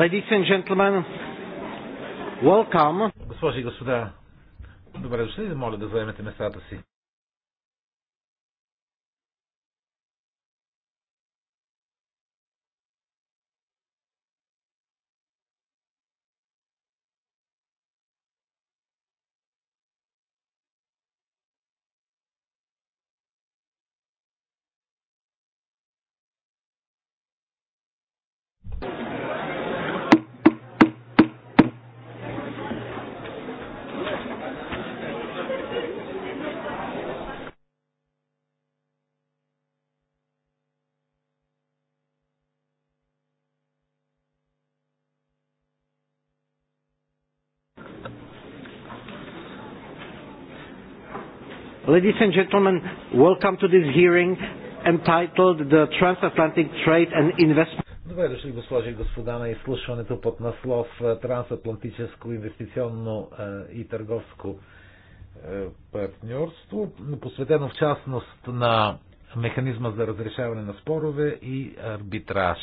Ladies and gentlemen, welcome. Госпожи и господа, добре дошли, моля да заемете местата си. Ladies and gentlemen, welcome to this hearing entitled The Transatlantic Trade and Investment. Добре дошли, госпожи и господа, на изслушването под наслов е, Трансатлантическо инвестиционно е, и търговско е, партньорство, посветено в частност на механизма за разрешаване на спорове и арбитраж.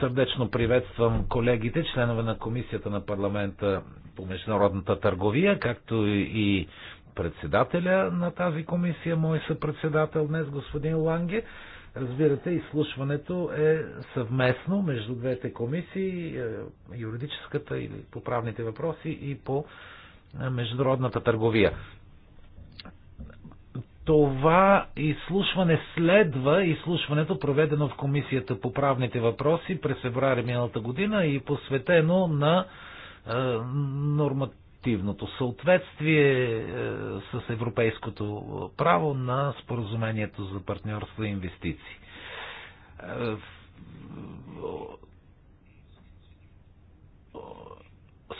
Сърдечно приветствам колегите, членове на Комисията на парламента по международната търговия, както и председателя на тази комисия, мой съпредседател днес, господин Ланге. Разбирате, изслушването е съвместно между двете комисии, е, юридическата или по правните въпроси и по е, международната търговия. Това изслушване следва изслушването, проведено в Комисията по правните въпроси през феврари миналата година и посветено на е, нормативната ефективното съответствие е, с европейското право на споразумението за партньорство и инвестиции. Е,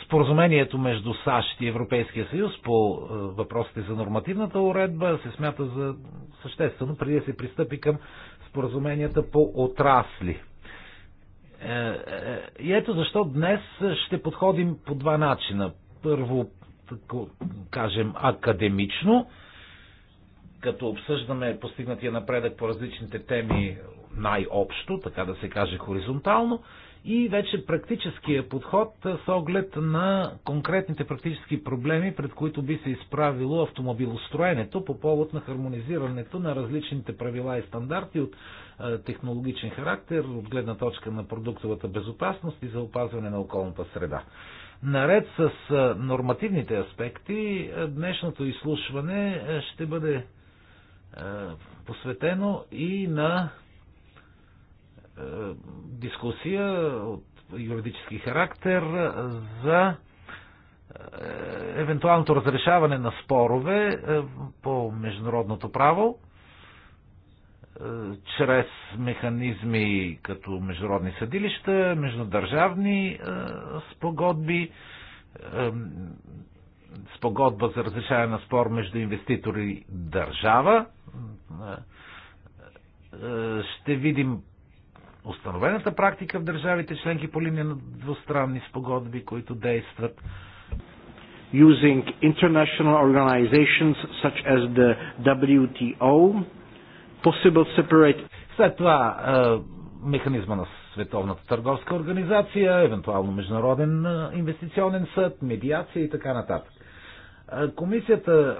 споразумението между САЩ и Европейския съюз по е, въпросите за нормативната уредба се смята за съществено преди да се пристъпи към споразуменията по отрасли. И ето защо днес ще подходим по два начина първо, тако, кажем, академично, като обсъждаме постигнатия напредък по различните теми най-общо, така да се каже хоризонтално, и вече практическия подход с оглед на конкретните практически проблеми, пред които би се изправило автомобилостроенето по повод на хармонизирането на различните правила и стандарти от технологичен характер, от гледна точка на продуктовата безопасност и за опазване на околната среда. Наред с нормативните аспекти, днешното изслушване ще бъде посветено и на дискусия от юридически характер за евентуалното разрешаване на спорове по международното право е, чрез механизми като международни съдилища, междудържавни е, спогодби, е, спогодба за разрешаване на спор между инвеститори и държава. Ще видим установената практика в държавите членки по линия на двустранни спогодби, които действат using international organizations such as the WTO possible separate... След това е, механизма на Световната търговска организация, евентуално Международен е, инвестиционен съд, медиация и така нататък. Е, Комисията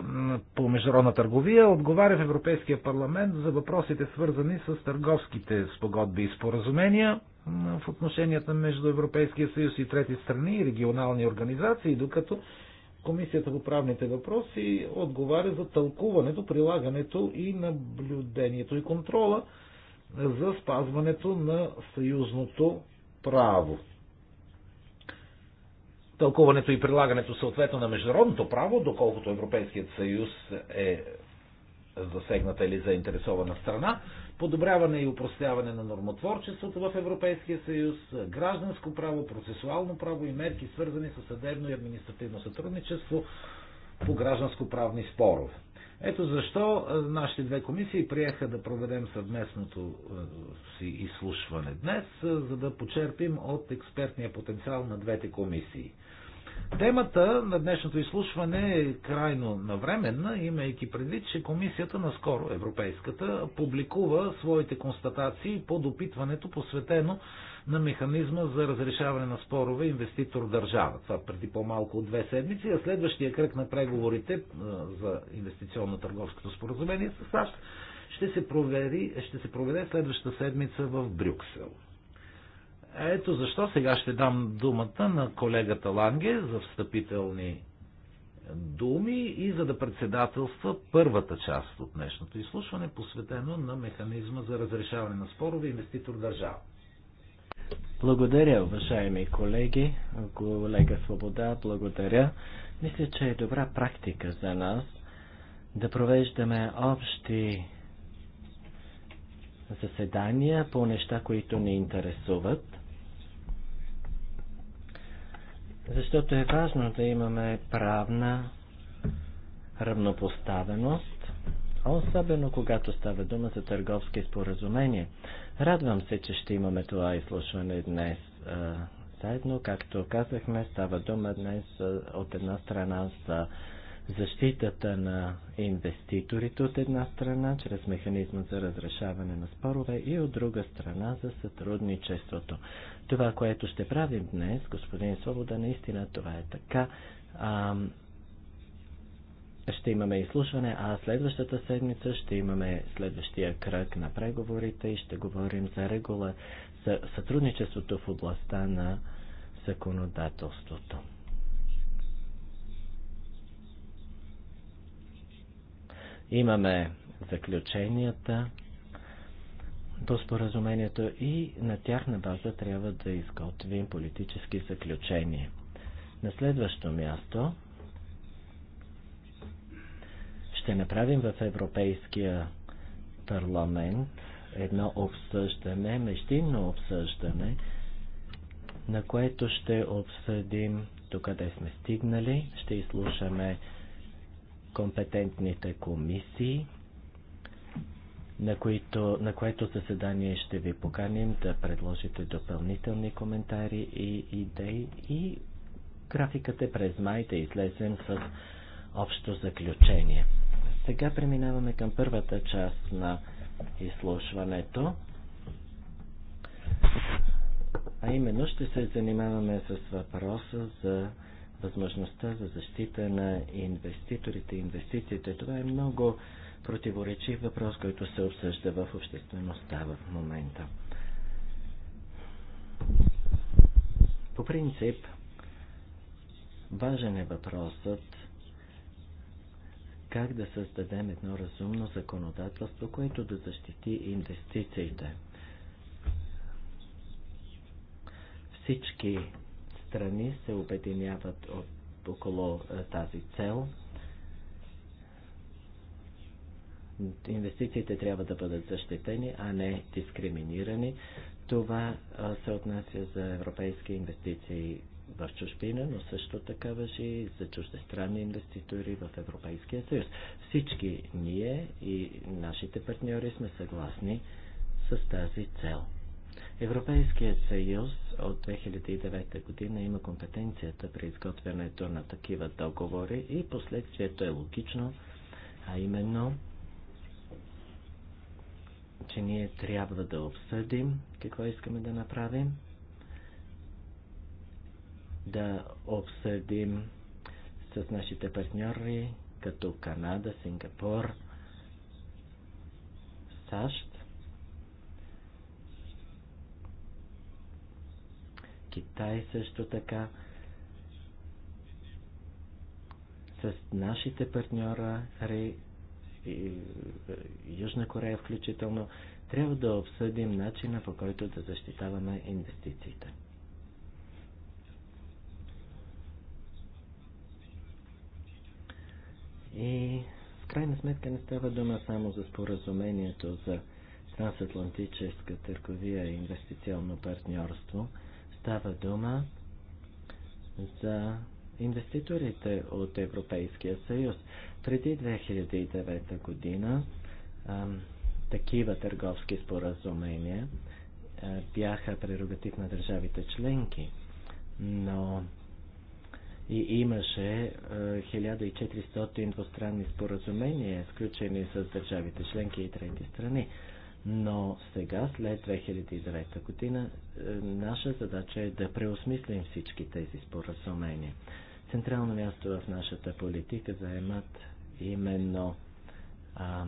по международна търговия отговаря в Европейския парламент за въпросите свързани с търговските спогодби и споразумения в отношенията между Европейския съюз и трети страни и регионални организации, докато Комисията по правните въпроси отговаря за тълкуването, прилагането и наблюдението и контрола за спазването на съюзното право. Тълкуването и прилагането съответно на международното право, доколкото Европейският съюз е засегната или заинтересована страна, подобряване и упростяване на нормотворчеството в Европейския съюз, гражданско право, процесуално право и мерки, свързани с съдебно и административно сътрудничество по гражданско-правни спорове. Ето защо нашите две комисии приеха да проведем съвместното си изслушване днес, за да почерпим от експертния потенциал на двете комисии. Темата на днешното изслушване е крайно навременна, имайки предвид, че комисията наскоро, европейската, публикува своите констатации по допитването, посветено на механизма за разрешаване на спорове инвеститор-държава. Това преди по-малко от две седмици, а следващия кръг на преговорите за инвестиционно-търговското споразумение с САЩ ще се, провери, ще се проведе следващата седмица в Брюксел. Ето защо сега ще дам думата на колегата Ланге за встъпителни думи и за да председателства първата част от днешното изслушване, посветено на механизма за разрешаване на спорове инвеститор държава. Благодаря, уважаеми колеги, колега Свобода, благодаря. Мисля, че е добра практика за нас да провеждаме общи заседания по неща, които ни интересуват. Защото е важно да имаме правна равнопоставеност, особено когато става дума за търговски споразумения. Радвам се, че ще имаме това изслушване днес заедно. Както казахме, става дума днес от една страна за защитата на инвеститорите от една страна, чрез механизма за разрешаване на спорове и от друга страна за сътрудничеството. Това, което ще правим днес, господин Свобода, наистина това е така. А, ще имаме изслушване, а следващата седмица ще имаме следващия кръг на преговорите и ще говорим за регула, за сътрудничеството в областта на законодателството. Имаме заключенията до споразумението и на тяхна база трябва да изготвим политически заключения. На следващо място ще направим в Европейския парламент едно обсъждане, междинно обсъждане, на което ще обсъдим къде сме стигнали, ще изслушаме компетентните комисии на, които, на което заседание ще ви поканим да предложите допълнителни коментари и идеи и графикът е през май да е излезем с общо заключение. Сега преминаваме към първата част на изслушването. А именно ще се занимаваме с въпроса за възможността за защита на инвеститорите и инвестициите. Това е много противоречив въпрос, който се обсъжда в обществеността в момента. По принцип, важен е въпросът как да създадем едно разумно законодателство, което да защити инвестициите. Всички страни се обединяват от, около тази цел – инвестициите трябва да бъдат защитени, а не дискриминирани. Това се отнася за европейски инвестиции в чужбина, но също така въжи и за чуждестранни инвеститори в Европейския съюз. Всички ние и нашите партньори сме съгласни с тази цел. Европейският съюз от 2009 година има компетенцията при изготвянето на такива договори и последствието е логично, а именно че ние трябва да обсъдим какво искаме да направим, да обсъдим с нашите партньори, като Канада, Сингапур, САЩ, Китай също така, с нашите партньори и Южна Корея включително, трябва да обсъдим начина по който да защитаваме инвестициите. И в крайна сметка не става дума само за споразумението за трансатлантическа търговия и инвестиционно партньорство. Става дума за инвеститорите от Европейския съюз. Преди 2009 година а, такива търговски споразумения а, бяха прерогатив на държавите членки, но и имаше 1400 двустранни споразумения, сключени с държавите членки и трети страни. Но сега, след 2009 година, наша задача е да преосмислим всички тези споразумения. Централно място в нашата политика заемат именно а,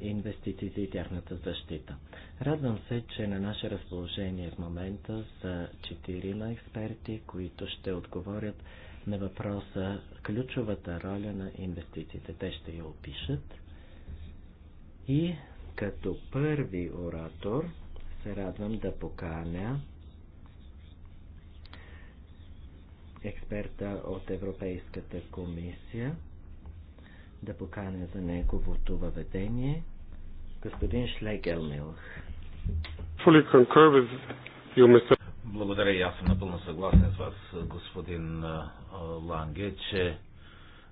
инвестициите и тяхната защита. Радвам се, че на наше разположение в момента са четирима експерти, които ще отговорят на въпроса ключовата роля на инвестициите. Те ще я опишат. И като първи оратор се радвам да поканя експерта от Европейската комисия, да поканя за неговото въведение господин Шлегелмилх. Благодаря и аз съм напълно съгласен с вас, господин Ланге, че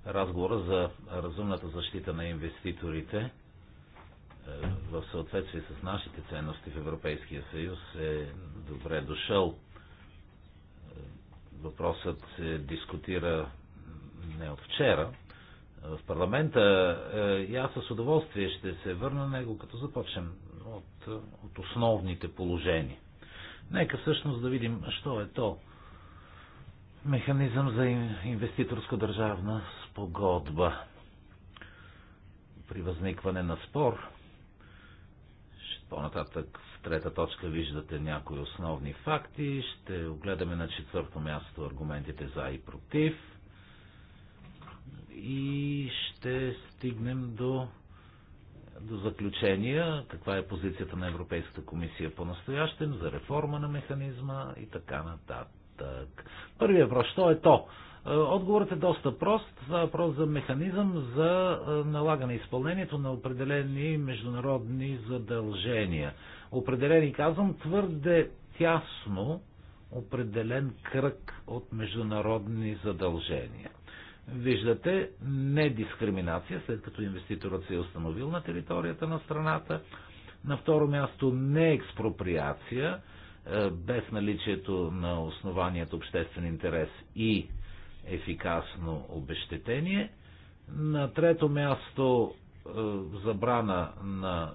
разговора за разумната защита на инвеститорите е, в съответствие с нашите ценности в Европейския съюз е добре дошъл. Въпросът се дискутира не от вчера в парламента е, и аз с удоволствие ще се върна на него, като започнем от, от основните положения. Нека всъщност да видим, що е то механизъм за инвеститорско-държавна спогодба. При възникване на спор, по-нататък трета точка виждате някои основни факти. Ще огледаме на четвърто място аргументите за и против. И ще стигнем до, до заключения каква е позицията на Европейската комисия по-настоящем за реформа на механизма и така нататък. Първият въпрос, що е то? Е, отговорът е доста прост. Това е въпрос за механизъм за е, налагане изпълнението на определени международни задължения определени, казвам, твърде тясно определен кръг от международни задължения. Виждате не дискриминация, след като инвеститорът се е установил на територията на страната. На второ място не експроприация, е, без наличието на основанието обществен интерес и ефикасно обещетение. На трето място е, забрана на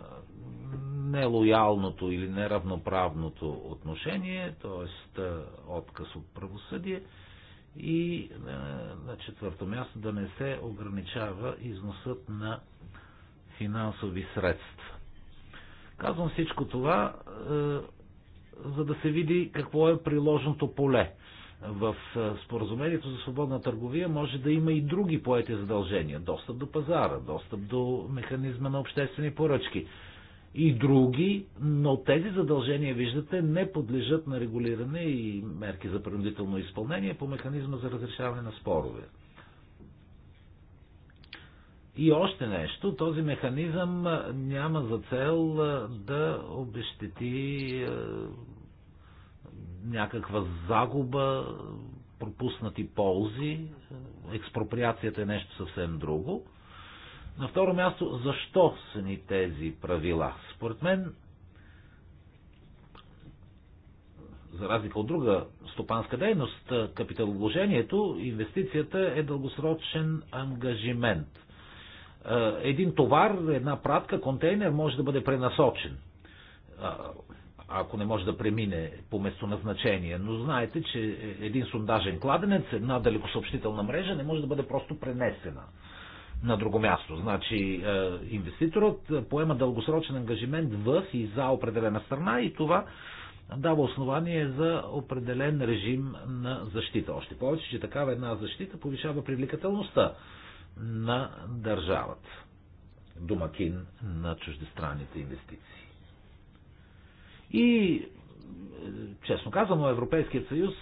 нелоялното или неравноправното отношение, т.е. Е, отказ от правосъдие и е, на четвърто място да не се ограничава износът на финансови средства. Казвам всичко това, е, за да се види какво е приложното поле. В споразумението за свободна търговия може да има и други поети задължения. Достъп до пазара, достъп до механизма на обществени поръчки, и други, но тези задължения, виждате, не подлежат на регулиране и мерки за принудително изпълнение по механизма за разрешаване на спорове. И още нещо, този механизъм няма за цел да обещети някаква загуба, пропуснати ползи, експроприацията е нещо съвсем друго. На второ място, защо са ни тези правила? Според мен, за разлика от друга стопанска дейност, капиталовложението, инвестицията е дългосрочен ангажимент. Е, един товар, една пратка, контейнер може да бъде пренасочен, е, ако не може да премине по местоназначение. Но знаете, че е, един сондажен кладенец, една далекосъобщителна мрежа не може да бъде просто пренесена на друго място. Значи е, инвеститорът поема дългосрочен ангажимент в и за определена страна и това дава основание за определен режим на защита. Още повече, че такава една защита повишава привлекателността на държавата, домакин на чуждестранните инвестиции. И честно казано, Европейският съюз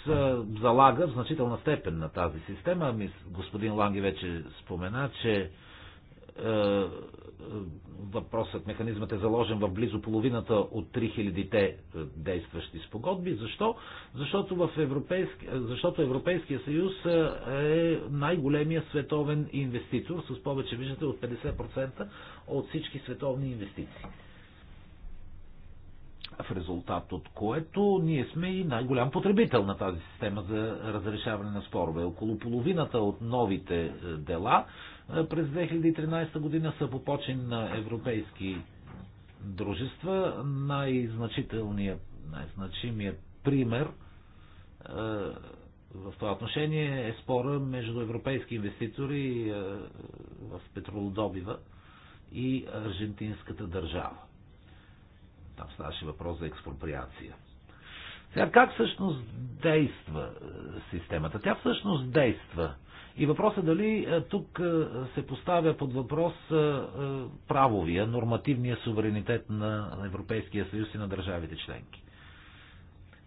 залага в значителна степен на тази система. Ами, господин Ланги вече спомена, че въпросът, механизмът е заложен в близо половината от 3000-те действащи спогодби. Защо? Защото, в Европейски, защото Европейския съюз е най-големия световен инвеститор с повече, виждате, от 50% от всички световни инвестиции в резултат от което ние сме и най-голям потребител на тази система за разрешаване на спорове. Около половината от новите е, дела е, през 2013 година са по почин на европейски дружества. Най-значителният, най-значимият пример е, в това отношение е спора между европейски инвеститори в петролодобива и аржентинската държава. Там ставаше въпрос за експроприация. Сега как всъщност действа е, системата? Тя всъщност действа. И въпросът е дали е, тук е, се поставя под въпрос правовия, нормативния суверенитет на Европейския съюз и на държавите членки.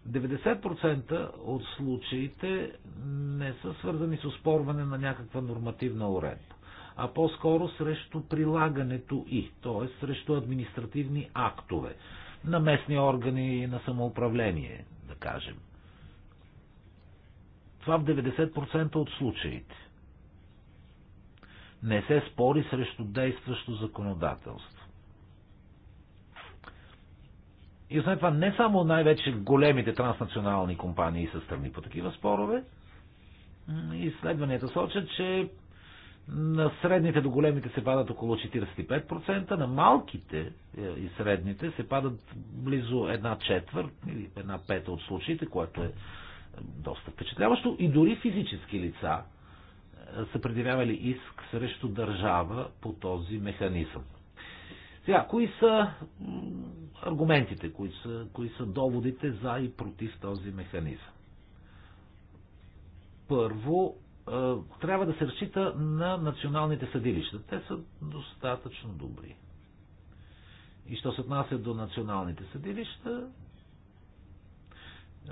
90% от случаите не са свързани с оспорване на някаква нормативна уредба, а по-скоро срещу прилагането и, т.е. срещу административни актове, на местни органи и на самоуправление, да кажем. Това в 90% от случаите. Не се спори срещу действащо законодателство. И освен това, не само най-вече големите транснационални компании са страни по такива спорове, изследванията сочат, че на средните до големите се падат около 45%, на малките е, и средните се падат близо една четвърт или една пета от случаите, което е, е доста впечатляващо. И дори физически лица е, са предявявали иск срещу държава по този механизъм. Сега, кои са аргументите, кои са, кои са доводите за и против този механизъм? Първо, е, трябва да се разчита на националните съдилища. Те са достатъчно добри. И що се отнася до националните съдилища,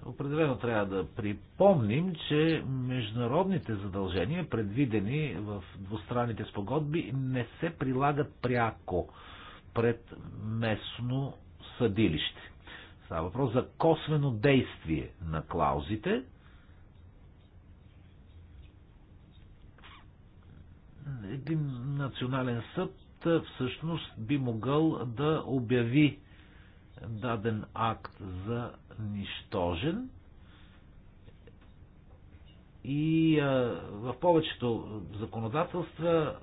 определено трябва да припомним, че международните задължения, предвидени в двустранните спогодби, не се прилагат пряко пред местно съдилище. Става въпрос за косвено действие на клаузите – един национален съд всъщност би могъл да обяви даден акт за нищожен и в повечето законодателства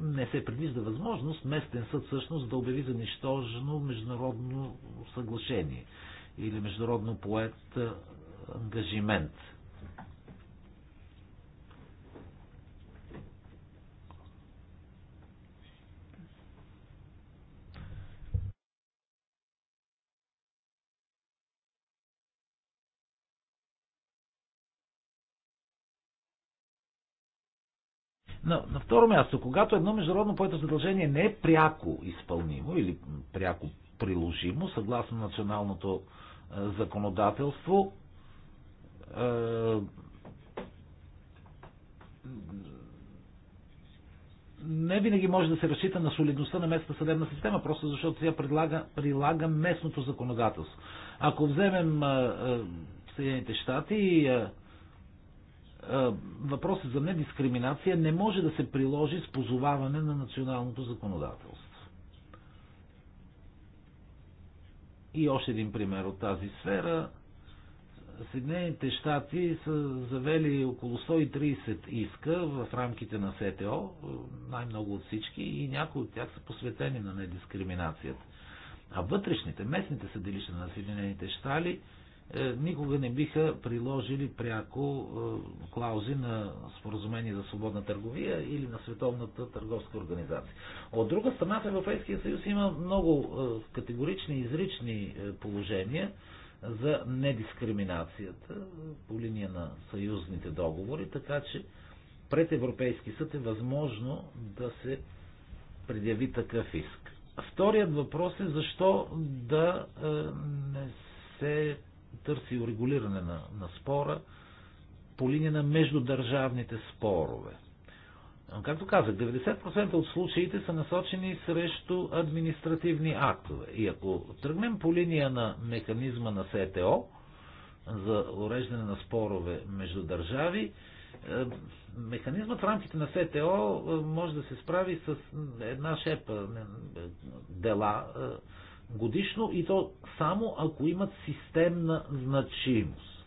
не се предвижда възможност местен съд всъщност да обяви за нищожно международно съглашение или международно поет ангажимент. На, на второ място, когато едно международно поето задължение не е пряко изпълнимо или пряко приложимо, съгласно националното е, законодателство, е, не винаги може да се разчита на солидността на местната съдебна система, просто защото тя предлага, прилага местното законодателство. Ако вземем е, е, Съединените щати, е, е, въпросът за недискриминация не може да се приложи с позоваване на националното законодателство. И още един пример от тази сфера. Съединените щати са завели около 130 иска в рамките на СТО, най-много от всички, и някои от тях са посветени на недискриминацията. А вътрешните, местните съдилища на Съединените щати е, никога не биха приложили пряко е, клаузи на споразумение за свободна търговия или на Световната търговска организация. От друга страна в Европейския съюз има много е, категорични и изрични положения за недискриминацията по линия на съюзните договори, така че пред Европейски съд е възможно да се предяви такъв иск. Вторият въпрос е защо да не се търси урегулиране на, на спора по линия на междудържавните спорове. Както казах, 90% от случаите са насочени срещу административни актове. И ако тръгнем по линия на механизма на СТО за уреждане на спорове между държави, е, механизмът в рамките на СТО е, може да се справи с една шепа е, дела годишно и то само ако имат системна значимост,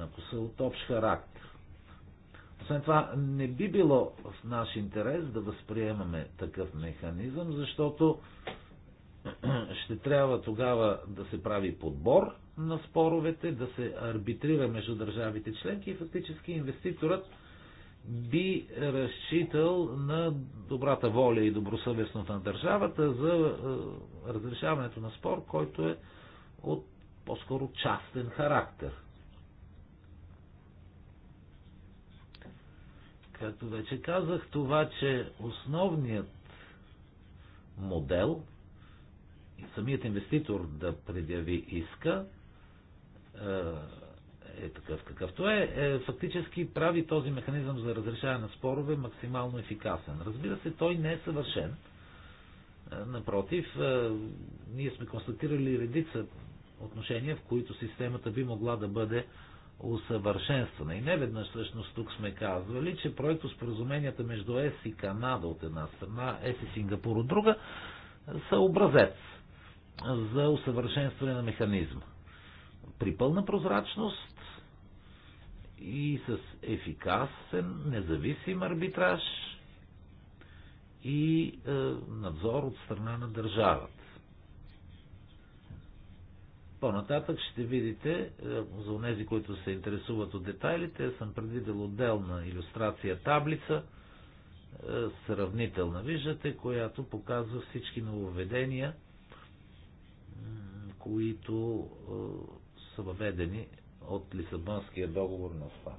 ако са от общ характер. Освен това, не би било в наш интерес да възприемаме такъв механизъм, защото ще трябва тогава да се прави подбор на споровете, да се арбитрира между държавите членки и фактически инвеститорът би разчитал на добрата воля и добросъвестност на държавата за е, разрешаването на спор, който е от по-скоро частен характер. Както вече казах, това, че основният модел и самият инвеститор да предяви иска, е, е такъв какъвто е, е, фактически прави този механизъм за разрешаване на спорове максимално ефикасен. Разбира се, той не е съвършен. Е, напротив, е, ние сме констатирали редица отношения, в които системата би могла да бъде усъвършенствана. И не веднъж всъщност тук сме казвали, че проекто споразуменията между ЕС и Канада от една страна, ЕС и Сингапур от друга, са образец за усъвършенстване на механизма. При пълна прозрачност и с ефикасен, независим арбитраж и е, надзор от страна на държавата. По-нататък ще видите, е, за тези, които се интересуват от детайлите, съм предвидел отделна иллюстрация таблица, е, сравнителна, виждате, която показва всички нововведения, които е, са въведени от Лисабонския договор на СПА.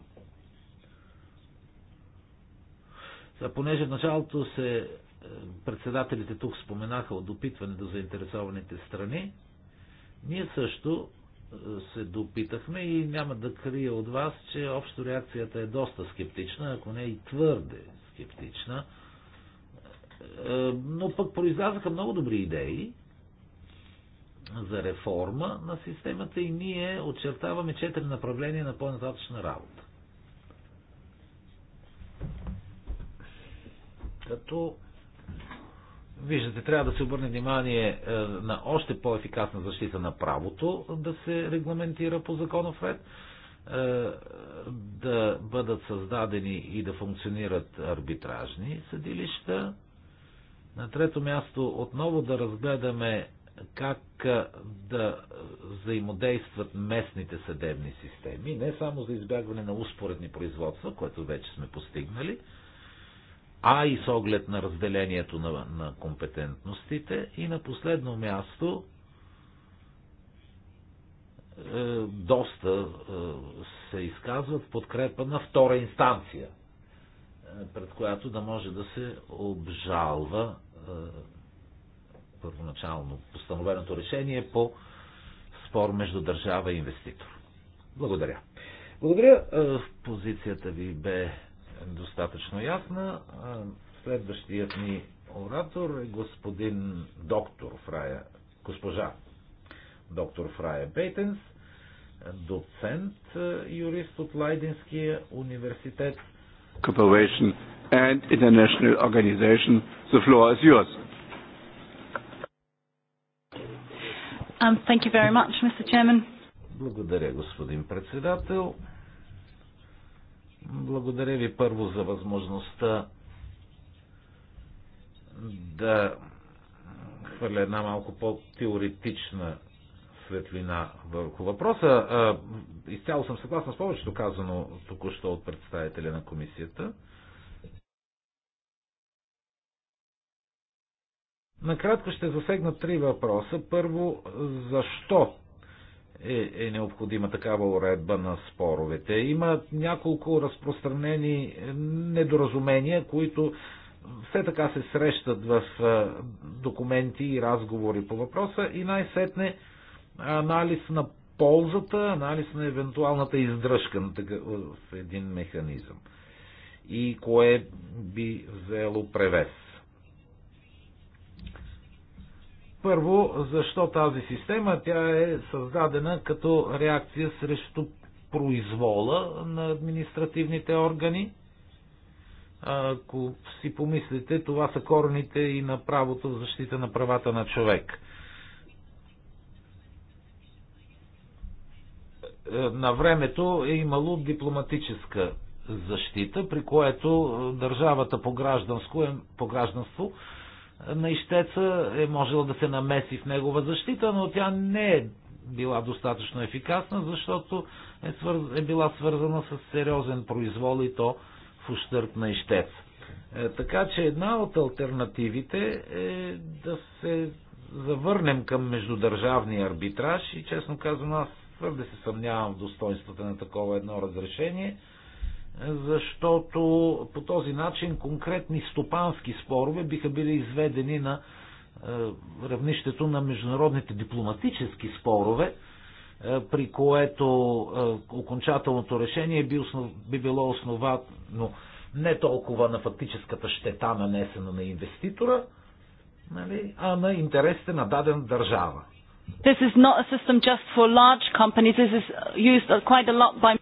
За понеже в началото се е, председателите тук споменаха от допитване до заинтересованите страни, ние също е, се допитахме и няма да крия от вас, че общо реакцията е доста скептична, ако не и твърде скептична. Е, но пък произлязаха много добри идеи, за реформа на системата и ние очертаваме четири направления на по-нататъчна работа. Като Виждате, трябва да се обърне внимание е, на още по-ефикасна защита на правото да се регламентира по законов ред, е, да бъдат създадени и да функционират арбитражни съдилища. На трето място отново да разгледаме как да взаимодействат местните съдебни системи, не само за избягване на успоредни производства, което вече сме постигнали, а и с оглед на разделението на, на компетентностите. И на последно място, е, доста е, се изказват в подкрепа на втора инстанция, е, пред която да може да се обжалва. Е, първоначално постановеното решение по спор между държава и инвеститор. Благодаря. Благодаря. Е, позицията ви бе достатъчно ясна. Е, следващият ни оратор е господин доктор Фрая, госпожа доктор Фрая Бейтенс, доцент е, юрист от Лайденския университет. and International Organization. The floor is yours. Um, thank you very much, Mr. Chairman. Благодаря, господин председател. Благодаря ви първо за възможността да хвърля една малко по-теоретична светлина върху въпроса. Изцяло съм съгласен с повечето казано току-що от представителя на комисията. Накратко ще засегна три въпроса. Първо, защо е, е необходима такава уредба на споровете? Има няколко разпространени недоразумения, които все така се срещат в документи и разговори по въпроса и най-сетне анализ на ползата, анализ на евентуалната издръжка на такъв, в един механизъм. И кое би взело превес. Първо, защо тази система? Тя е създадена като реакция срещу произвола на административните органи. Ако си помислите, това са корените и на правото в защита на правата на човек. Е, на времето е имало дипломатическа защита, при което е, държавата по, гражданство, е, по гражданство на ищеца е можела да се намеси в негова защита, но тя не е била достатъчно ефикасна, защото е, свърз... е била свързана с сериозен произвол и то в ущърп на ищец. Е, така че една от альтернативите е да се завърнем към междудържавния арбитраж и честно казано аз твърде се съмнявам в достоинствата на такова едно разрешение – защото по този начин конкретни стопански спорове биха били изведени на е, равнището на международните дипломатически спорове, е, при което е, окончателното решение би, основ... би било основано не толкова на фактическата щета, нанесена на инвеститора, нали, а на интересите на дадена държава. This is not a system just for large companies. This is used quite a lot by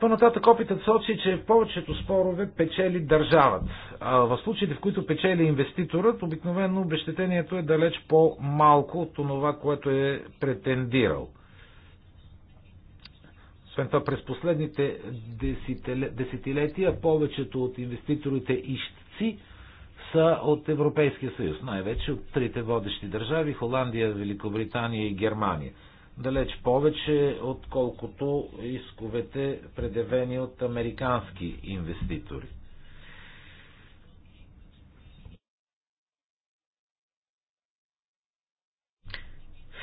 По-нататък опитът сочи, че в повечето спорове печели държават. А в случаите, в които печели инвеститорът, обикновено обещетението е далеч по-малко от това, което е претендирал. Освен това, през последните десетилетия повечето от инвеститорите ищци са от Европейския съюз, най-вече от трите водещи държави Холандия, Великобритания и Германия – далеч повече, отколкото исковете предявени от американски инвеститори.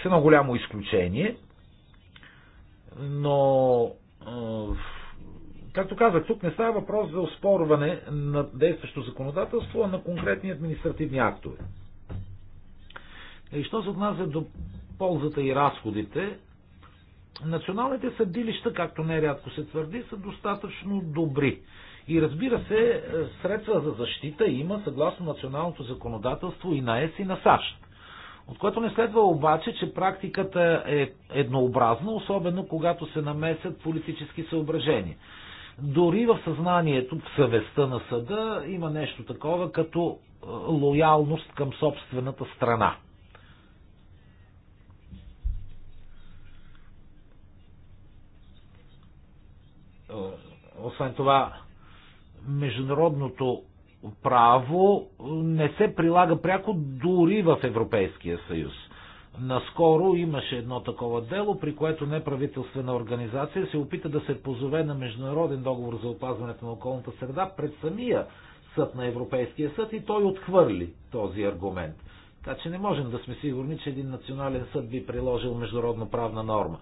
С едно голямо изключение, но както казах, тук не става въпрос за оспорване на действащо законодателство, а на конкретни административни актове. И що се отнася до ползата и разходите, националните съдилища, както нерядко се твърди, са достатъчно добри. И разбира се, е, средства за защита има съгласно националното законодателство и на ЕС и на САЩ. От което не следва обаче, че практиката е еднообразна, особено когато се намесят политически съображения. Дори в съзнанието, в съвестта на съда има нещо такова като е, лоялност към собствената страна. Е, освен това, международното право не се прилага пряко дори в Европейския съюз. Наскоро имаше едно такова дело, при което неправителствена организация се опита да се позове на международен договор за опазването на околната среда пред самия съд на Европейския съд и той отхвърли този аргумент. Така че не можем да сме сигурни, че един национален съд би приложил международно правна норма.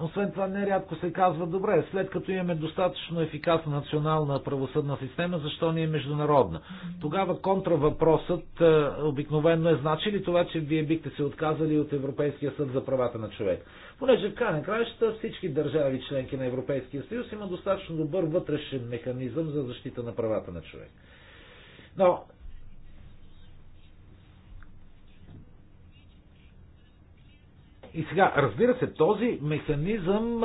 Освен това, нерядко се казва, добре, след като имаме достатъчно ефикасна национална правосъдна система, защо ни е международна? Тогава контравъпросът е, обикновено е значи ли това, че вие бихте се отказали от Европейския съд за правата на човек? Понеже в крайна краища всички държави членки на Европейския съюз има достатъчно добър вътрешен механизъм за защита на правата на човек. Но И сега, разбира се, този механизъм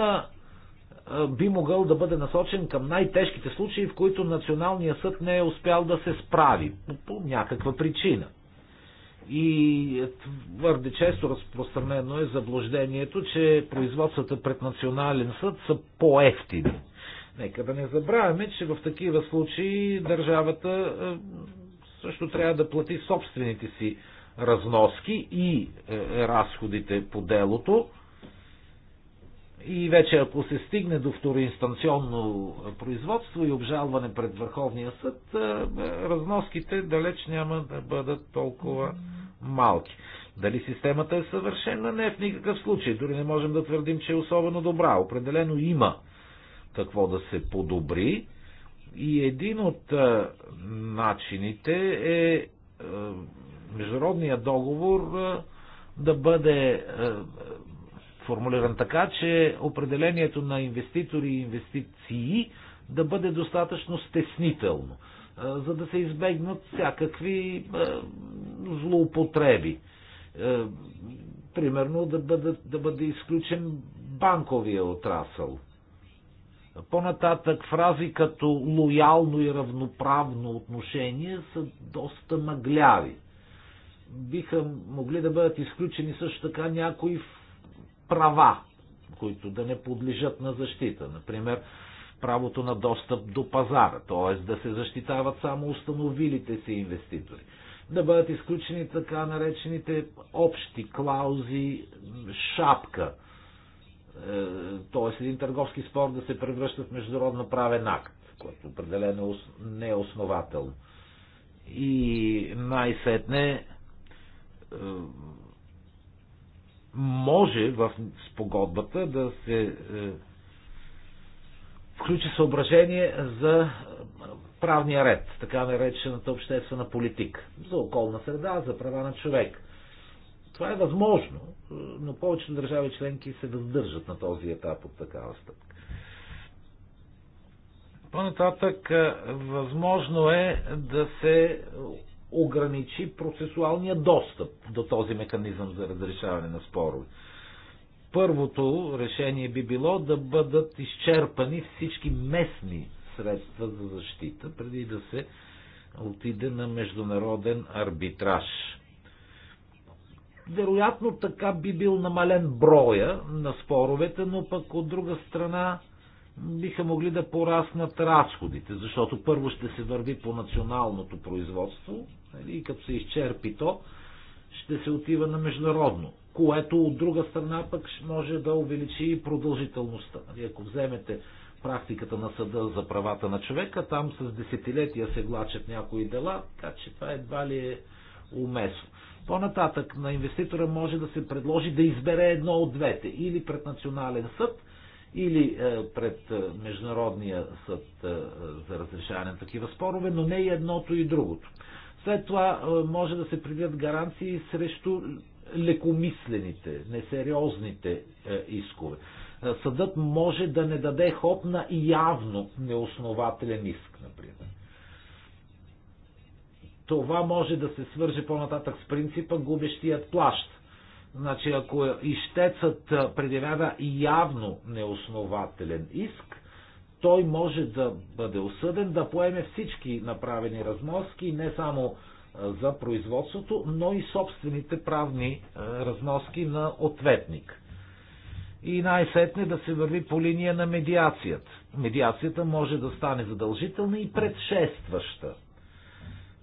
би могъл да бъде насочен към най-тежките случаи, в които Националният съд не е успял да се справи по някаква причина. И е, твърде често разпространено е заблуждението, че производствата пред Национален съд са по-ефтини. Нека да не забравяме, че в такива случаи държавата е, също трябва да плати собствените си разноски и е, разходите по делото. И вече ако се стигне до второинстанционно производство и обжалване пред Върховния съд, е, разноските далеч няма да бъдат толкова малки. Дали системата е съвършена? Не, в никакъв случай. Дори не можем да твърдим, че е особено добра. Определено има какво да се подобри. И един от е, начините е международния договор да бъде формулиран така, че определението на инвеститори и инвестиции да бъде достатъчно стеснително, за да се избегнат всякакви злоупотреби. Примерно да бъде, да бъде изключен банковия отрасъл. По-нататък фрази като лоялно и равноправно отношение са доста мъгляви биха могли да бъдат изключени също така някои права, които да не подлежат на защита. Например, правото на достъп до пазара, т.е. да се защитават само установилите си инвеститори. Да бъдат изключени така наречените общи клаузи шапка, е, т.е. един търговски спор да се превръща в международно правен акт, което определено е не е основателно. И най-сетне може в спогодбата да се е, включи съображение за правния ред, така наречената обществена политика, за околна среда, за права на човек. Това е възможно, е, но повечето държави членки се въздържат на този етап от такава стъпка. По-нататък, е, възможно е да се ограничи процесуалния достъп до този механизъм за разрешаване на спорове. Първото решение би било да бъдат изчерпани всички местни средства за защита, преди да се отиде на международен арбитраж. Вероятно така би бил намален броя на споровете, но пък от друга страна биха могли да пораснат разходите, защото първо ще се върви по националното производство нали, и като се изчерпи то, ще се отива на международно, което от друга страна пък може да увеличи и продължителността. Нали, ако вземете практиката на съда за правата на човека, там с десетилетия се глачат някои дела, така че това едва ли е уместно. По-нататък на инвеститора може да се предложи да избере едно от двете. Или пред национален съд, или е, пред е, Международния съд е, за разрешаване на такива спорове, но не и едното и другото. След това може да се предвидят гаранции срещу лекомислените, несериозните искове. Съдът може да не даде ход на явно неоснователен иск, например. Това може да се свърже по-нататък с принципа губещият плаща. Значи, ако ищецът предявява явно неоснователен иск, той може да бъде осъден да поеме всички направени разноски, не само за производството, но и собствените правни разноски на ответник. И най-сетне да се върви по линия на медиацията. Медиацията може да стане задължителна и предшестваща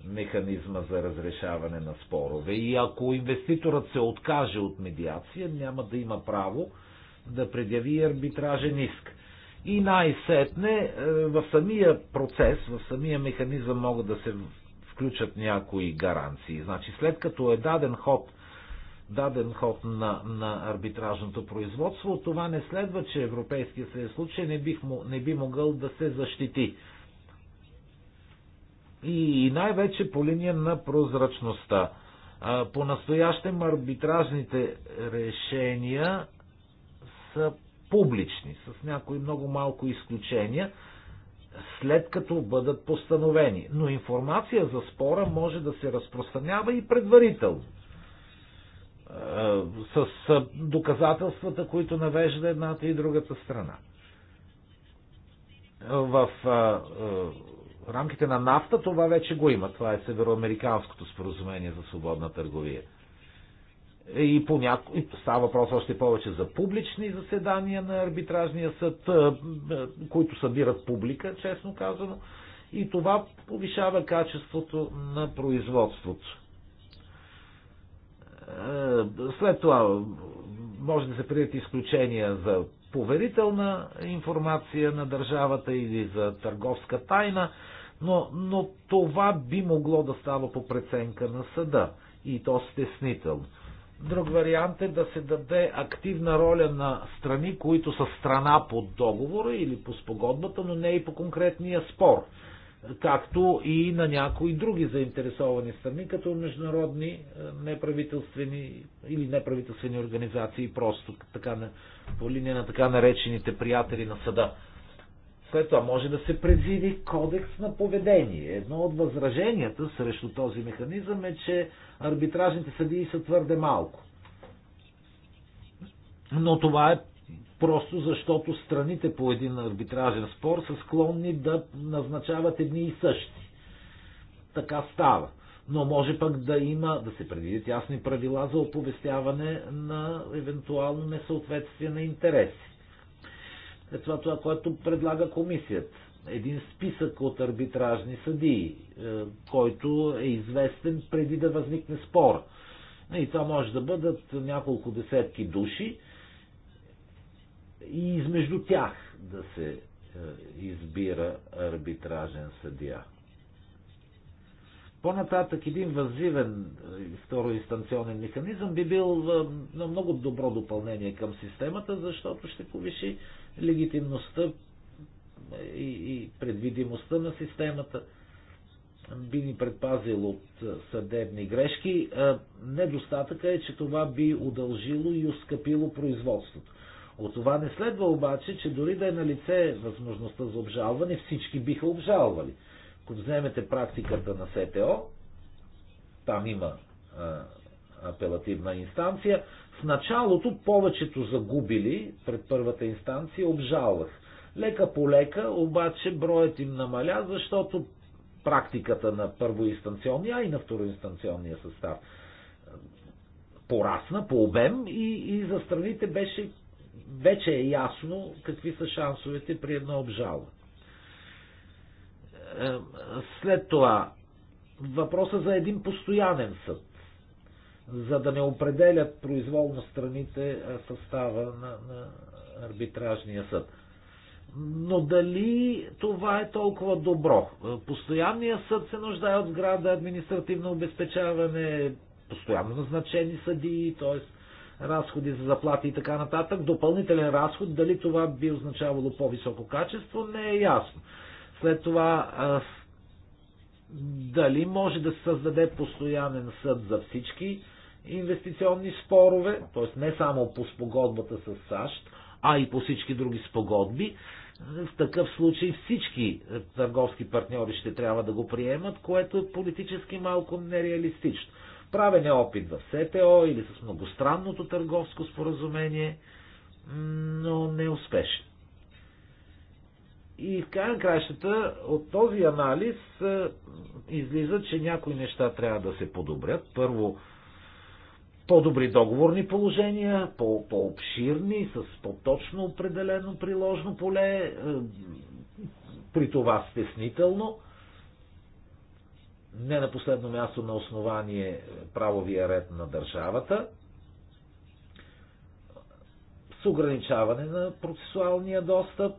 механизма за разрешаване на спорове. И ако инвеститорът се откаже от медиация, няма да има право да предяви арбитражен иск. И най-сетне е, в самия процес, в самия механизъм могат да се включат някои гаранции. Значи след като е даден ход, даден ход на, на арбитражното производство, това не следва, че Европейския съюз случай не, бих, не би могъл да се защити и най-вече по линия на прозрачността. По настоящем арбитражните решения са публични, с някои много малко изключения, след като бъдат постановени. Но информация за спора може да се разпространява и предварително. С доказателствата, които навежда едната и другата страна. В рамките на нафта това вече го има. Това е североамериканското споразумение за свободна търговия. И и става въпрос още повече за публични заседания на арбитражния съд, които събират публика, честно казано. И това повишава качеството на производството. След това може да се прият изключения за поверителна информация на държавата или за търговска тайна, но, но това би могло да става по преценка на съда и то стеснително. Друг вариант е да се даде активна роля на страни, които са страна по договора или по спогодбата, но не и по конкретния спор както и на някои други заинтересовани страни, като международни е, неправителствени или неправителствени организации, просто така, по линия на така наречените приятели на съда. След това може да се предвиди кодекс на поведение. Едно от възраженията срещу този механизъм е, че арбитражните съдии са твърде малко. Но това е просто защото страните по един арбитражен спор са склонни да назначават едни и същи. Така става. Но може пък да има, да се предвидят ясни правила за оповестяване на евентуално несъответствие на интереси. Е това, това, което предлага комисията. Един списък от арбитражни съдии, е, който е известен преди да възникне спор. И това може да бъдат няколко десетки души, и измежду тях да се е, избира арбитражен съдия. По-нататък един въззивен е, второинстанционен механизъм би бил е, на много добро допълнение към системата, защото ще повиши легитимността и предвидимостта на системата, би ни предпазил от съдебни грешки. Недостатъка е, че това би удължило и ускъпило производството. От това не следва обаче, че дори да е на лице възможността за обжалване, всички биха обжалвали. Ако вземете практиката на СТО, там има а, апелативна инстанция, в началото повечето загубили пред първата инстанция обжалвах. Лека по лека, обаче броят им намаля, защото практиката на първоинстанционния и на второинстанционния състав порасна по обем и, и за страните беше вече е ясно какви са шансовете при едно обжалване. След това, въпроса за един постоянен съд, за да не определят произволно страните състава на, на арбитражния съд. Но дали това е толкова добро? Е, постоянният съд се нуждае от сграда, административно обезпечаване, постоянно назначени съдии, т.е разходи за заплати и така нататък, допълнителен разход, дали това би означавало по-високо качество, не е ясно. След това дали може да се създаде постоянен съд за всички инвестиционни спорове, т.е. не само по спогодбата с САЩ, а и по всички други спогодби. В такъв случай всички търговски партньори ще трябва да го приемат, което е политически малко нереалистично правен е опит в СТО или с многостранното търговско споразумение, но не е успешен. И в края кращата от този анализ излиза, че някои неща трябва да се подобрят. Първо, по-добри договорни положения, по-обширни, -по с по-точно определено приложно поле, при това стеснително не на последно място на основание правовия ред на държавата, с ограничаване на процесуалния достъп,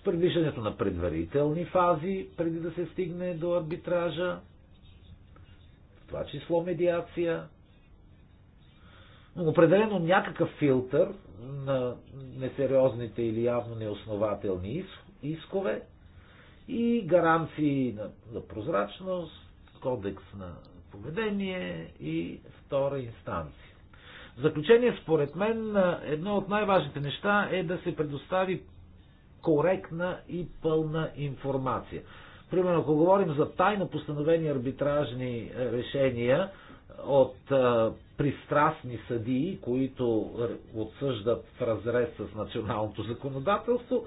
с предвиждането на предварителни фази, преди да се стигне до арбитража, в това число медиация. Но определено някакъв филтър на несериозните или явно неоснователни искове – и гаранции на, на прозрачност, кодекс на поведение и втора инстанция. В заключение, според мен, едно от най-важните неща е да се предостави коректна и пълна информация. Примерно, ако говорим за тайно постановени арбитражни е, решения е, от е, пристрастни съдии, които отсъждат в разрез с националното законодателство,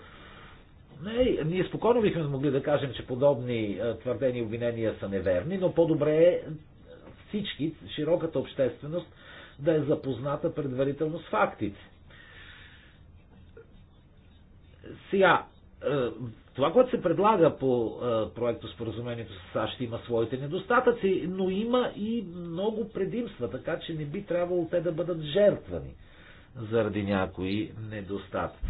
не, ние спокойно бихме могли да кажем, че подобни е, твърдени обвинения са неверни, но по-добре е всички, широката общественост, да е запозната предварително с фактите. Сега, е, това, което се предлага по е, проекто споразумението с САЩ, има своите недостатъци, но има и много предимства, така че не би трябвало те да бъдат жертвани заради някои недостатъци.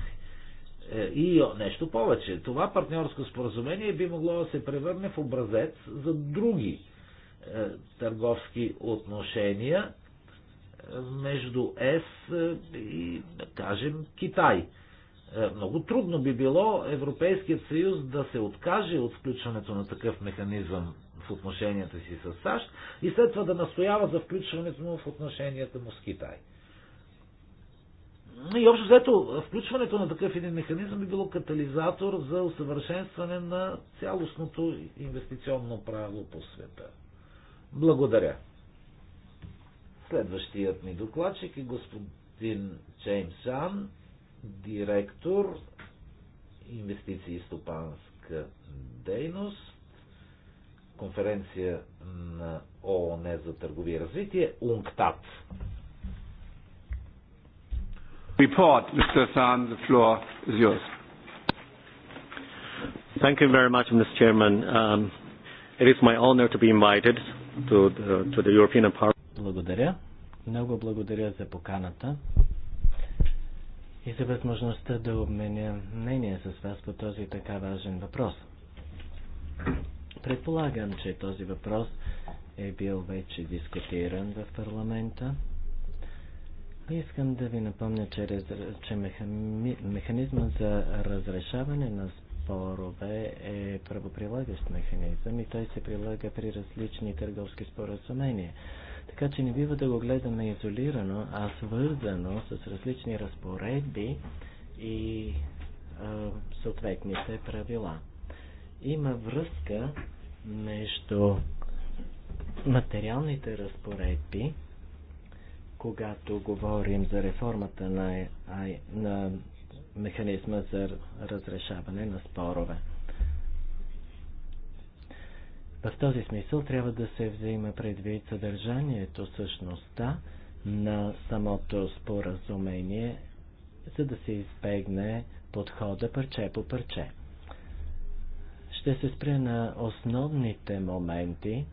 Е, и нещо повече, това партньорско споразумение би могло да се превърне в образец за други е, търговски отношения е, между ЕС и, да кажем, Китай. Много трудно би било Европейският съюз да се откаже от включването на такъв механизъм в отношенията си с САЩ и след това да настоява за включването му в отношенията му с Китай. И общо взето, включването на такъв един механизъм би било катализатор за усъвършенстване на цялостното инвестиционно право по света. Благодаря. Следващият ми докладчик е господин Джеймс Сан, директор инвестиции и стопанска дейност, конференция на ООН за търговия и развитие, УНКТАТ report. Mr. Sahn, the floor is yours. Thank you very much, Mr. Chairman. Um, it is my honor to be invited to the, to the European Parliament. Благодаря. Много благодаря за поканата и за възможността да обменя мнение с вас по този така важен въпрос. Предполагам, че този въпрос е бил вече дискутиран в парламента. Искам да ви напомня, че, че механизма за разрешаване на спорове е правоприлагащ механизъм и той се прилага при различни търговски споразумения. Така че не бива да го гледаме изолирано, а свързано с различни разпоредби и а, съответните правила. Има връзка между материалните разпоредби когато говорим за реформата на, на механизма за разрешаване на спорове. В този смисъл трябва да се взима предвид съдържанието, същността на самото споразумение, за да се избегне подхода парче по парче. Ще се спре на основните моменти,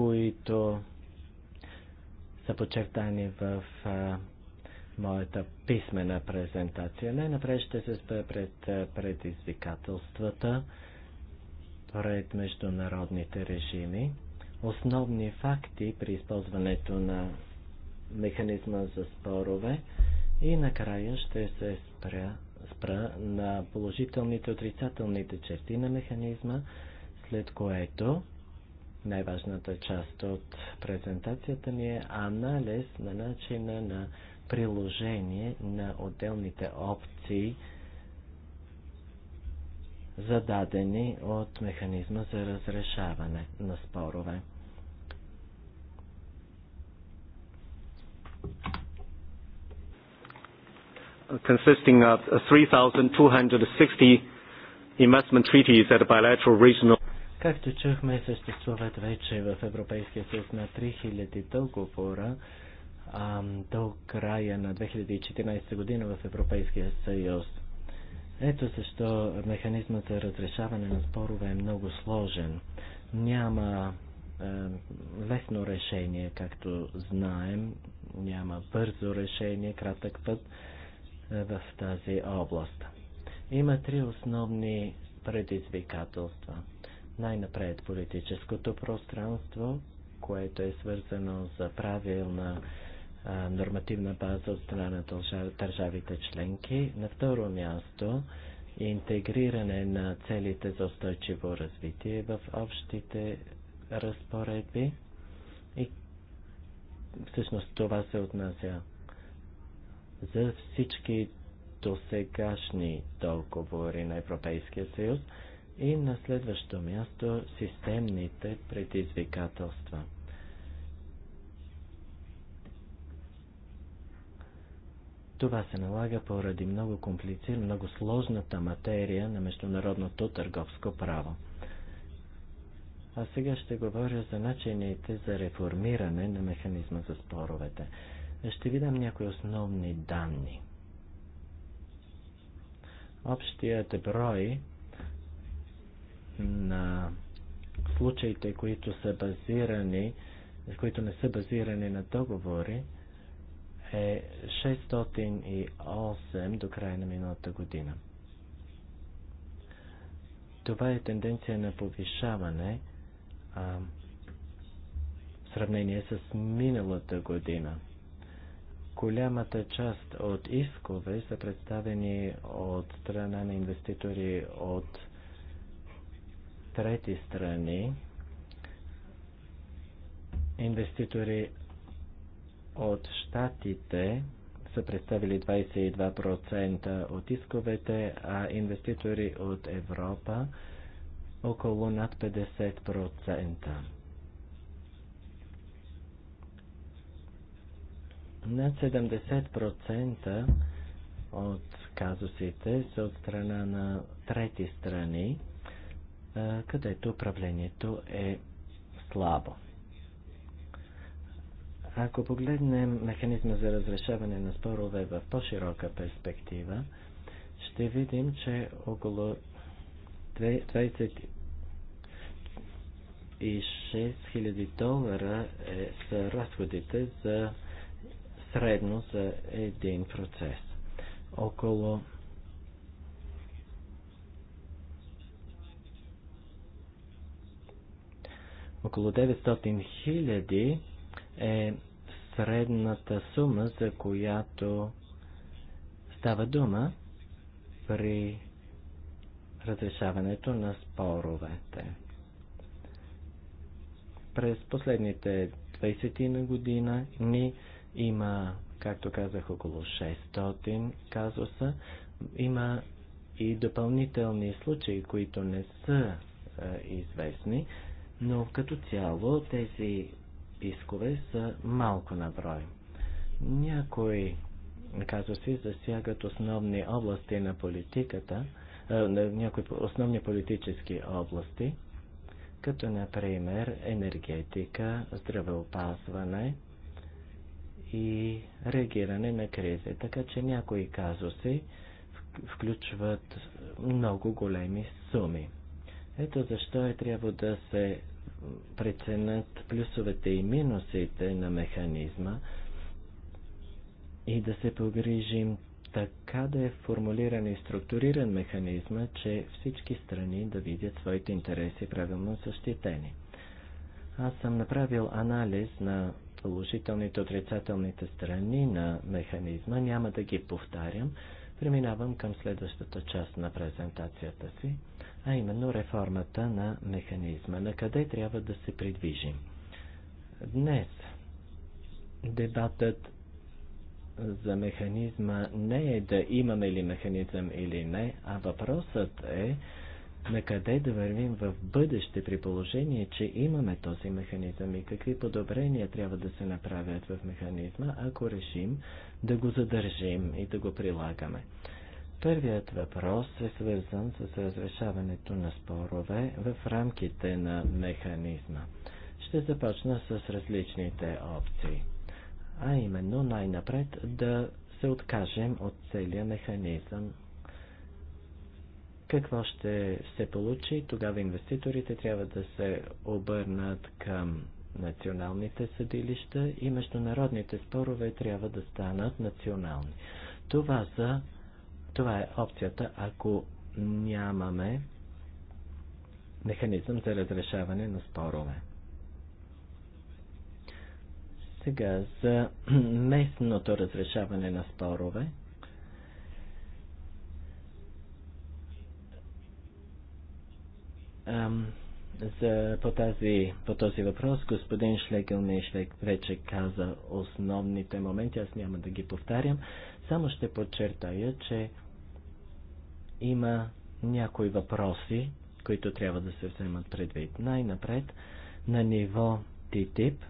които са подчертани в а, моята писмена презентация. Най-напред ще се спе пред предизвикателствата, пред международните режими, основни факти при използването на механизма за спорове и накрая ще се спра, спра на положителните отрицателните черти на механизма, след което най-важната част от презентацията ми е анализ на начина на приложение на отделните опции, зададени от механизма за разрешаване на спорове. consisting of 3,260 investment treaties at bilateral regional Както чухме, съществуват вече в Европейския съюз на 3000 договора а, до края на 2014 година в Европейския съюз. Ето защо механизмът за разрешаване на спорове е много сложен. Няма е, лесно решение, както знаем, няма бързо решение, кратък път е, в тази област. Има три основни предизвикателства – най-напред политическото пространство, което е свързано за правилна а, нормативна база от страна на държавите членки. На второ място интегриране на целите за устойчиво развитие в общите разпоредби. И всъщност това се отнася за всички досегашни договори на Европейския съюз. И на следващо място системните предизвикателства. Това се налага поради много комплицирана, много сложната материя на международното търговско право. А сега ще говоря за начините за реформиране на механизма за споровете. Ще ви дам някои основни данни. Общият брой на случаите, които са базирани, които не са базирани на договори, е 608 до края на миналата година. Това е тенденция на повишаване а, в сравнение с миналата година. Голямата част от искове са представени от страна на инвеститори от трети страни, инвеститори от щатите са представили 22% от исковете, а инвеститори от Европа около над 50%. Над 70% от казусите са от страна на трети страни, е, където управлението е слабо. Ако погледнем механизма за разрешаване на спорове в по-широка перспектива, ще видим, че около 26 и долара е, са разходите за средно за един процес. Около Около 900 хиляди е средната сума, за която става дума при разрешаването на споровете. През последните 20 на година ни има, както казах, около 600 казуса. Има и допълнителни случаи, които не са е, известни но като цяло тези искове са малко на брой. Някои казуси засягат основни области на политиката, някои основни политически области, като например енергетика, здравеопазване и реагиране на кризи. Така че някои казуси включват много големи суми. Ето защо е трябва да се преценят плюсовете и минусите на механизма и да се погрижим така да е формулиран и структуриран механизма, че всички страни да видят своите интереси правилно защитени. Аз съм направил анализ на положителните и отрицателните страни на механизма, няма да ги повтарям. Преминавам към следващата част на презентацията си а именно реформата на механизма. На къде трябва да се придвижим? Днес дебатът за механизма не е да имаме ли механизъм или не, а въпросът е на къде да вървим в бъдеще при положение, че имаме този механизъм и какви подобрения трябва да се направят в механизма, ако решим да го задържим и да го прилагаме. Първият въпрос е свързан с разрешаването на спорове в рамките на механизма. Ще започна с различните опции, а именно най-напред да се откажем от целия механизъм. Какво ще се получи? Тогава инвеститорите трябва да се обърнат към националните съдилища и международните спорове трябва да станат национални. Това са това е опцията, ако нямаме механизъм за разрешаване на спорове. Сега за местното разрешаване на спорове. За, по, тази, по този въпрос господин Шлегел Нейшлег е вече каза основните моменти, аз няма да ги повтарям. Само ще подчертая, че има някои въпроси, които трябва да се вземат предвид. Най-напред на ниво ТТИП,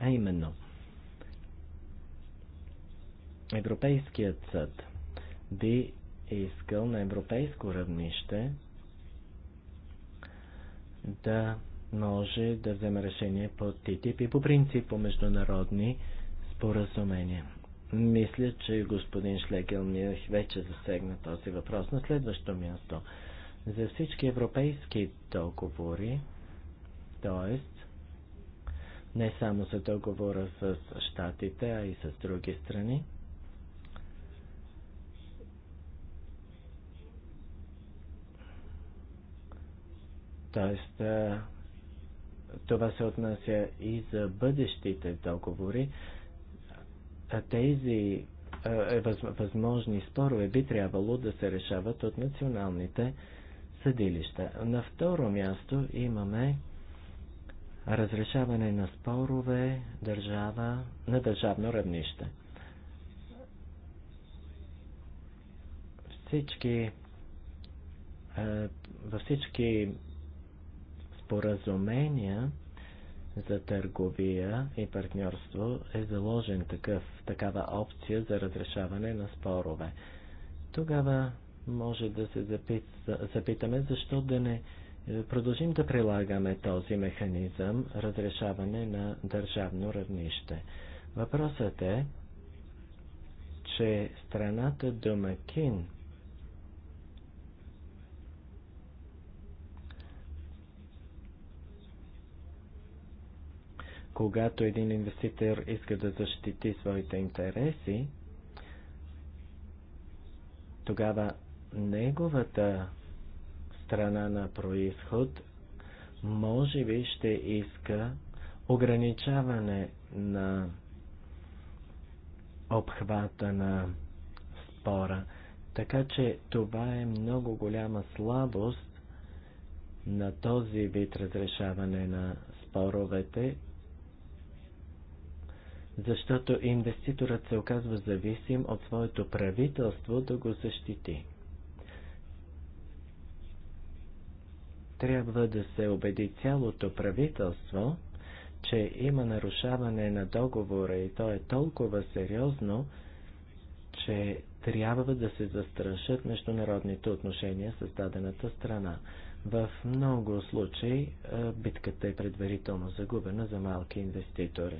а именно Европейският съд би искал на европейско равнище да може да вземе решение по ТТИП и по принцип по международни споразумение. Мисля, че господин Шлегел ми вече засегна този въпрос. На следващо място, за всички европейски договори, т.е. не само за договора с щатите, а и с други страни, Тоест, това се отнася и за бъдещите договори тези е, възможни спорове би трябвало да се решават от националните съдилища. На второ място имаме разрешаване на спорове държава, на държавно равнище. Всички, е, във всички споразумения за търговия и партньорство е заложен такъв, такава опция за разрешаване на спорове. Тогава може да се запит, запитаме защо да не е, продължим да прилагаме този механизъм разрешаване на държавно равнище. Въпросът е, че страната домакин когато един инвеститор иска да защити своите интереси, тогава неговата страна на происход може би ще иска ограничаване на обхвата на спора. Така че това е много голяма слабост на този вид разрешаване на споровете, защото инвеститорът се оказва зависим от своето правителство да го защити. Трябва да се убеди цялото правителство, че има нарушаване на договора и то е толкова сериозно, че трябва да се застрашат международните отношения с дадената страна. В много случаи битката е предварително загубена за малки инвеститори.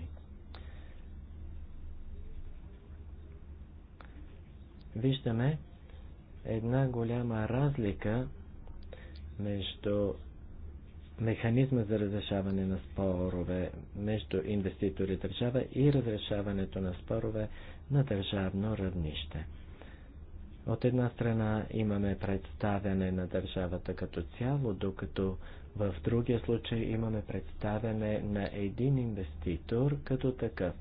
виждаме една голяма разлика между механизма за разрешаване на спорове между инвеститори и държава и разрешаването на спорове на държавно равнище. От една страна имаме представяне на държавата като цяло, докато в другия случай имаме представяне на един инвеститор като такъв.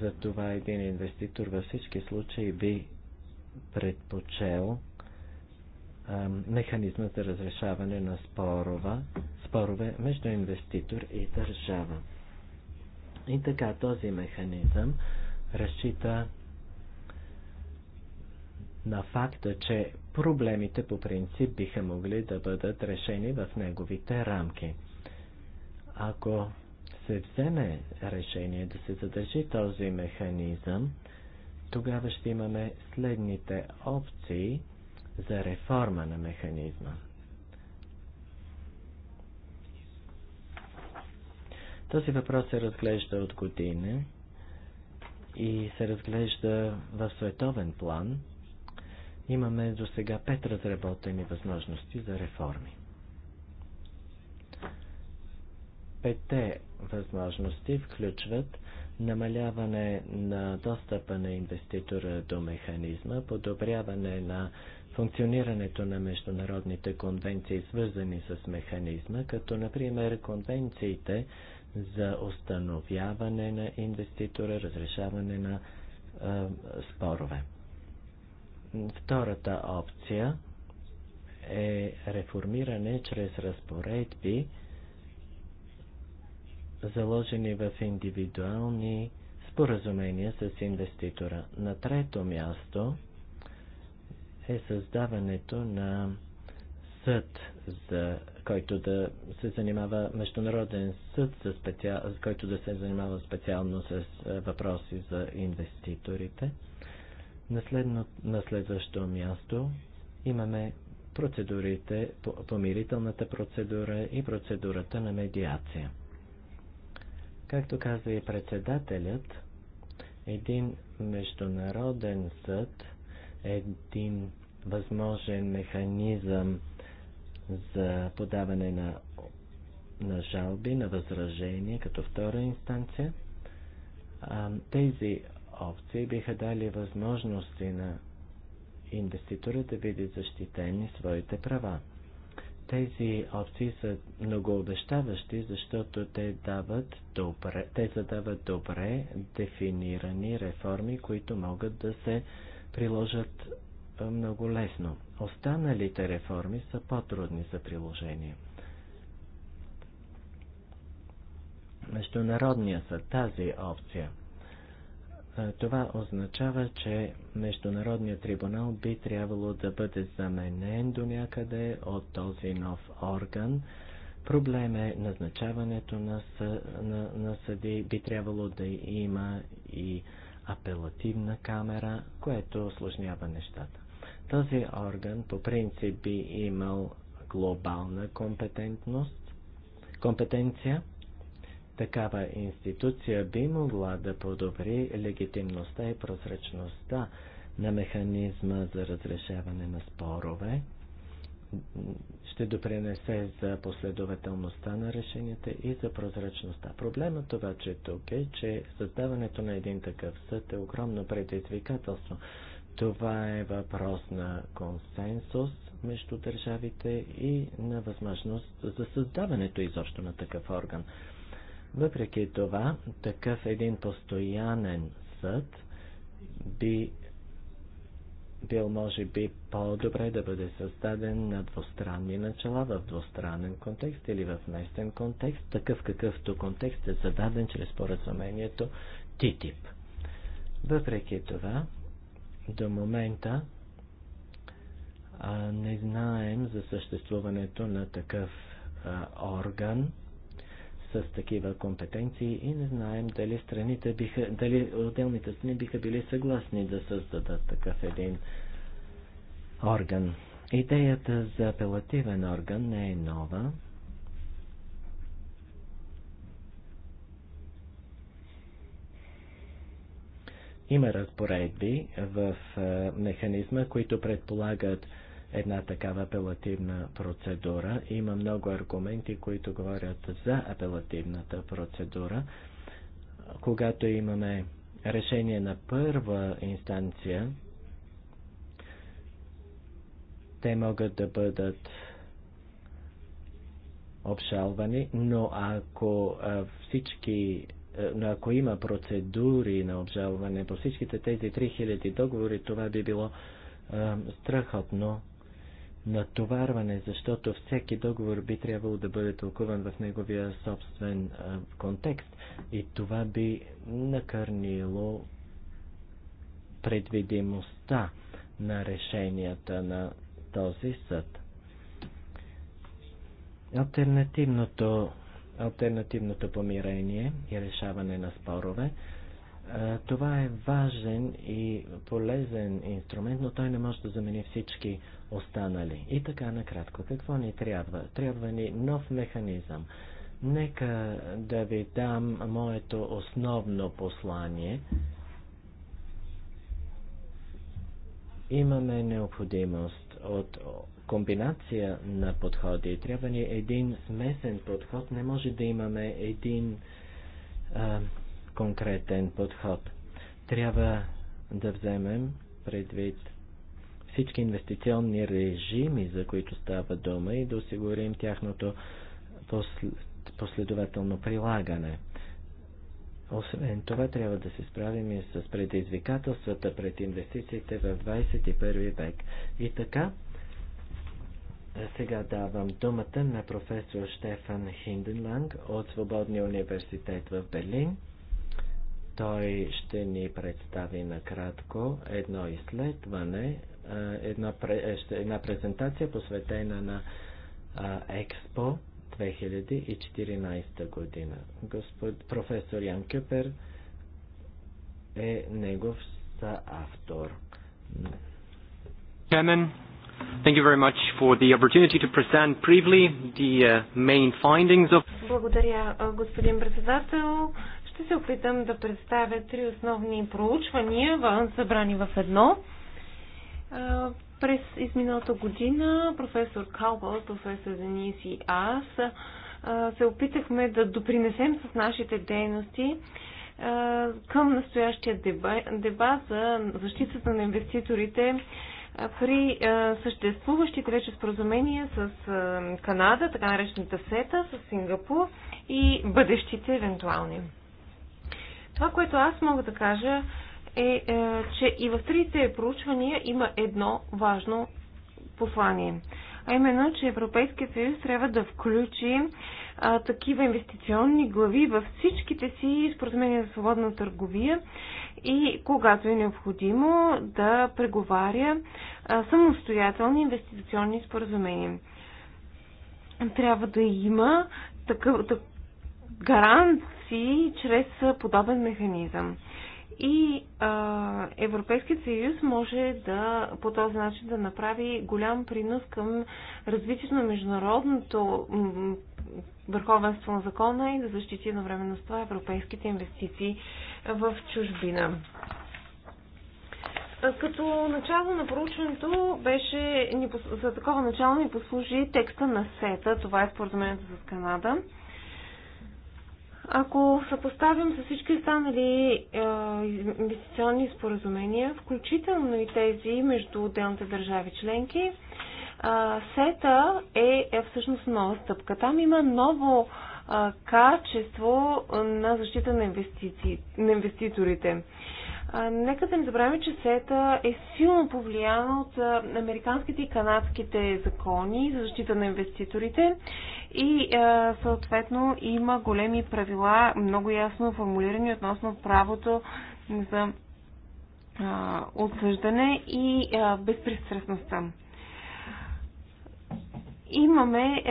Затова един инвеститор във всички случаи би предпочел механизма за разрешаване на спорова, спорове между инвеститор и държава. И така този механизъм разчита на факта, че проблемите по принцип биха могли да бъдат решени в неговите рамки. Ако се вземе решение да се задържи този механизъм, тогава ще имаме следните опции за реформа на механизма. Този въпрос се разглежда от години и се разглежда в световен план. Имаме до сега пет разработени възможности за реформи. Петте възможности включват намаляване на достъпа на инвеститора до механизма, подобряване на функционирането на международните конвенции, свързани с механизма, като например конвенциите за установяване на инвеститора, разрешаване на е, спорове. Втората опция е реформиране чрез разпоредби, заложени в индивидуални споразумения с инвеститора. На трето място е създаването на съд, за който да се занимава международен съд, за специал, който да се занимава специално с въпроси за инвеститорите. На, следно, на следващо място имаме процедурите, помирителната процедура и процедурата на медиация. Както каза и председателят, един международен съд, един възможен механизъм за подаване на, на жалби, на възражения като втора инстанция, тези опции биха дали възможности на инвеститора да види защитени своите права. Тези опции са многообещаващи, защото те, дават добре, те задават добре дефинирани реформи, които могат да се приложат много лесно. Останалите реформи са по-трудни за приложение. Международния са тази опция – това означава, че Международният трибунал би трябвало да бъде заменен до някъде от този нов орган. Проблем е назначаването на, съ, на, на съди. Би трябвало да има и апелативна камера, което осложнява нещата. Този орган по принцип би имал глобална компетентност, компетенция, Такава институция би могла да подобри легитимността и прозрачността на механизма за разрешаване на спорове, ще допринесе за последователността на решенията и за прозрачността. Проблемът обаче тук е, че създаването на един такъв съд е огромно предизвикателство. Това е въпрос на консенсус между държавите и на възможност за създаването изобщо на такъв орган. Въпреки това, такъв един постоянен съд би бил, може би, по-добре да бъде създаден на двустранни начала, в двустранен контекст или в местен контекст, такъв какъвто контекст е зададен чрез споразумението ТИТИП. Въпреки това, до момента а, не знаем за съществуването на такъв а, орган, с такива компетенции и не знаем дали страните биха, дали отделните страни биха били съгласни да създадат такъв един орган. Идеята за апелативен орган не е нова. Има разпоредби в е, механизма, които предполагат една такава апелативна процедура. Има много аргументи, които говорят за апелативната процедура. Когато имаме решение на първа инстанция, те могат да бъдат обжалвани, но ако всички но ако има процедури на обжалване по всичките тези 3000 договори, това би било страхотно натоварване, защото всеки договор би трябвало да бъде тълкуван в неговия собствен контекст и това би накърнило предвидимостта на решенията на този съд. Альтернативното, альтернативното помирение и решаване на спорове – е, това е важен и полезен инструмент, но той не може да замени всички останали. И така накратко, какво ни трябва? Трябва ни нов механизъм. Нека да ви дам моето основно послание. Имаме необходимост от комбинация на подходи. Трябва ни един смесен подход. Не може да имаме един конкретен подход. Трябва да вземем предвид всички инвестиционни режими, за които става дума и да осигурим тяхното последователно прилагане. Освен това, трябва да се справим и с предизвикателствата пред инвестициите в 21 век. И така, сега давам думата на професор Штефан Хинденланг от Свободния университет в Берлин. Той ще ни представи накратко едно изследване, една, е, една презентация посветена на Експо 2014 година. Господ, професор Ян Кюпер е негов автор. Chairman, thank you very much for the opportunity to present briefly the uh, main findings of Благодаря, господин председател ще се опитам да представя три основни проучвания, събрани в едно. През изминалата година професор Калбал, професор Денис и аз се опитахме да допринесем с нашите дейности към настоящия дебат за защитата на инвеститорите при съществуващите вече споразумения с Канада, така наречената СЕТА, с Сингапур и бъдещите евентуални. Това, което аз мога да кажа е, е че и в трите проучвания има едно важно послание. А именно, че Европейският съюз трябва да включи а, такива инвестиционни глави във всичките си споразумения за свободна търговия и когато е необходимо да преговаря а, самостоятелни инвестиционни споразумения. Трябва да има такъв, такъв гарант си чрез подобен механизъм. И а, Европейският съюз може да по този начин да направи голям принос към развитието на международното върховенство на закона и да защити едновременно с това европейските инвестиции в чужбина. Като начало на проучването беше, за такова начало ни послужи текста на СЕТА, това е споразумението с Канада. Ако съпоставим с всички останали е, инвестиционни споразумения, включително и тези между отделните държави членки, е, СЕТА е, е всъщност нова стъпка. Там има ново е, качество на защита на, инвестиции, на инвеститорите нека да не забравяме, че СЕТА е силно повлияна от американските и канадските закони за защита на инвеститорите и съответно има големи правила, много ясно формулирани относно правото за отсъждане и безпристрастността. Имаме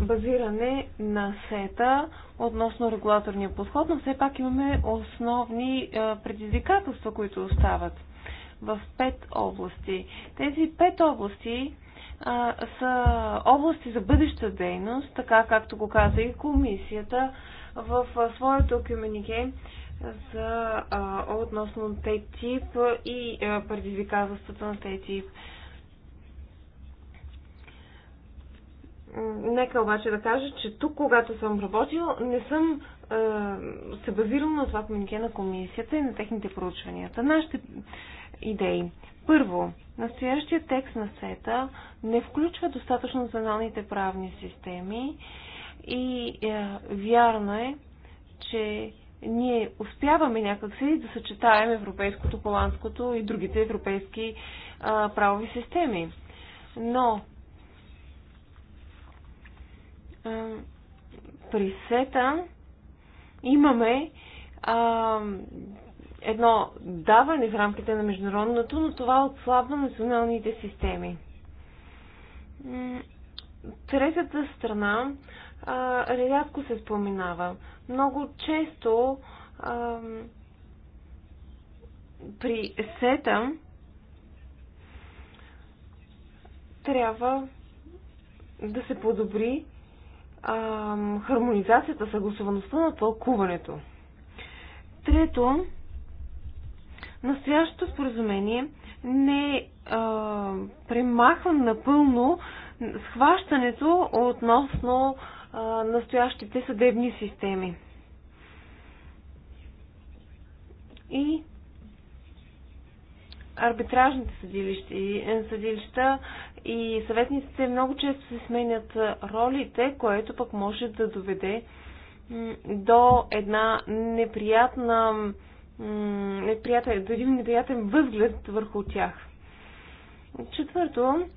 базиране на сета относно регулаторния подход, но все пак имаме основни е, предизвикателства, които остават в пет области. Тези пет области а, е, са области за бъдеща дейност, така както го каза и комисията в е, своето комюнике за а, относно тип и а, предизвикателството на тип. Нека обаче да кажа, че тук, когато съм работил, не съм е, се базирал на това комюнике на комисията и на техните проучванията. Нашите идеи. Първо, настоящия текст на сета не включва достатъчно националните правни системи и е, вярно е, че ние успяваме някакси да съчетаем европейското, холандското и другите европейски а, правови системи. Но при сета имаме а, едно даване в рамките на международното, но това е отслабва националните системи. Третата страна а, рядко се споменава. Много често а, при сета трябва да се подобри а, хармонизацията, съгласуваността на тълкуването. Трето, настоящото споразумение не а, премахва напълно схващането относно а, настоящите съдебни системи. И арбитражните съдилища, съдилища и съветниците много често се сменят ролите, което пък може да доведе до една неприятна, неприятен, до един неприятен възглед върху тях. Четвърто,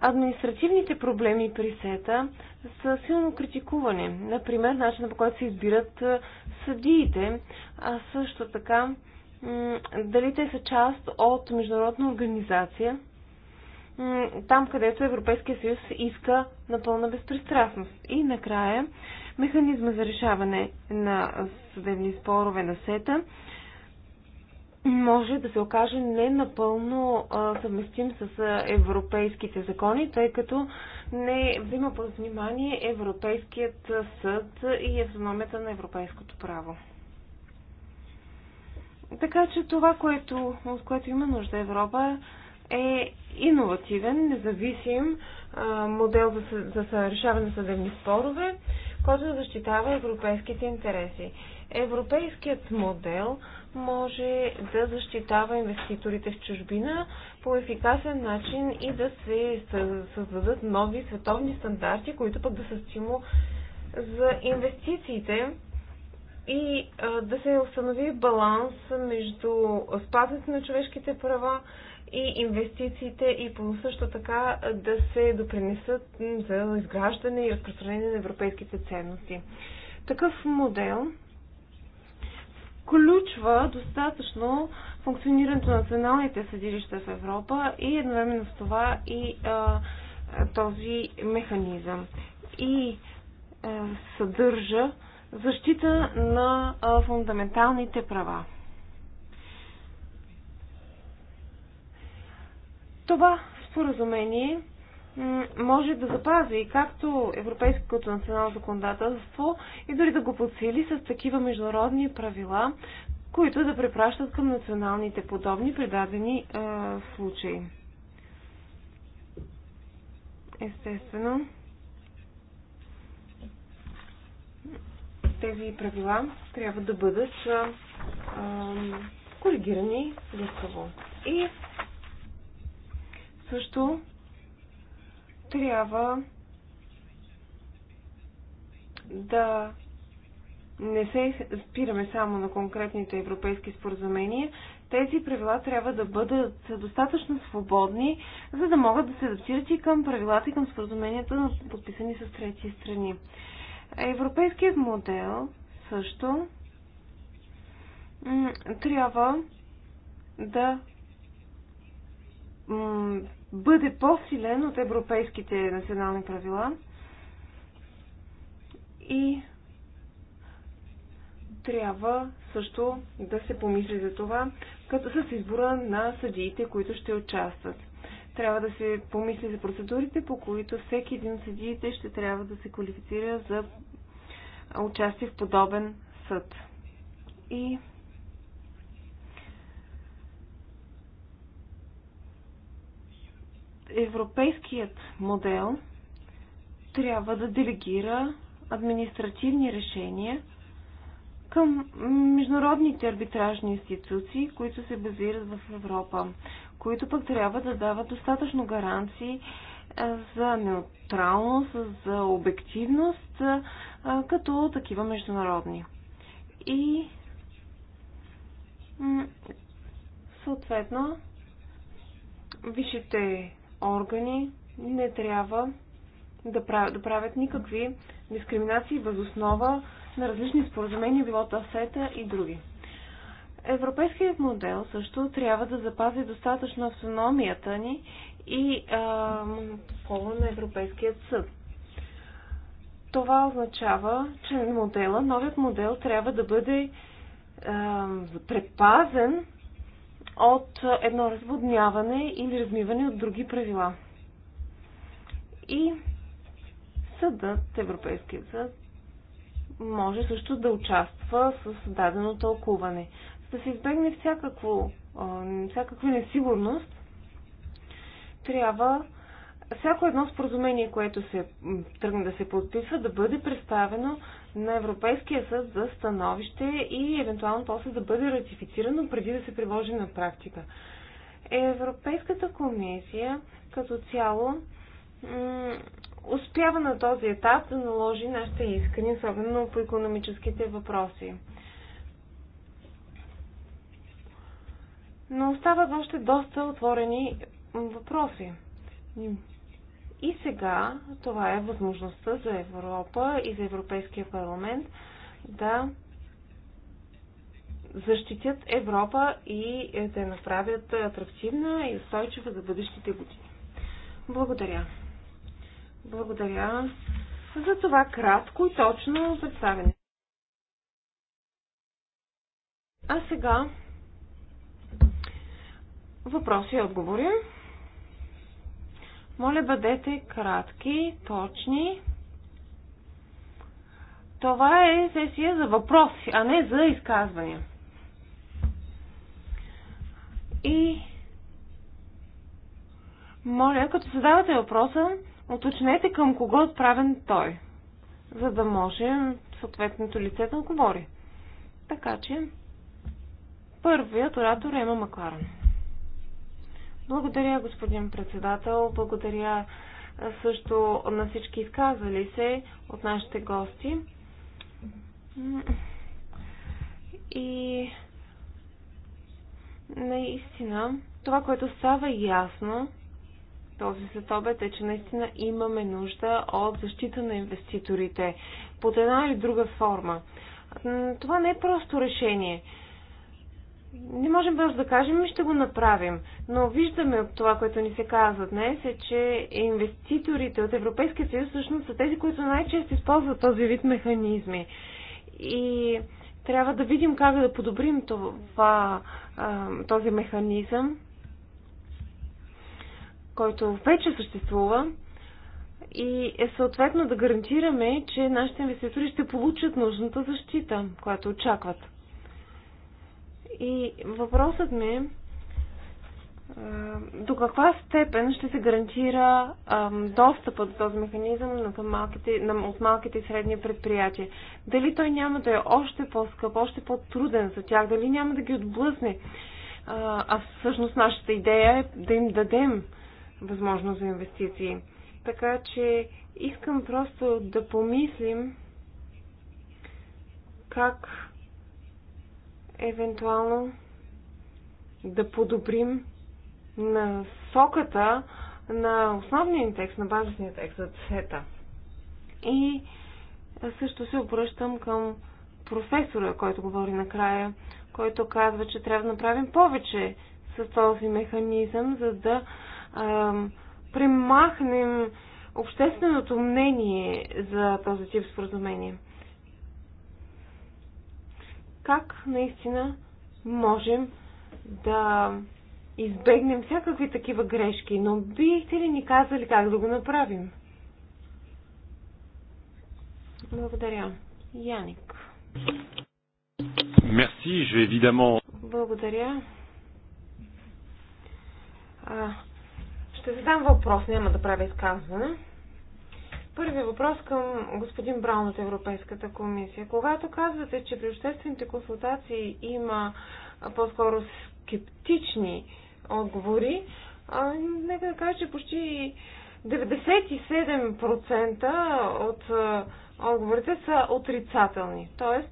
административните проблеми при сета са силно критикувани. Например, начинът по който се избират съдиите, а също така дали те са част от международна организация там, където Европейския съюз иска напълна безпристрастност. И накрая, механизма за решаване на съдебни спорове на СЕТА може да се окаже не напълно съвместим с европейските закони, тъй като не взима под внимание Европейският съд и автономията на европейското право. Така че това, което, от което има нужда Европа, е иновативен, независим модел за, за решаване на съдебни спорове, който да защитава европейските интереси. Европейският модел може да защитава инвеститорите в чужбина по ефикасен начин и да се създадат нови световни стандарти, които пък да са стимул за инвестициите и да се установи баланс между спазването на човешките права, и инвестициите и по също така да се допринесат за изграждане и разпространение на европейските ценности. Такъв модел включва достатъчно функционирането на националните съдилища в Европа и едновременно с това и а, този механизъм. И а, съдържа защита на а, фундаменталните права. Това споразумение може да запази както европейското национално законодателство и дори да го подсили с такива международни правила, които да препращат към националните подобни предадени е, случаи. Естествено, тези правила трябва да бъдат е, коригирани гъвкаво. И също трябва да не се спираме само на конкретните европейски споразумения. Тези правила трябва да бъдат достатъчно свободни, за да могат да се адаптират и към правилата и към споразуменията, подписани с трети страни. Европейският модел също трябва да бъде по-силен от европейските национални правила и трябва също да се помисли за това, като с избора на съдиите, които ще участват. Трябва да се помисли за процедурите, по които всеки един от съдиите ще трябва да се квалифицира за участие в подобен съд. И европейският модел трябва да делегира административни решения към международните арбитражни институции, които се базират в Европа, които пък трябва да дават достатъчно гаранции е, за неутралност, за обективност, е, като такива международни. И съответно, висшите органи не трябва да правят, да правят никакви дискриминации основа на различни споразумения, било то сета и други. Европейският модел също трябва да запази достатъчно автономията ни и монопола на Европейският съд. Това означава, че модела, новият модел трябва да бъде а, предпазен от едно разводняване или размиване от други правила. И съдът, Европейският съд, може също да участва с дадено тълкуване. За да се избегне всякакво, всякаква несигурност, трябва всяко едно споразумение, което се тръгне да се подписва, да бъде представено на Европейския съд за становище и евентуално после да бъде ратифицирано преди да се приложи на практика. Европейската комисия като цяло успява на този етап да наложи нашите искания, особено по економическите въпроси. Но остават още доста отворени въпроси. И сега това е възможността за Европа и за Европейския парламент да защитят Европа и да я направят атрактивна и устойчива за бъдещите години. Благодаря. Благодаря за това кратко и точно представяне. А сега въпроси и отговори. Моля, бъдете кратки, точни. Това е сесия за въпроси, а не за изказвания. И моля, като задавате въпроса, уточнете към кого е отправен той, за да може съответното лице да отговори. Така че, първият оратор е Ема Макларен. Благодаря, господин председател. Благодаря също на всички изказали се от нашите гости. И наистина, това, което става ясно този следобед е, че наистина имаме нужда от защита на инвеститорите под една или друга форма. Това не е просто решение не можем просто да кажем и ще го направим. Но виждаме от това, което ни се казва днес, е, че инвеститорите от Европейския съюз всъщност са тези, които най-често използват този вид механизми. И трябва да видим как да подобрим това, този механизъм, който вече съществува и е съответно да гарантираме, че нашите инвеститори ще получат нужната защита, която очакват. И въпросът ми е до каква степен ще се гарантира достъпа до този механизъм на малките, на, от малките и средни предприятия? Дали той няма да е още по-скъп, още по-труден за тях? Дали няма да ги отблъсне? А, а всъщност нашата идея е да им дадем възможност за инвестиции. Така че искам просто да помислим как евентуално да подобрим насоката на основния текст, на базисния текст за сета. И също се обръщам към професора, който говори накрая, който казва, че трябва да направим повече с този механизъм, за да ам, премахнем общественото мнение за този тип споразумение как наистина можем да избегнем всякакви такива грешки, но бихте ли ни казали как да го направим? Благодаря. Яник. Мерси, je évidemment. Благодаря. А, ще задам въпрос, няма да правя изказване. Първи въпрос към господин Браун от Европейската комисия. Когато казвате, че при обществените консултации има по-скоро скептични отговори, а, нека да кажа, че почти 97% от отговорите са отрицателни. Тоест,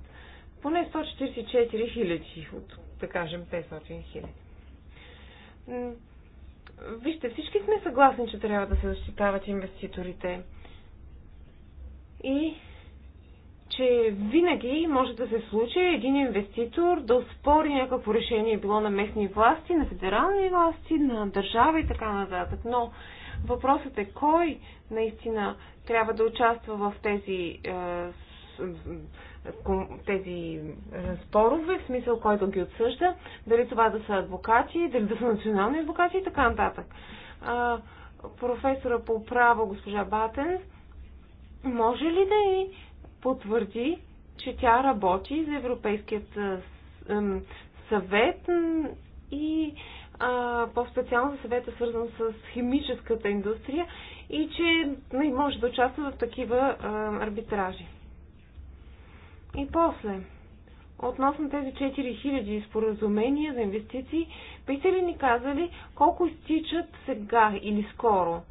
поне 144 хиляди от, да кажем, 500 хиляди. Вижте, всички сме съгласни, че трябва да се защитават инвеститорите и че винаги може да се случи един инвеститор да спори някакво решение, било на местни власти, на федерални власти, на държава и така нататък. Но въпросът е кой наистина трябва да участва в тези, е, тези е, спорове, в смисъл който ги отсъжда, дали това да са адвокати, дали да са национални адвокати и така нататък. професора по право госпожа Батенс може ли да ни потвърди, че тя работи за Европейският съвет и по-специално за съвета, свързан с химическата индустрия и че не може да участва в такива арбитражи. И после, относно тези 4000 споразумения за инвестиции, бихте ли ни казали колко изтичат сега или скоро?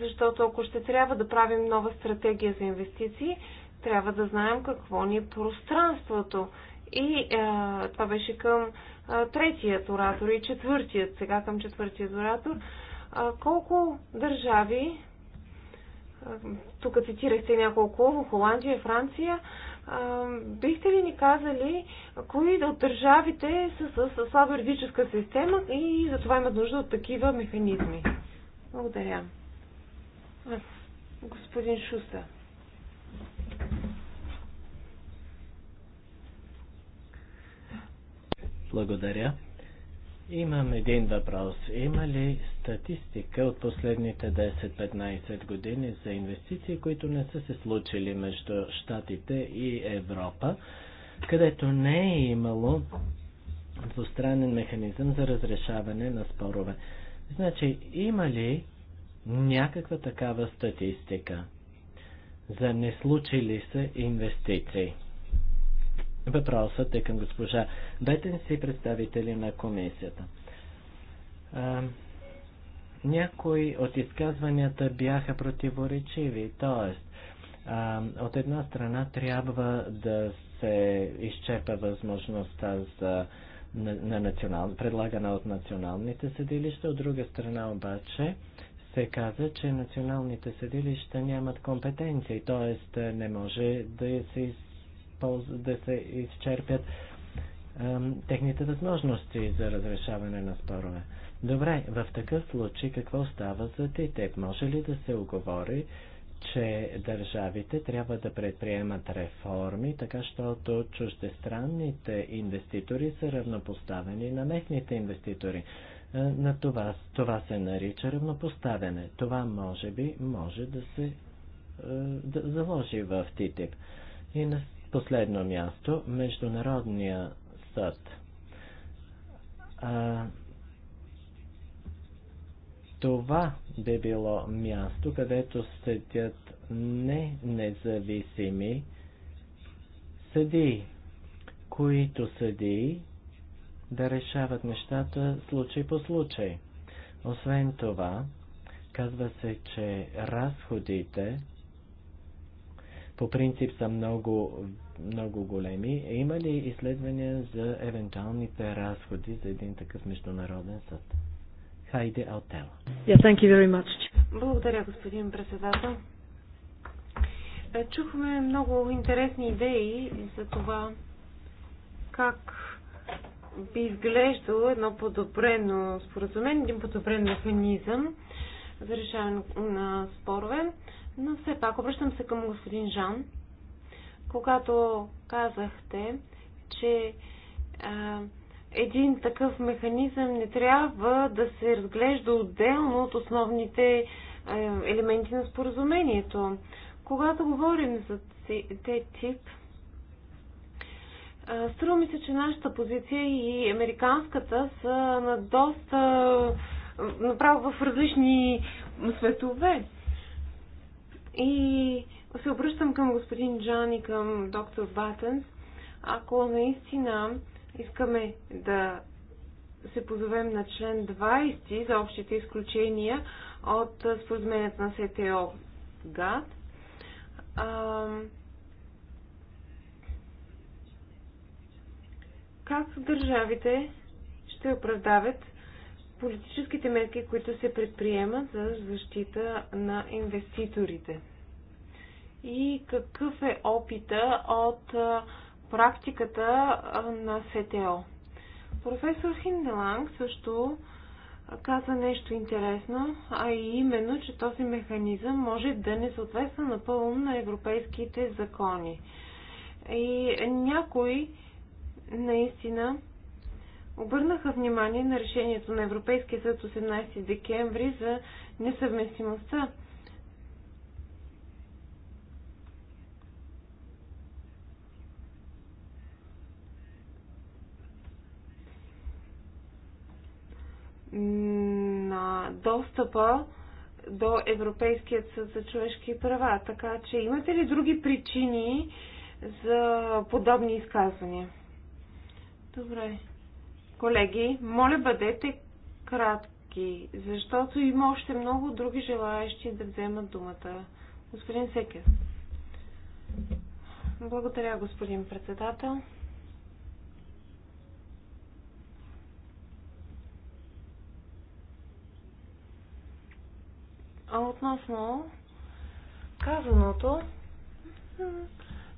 защото ако ще трябва да правим нова стратегия за инвестиции, трябва да знаем какво ни е пространството. И а, е, това беше към а, е, третият оратор и четвъртият, сега към четвъртият оратор. А, е, колко държави, а, тук цитирахте няколко, Холандия, Франция, а, бихте ли ни казали кои от държавите са с, слаба юридическа система и затова имат нужда от такива механизми? Благодаря. Господин Шуста. Благодаря. Имам един въпрос. Има ли статистика от последните 10-15 години за инвестиции, които не са се случили между Штатите и Европа, където не е имало двустранен механизъм за разрешаване на спорове? Значи, има ли някаква такава статистика за не случили се инвестиции. Въпросът е към госпожа Бетен си представители на комисията. А, някои от изказванията бяха противоречиви, т.е. от една страна трябва да се изчепа възможността за на, на национал, предлагана от националните съдилища, от друга страна обаче се каза, че националните съдилища нямат компетенции, т.е. не може да се, използ... да се изчерпят ем, техните възможности за разрешаване на спорове. Добре, в такъв случай какво става за ТТИП? Може ли да се оговори, че държавите трябва да предприемат реформи, така щото чуждестранните инвеститори са равнопоставени на местните инвеститори? Е, на това. Това се нарича равнопоставяне. Това може би може да се е, да заложи в ТИТИП. И на последно място, Международния съд. А, това би било място, където седят не независими съдии, които съдии да решават нещата случай по случай. Освен това, казва се, че разходите по принцип са много, много големи. Има ли изследвания за евентуалните разходи за един такъв международен съд? Хайде Алтела. Yeah, Благодаря, господин председател. Чухме много интересни идеи за това как би изглеждало едно подобрено споразумение, един подобрен механизъм за решаване на спорове. Но все пак обръщам се към господин Жан. Когато казахте, че а, един такъв механизъм не трябва да се разглежда отделно от основните елементи на споразумението. Когато говорим за те тип, Струва ми се, че нашата позиция и американската са на доста направо в различни светове. И се обръщам към господин Джан и към доктор Батенс. Ако наистина искаме да се позовем на член 20 за общите изключения от споразумението на СТО ГАД, как държавите ще оправдават политическите мерки, които се предприемат за защита на инвеститорите. И какъв е опита от практиката на СТО? Професор Хинделанг също каза нещо интересно, а именно, че този механизъм може да не съответства напълно на европейските закони. И някои наистина обърнаха внимание на решението на Европейския съд 18 декември за несъвместимостта на достъпа до Европейският съд за човешки права. Така че имате ли други причини за подобни изказвания? Добре. Колеги, моля бъдете кратки, защото има още много други желаящи да вземат думата. Господин Секер. Благодаря, господин председател. А относно казаното,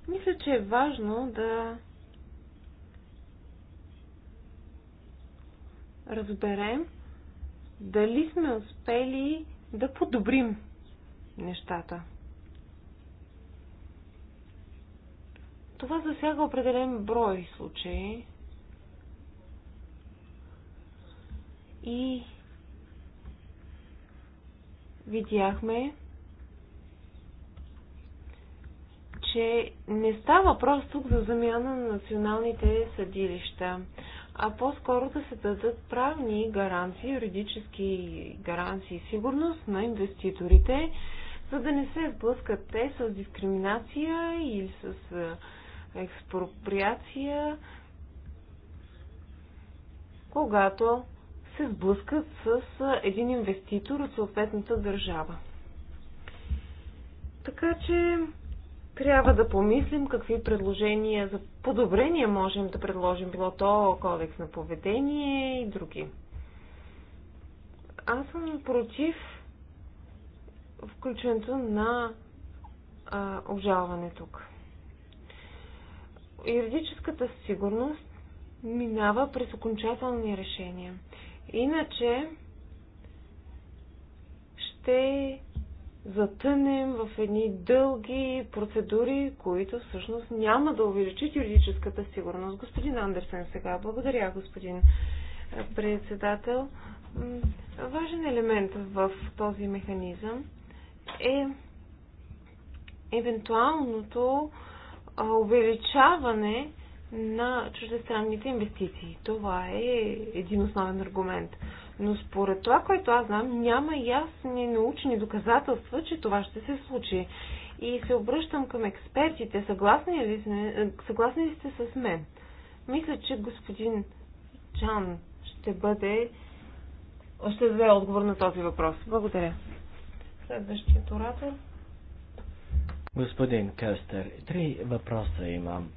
мисля, че е важно да разберем дали сме успели да подобрим нещата. Това засяга определен брой случаи. И видяхме, че не става просто за замяна на националните съдилища а по-скоро да се дадат правни гаранции, юридически гаранции и сигурност на инвеститорите, за да не се сблъскат те с дискриминация или с експроприация, когато се сблъскат с един инвеститор от съответната държава. Така че трябва да помислим какви предложения за подобрения можем да предложим, било то кодекс на поведение и други. Аз съм против включването на а, обжалване тук. Юридическата сигурност минава през окончателни решения. Иначе ще затънем в едни дълги процедури, които всъщност няма да увеличат юридическата сигурност. Господин Андерсен сега. Благодаря, господин е, председател. Важен елемент в този механизъм е евентуалното увеличаване на чуждестранните инвестиции. Това е един основен аргумент. Но според това, което аз знам, няма ясни научни доказателства, че това ще се случи. И се обръщам към експертите. Съгласни ли, сме, е, съгласни ли сте с мен? Мисля, че господин Чан ще бъде. Ще даде отговор на този въпрос. Благодаря. Следващият оратор. Господин Къстър, три въпроса имам.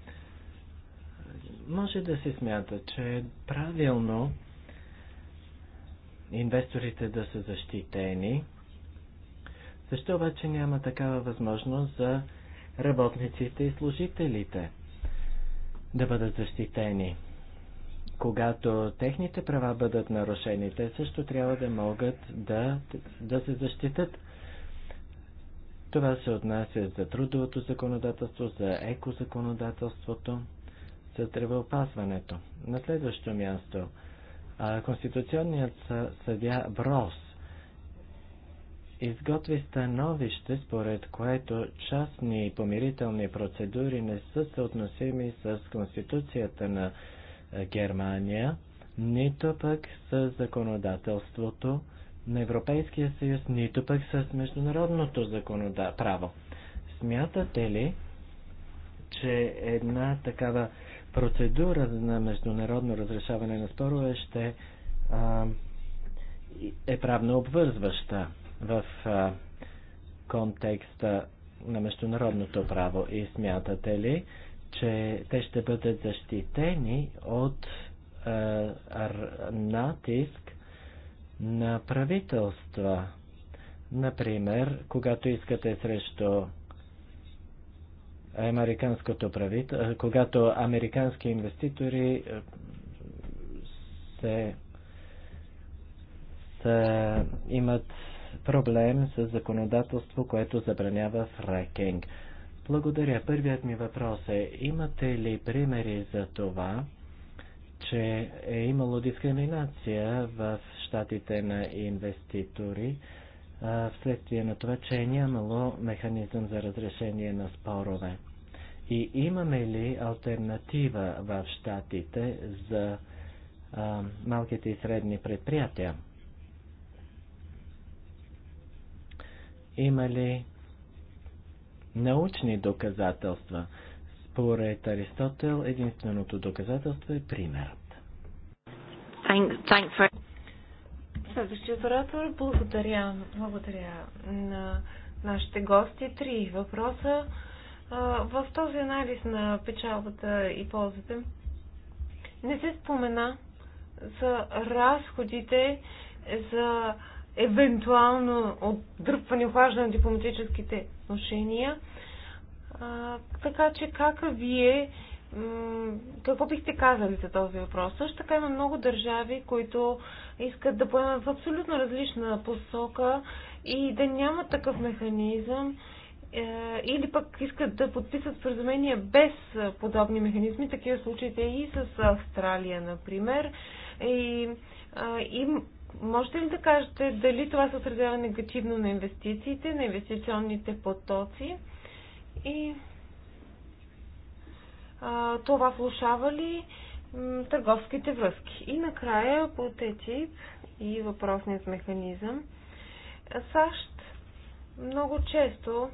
Може да се смята, че е правилно инвесторите да са защитени. Защо обаче няма такава възможност за работниците и служителите да бъдат защитени? Когато техните права бъдат нарушени, те също трябва да могат да, да се защитат. Това се отнася за трудовото законодателство, за екозаконодателството, за здравеопазването. На следващо място – Конституционният съдя Брос изготви становище, според което частни помирителни процедури не са съотносими с Конституцията на Германия, нито пък с законодателството на Европейския съюз, нито пък с международното законода... право. Смятате ли, че една такава процедура на международно разрешаване на спорове ще а, е правно обвързваща в а, контекста на международното право и смятате ли, че те ще бъдат защитени от а, натиск на правителства. Например, когато искате срещу американското правителство, когато американски инвеститори се, се имат проблем с законодателство, което забранява фрекинг. Благодаря. Първият ми въпрос е, имате ли примери за това, че е имало дискриминация в щатите на инвеститори, вследствие на това, че е нямало механизъм за разрешение на спорове? И имаме ли альтернатива в щатите за а, малките и средни предприятия? Има ли научни доказателства? Според Аристотел единственото доказателство е примерът. Следващият оратор, благодаря, благодаря на нашите гости. Три въпроса в този анализ на печалбата и ползата не се спомена за разходите за евентуално отдръпване, охлаждане на дипломатическите отношения. така че как вие, какво бихте казали за този въпрос? Също така има много държави, които искат да поемат в абсолютно различна посока и да няма такъв механизъм е, или пък искат да подписат споразумения без е, подобни механизми. Такива случаите и с Австралия, например. И, и можете ли да кажете дали това се отразява негативно на инвестициите, на инвестиционните потоци? И а, това влушава ли м, търговските връзки? И накрая по ТТИП и въпросният механизъм. САЩ много често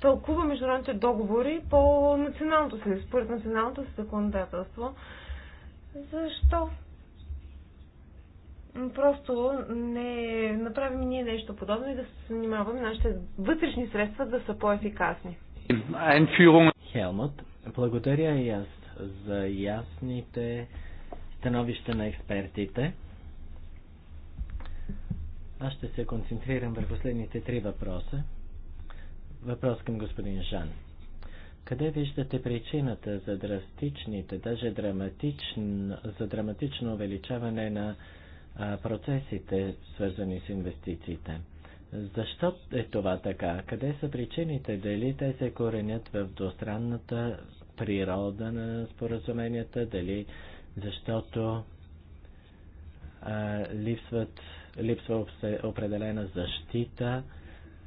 тълкува международните договори по националното си, според националното си законодателство. Защо? Просто не направим ние нещо подобно и да се занимаваме нашите вътрешни средства да са по-ефикасни. Хелмут, благодаря и аз за ясните становища на експертите. Аз ще се концентрирам върху последните три въпроса. Въпрос към господин Жан. Къде виждате причината за драстичните, даже драматично, за драматично увеличаване на а, процесите, свързани с инвестициите? Защо е това така? Къде са причините? Дали те се коренят в двустранната природа на споразуменията? Дали защото а, липсват липсва определена защита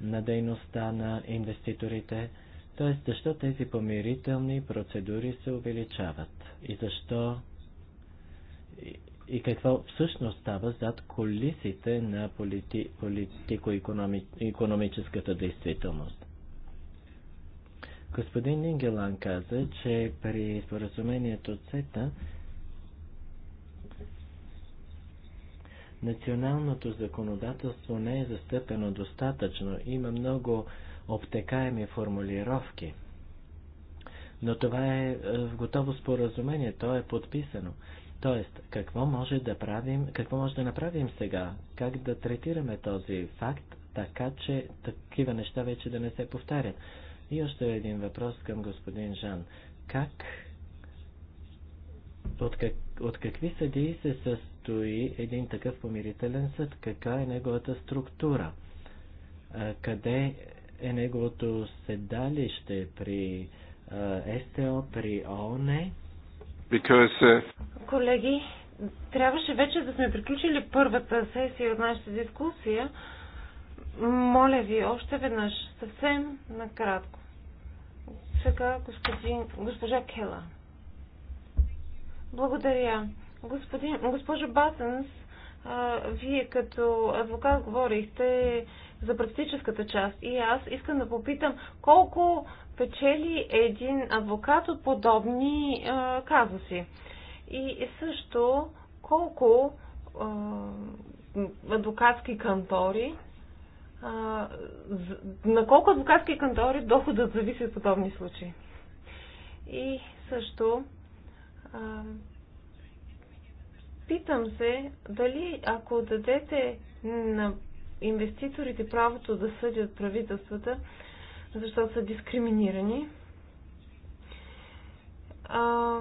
на дейността на инвеститорите. Т.е. защо тези помирителни процедури се увеличават и защо и какво всъщност става зад колисите на полити, политико-економическата действителност. Господин Нингелан каза, че при споразумението ЦЕТА националното законодателство не е застъпено достатъчно. Има много обтекаеми формулировки. Но това е в е, готово споразумение, то е подписано. Тоест, какво може да правим, какво може да направим сега? Как да третираме този факт, така че такива неща вече да не се повтарят? И още един въпрос към господин Жан. Как от, как, от какви съдии се състои един такъв помирителен съд? Каква е неговата структура? Къде е неговото седалище при СТО, при ООН? Because, uh... Колеги, трябваше вече да сме приключили първата сесия от нашата дискусия. Моля ви, още веднъж, съвсем накратко. Сега господин, госпожа Кела. Благодаря. Господин, госпожо Басенс, вие като адвокат говорихте за практическата част и аз искам да попитам колко печели един адвокат от подобни а, казуси. И също колко а, адвокатски кантори, а, на колко адвокатски кантори доходът зависи от подобни случаи. И също питам се дали ако дадете на инвеститорите правото да съдят правителствата, защото са дискриминирани, а,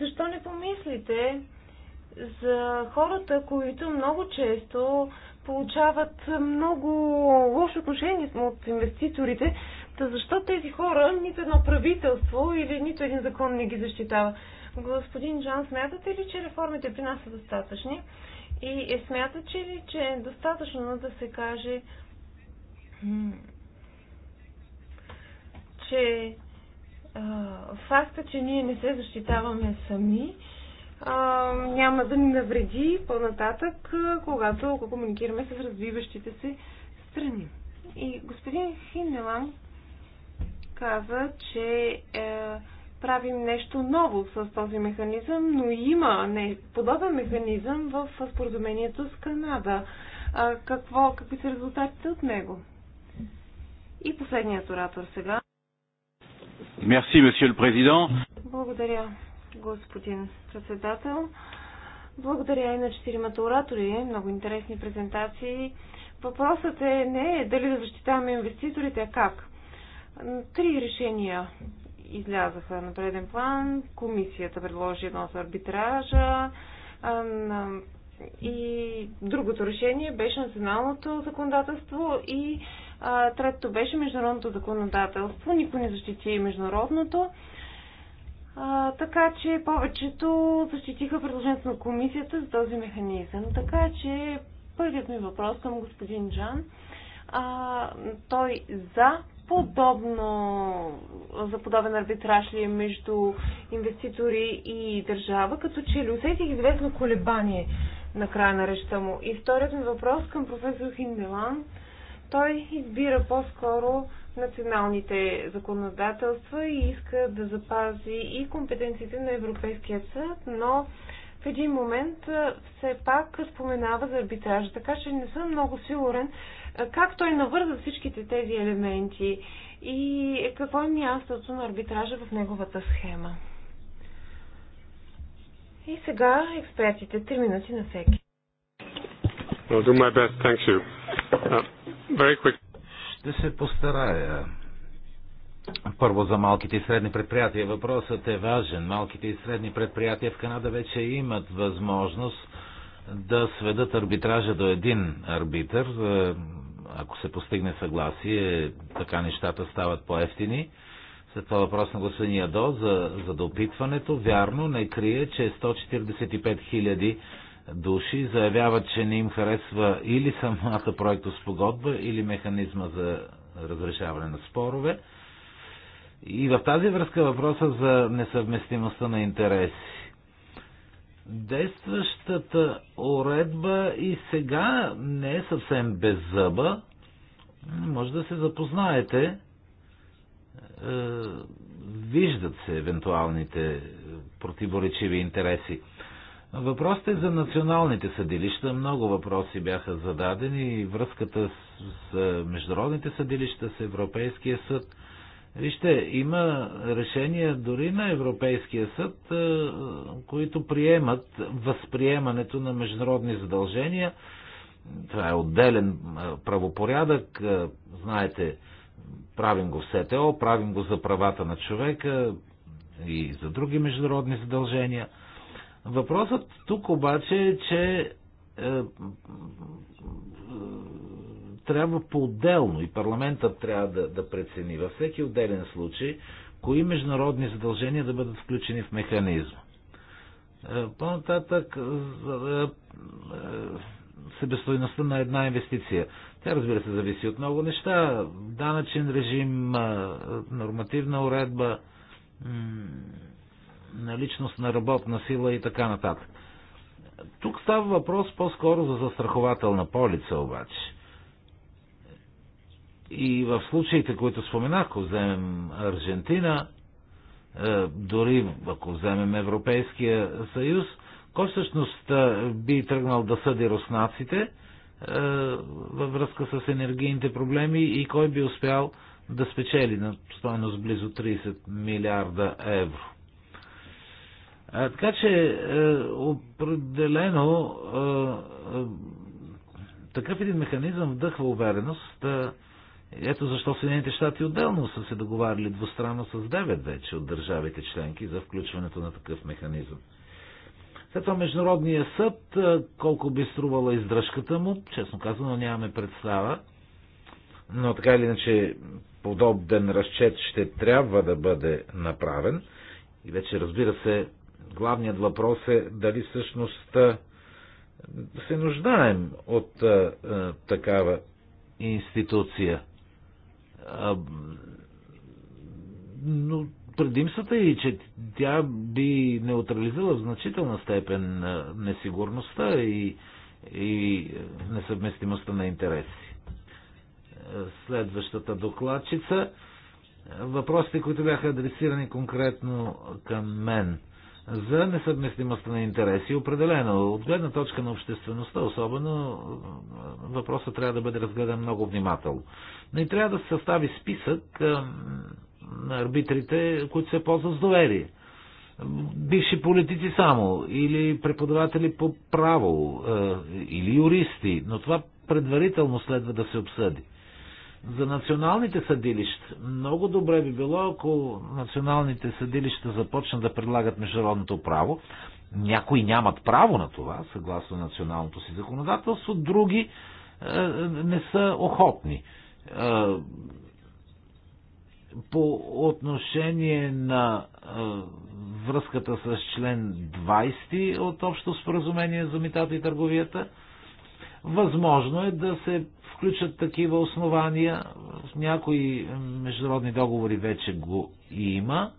защо не помислите за хората, които много често получават много лошо отношение от инвеститорите, Та защо тези хора нито едно правителство или нито един закон не ги защитава? Господин Джан, смятате ли, че реформите при нас са достатъчни? И е смятате ли, че е достатъчно да се каже, че а, факта, че ние не се защитаваме сами, а, няма да ни навреди по-нататък, когато комуникираме с развиващите се страни. И господин Хинелан каза, че е, правим нещо ново с този механизъм, но има не, подобен механизъм в споразумението с Канада. А, какво, какви са резултатите от него? И последният оратор сега. Мерси, месье президент. Благодаря, господин председател. Благодаря и на четиримата оратори. Много интересни презентации. Въпросът е не е дали да защитаваме инвеститорите, а как. Три решения излязаха на преден план. Комисията предложи едно за арбитража и другото решение беше националното законодателство и третото беше международното законодателство. Никой не защити международното. А, така че повечето защитиха предложението на комисията за този механизъм. Така че първият ми въпрос към господин Джан. А, той за подобно, за подобен арбитраж ли е между инвеститори и държава, като че ли усетих известно колебание на края на речта му. И вторият ми въпрос към професор Хинделан. Той избира по-скоро националните законодателства и иска да запази и компетенциите на Европейския съд, но в един момент все пак споменава за арбитраж, така че не съм много сигурен как той навърза всичките тези елементи и какво е мястото на арбитража в неговата схема? И сега експертите, три минути на всеки. I'll do my best, thank you. Uh, very quick. Ще се постарая. Първо за малките и средни предприятия. Въпросът е важен. Малките и средни предприятия в Канада вече имат възможност да сведат арбитража до един арбитър. Е, ако се постигне съгласие, така нещата стават по-ефтини. След това въпрос на господин Ядо за, за допитването. Вярно, не крие, че 145 хиляди души заявяват, че не им харесва или самата с погодба, или механизма за разрешаване на спорове. И в тази връзка въпроса за несъвместимостта на интереси. Действащата уредба и сега не е съвсем без зъба. Може да се запознаете. Е, виждат се евентуалните противоречиви интереси. Въпросът е за националните съдилища. Много въпроси бяха зададени. Връзката с международните съдилища, с Европейския съд. Вижте, има решения дори на Европейския съд, които приемат възприемането на международни задължения. Това е отделен правопорядък. Знаете, правим го в СТО, правим го за правата на човека и за други международни задължения. Въпросът тук обаче е, че е, трябва по-отделно и парламентът трябва да, да прецени във всеки отделен случай, кои международни задължения да бъдат включени в механизма. Е, по-нататък е, е, себестоиността на една инвестиция. Тя, разбира се, зависи от много неща. Данъчен режим, нормативна уредба, наличност на работна сила и така нататък. Тук става въпрос по-скоро за застрахователна полица обаче. И в случаите, които споменах, ако вземем Аржентина, е, дори ако вземем Европейския съюз, кой всъщност е, би тръгнал да съди руснаците е, във връзка с енергийните проблеми и кой би успял да спечели на стоеност близо 30 милиарда евро. така че определено такъв един механизъм вдъхва увереност. Ето защо Съединените щати отделно са се договаряли двустранно с 9 вече от държавите членки за включването на такъв механизъм. След това Международния съд, колко би струвала издръжката му, честно казано нямаме представа, но така или иначе подобен разчет ще трябва да бъде направен. И вече разбира се, главният въпрос е дали всъщност се нуждаем от а, а, такава институция но предимствата и, е, че тя би неутрализирала в значителна степен несигурността и, и несъвместимостта на интереси. Следващата докладчица. Въпросите, които бяха адресирани конкретно към мен за несъвместимостта на интереси. Определено, от гледна точка на обществеността, особено въпросът трябва да бъде разгледан много внимателно. Но и трябва да се състави списък на арбитрите, които се ползват с доверие. Бивши политици само, или преподаватели по право, или юристи, но това предварително следва да се обсъди. За националните съдилища. Много добре би било, ако националните съдилища започнат да предлагат международното право. Някои нямат право на това, съгласно националното си законодателство, други е, не са охотни. Е, по отношение на е, връзката с член 20 от Общо споразумение за митата и търговията, Възможно е да се включат такива основания. В някои международни договори вече го има,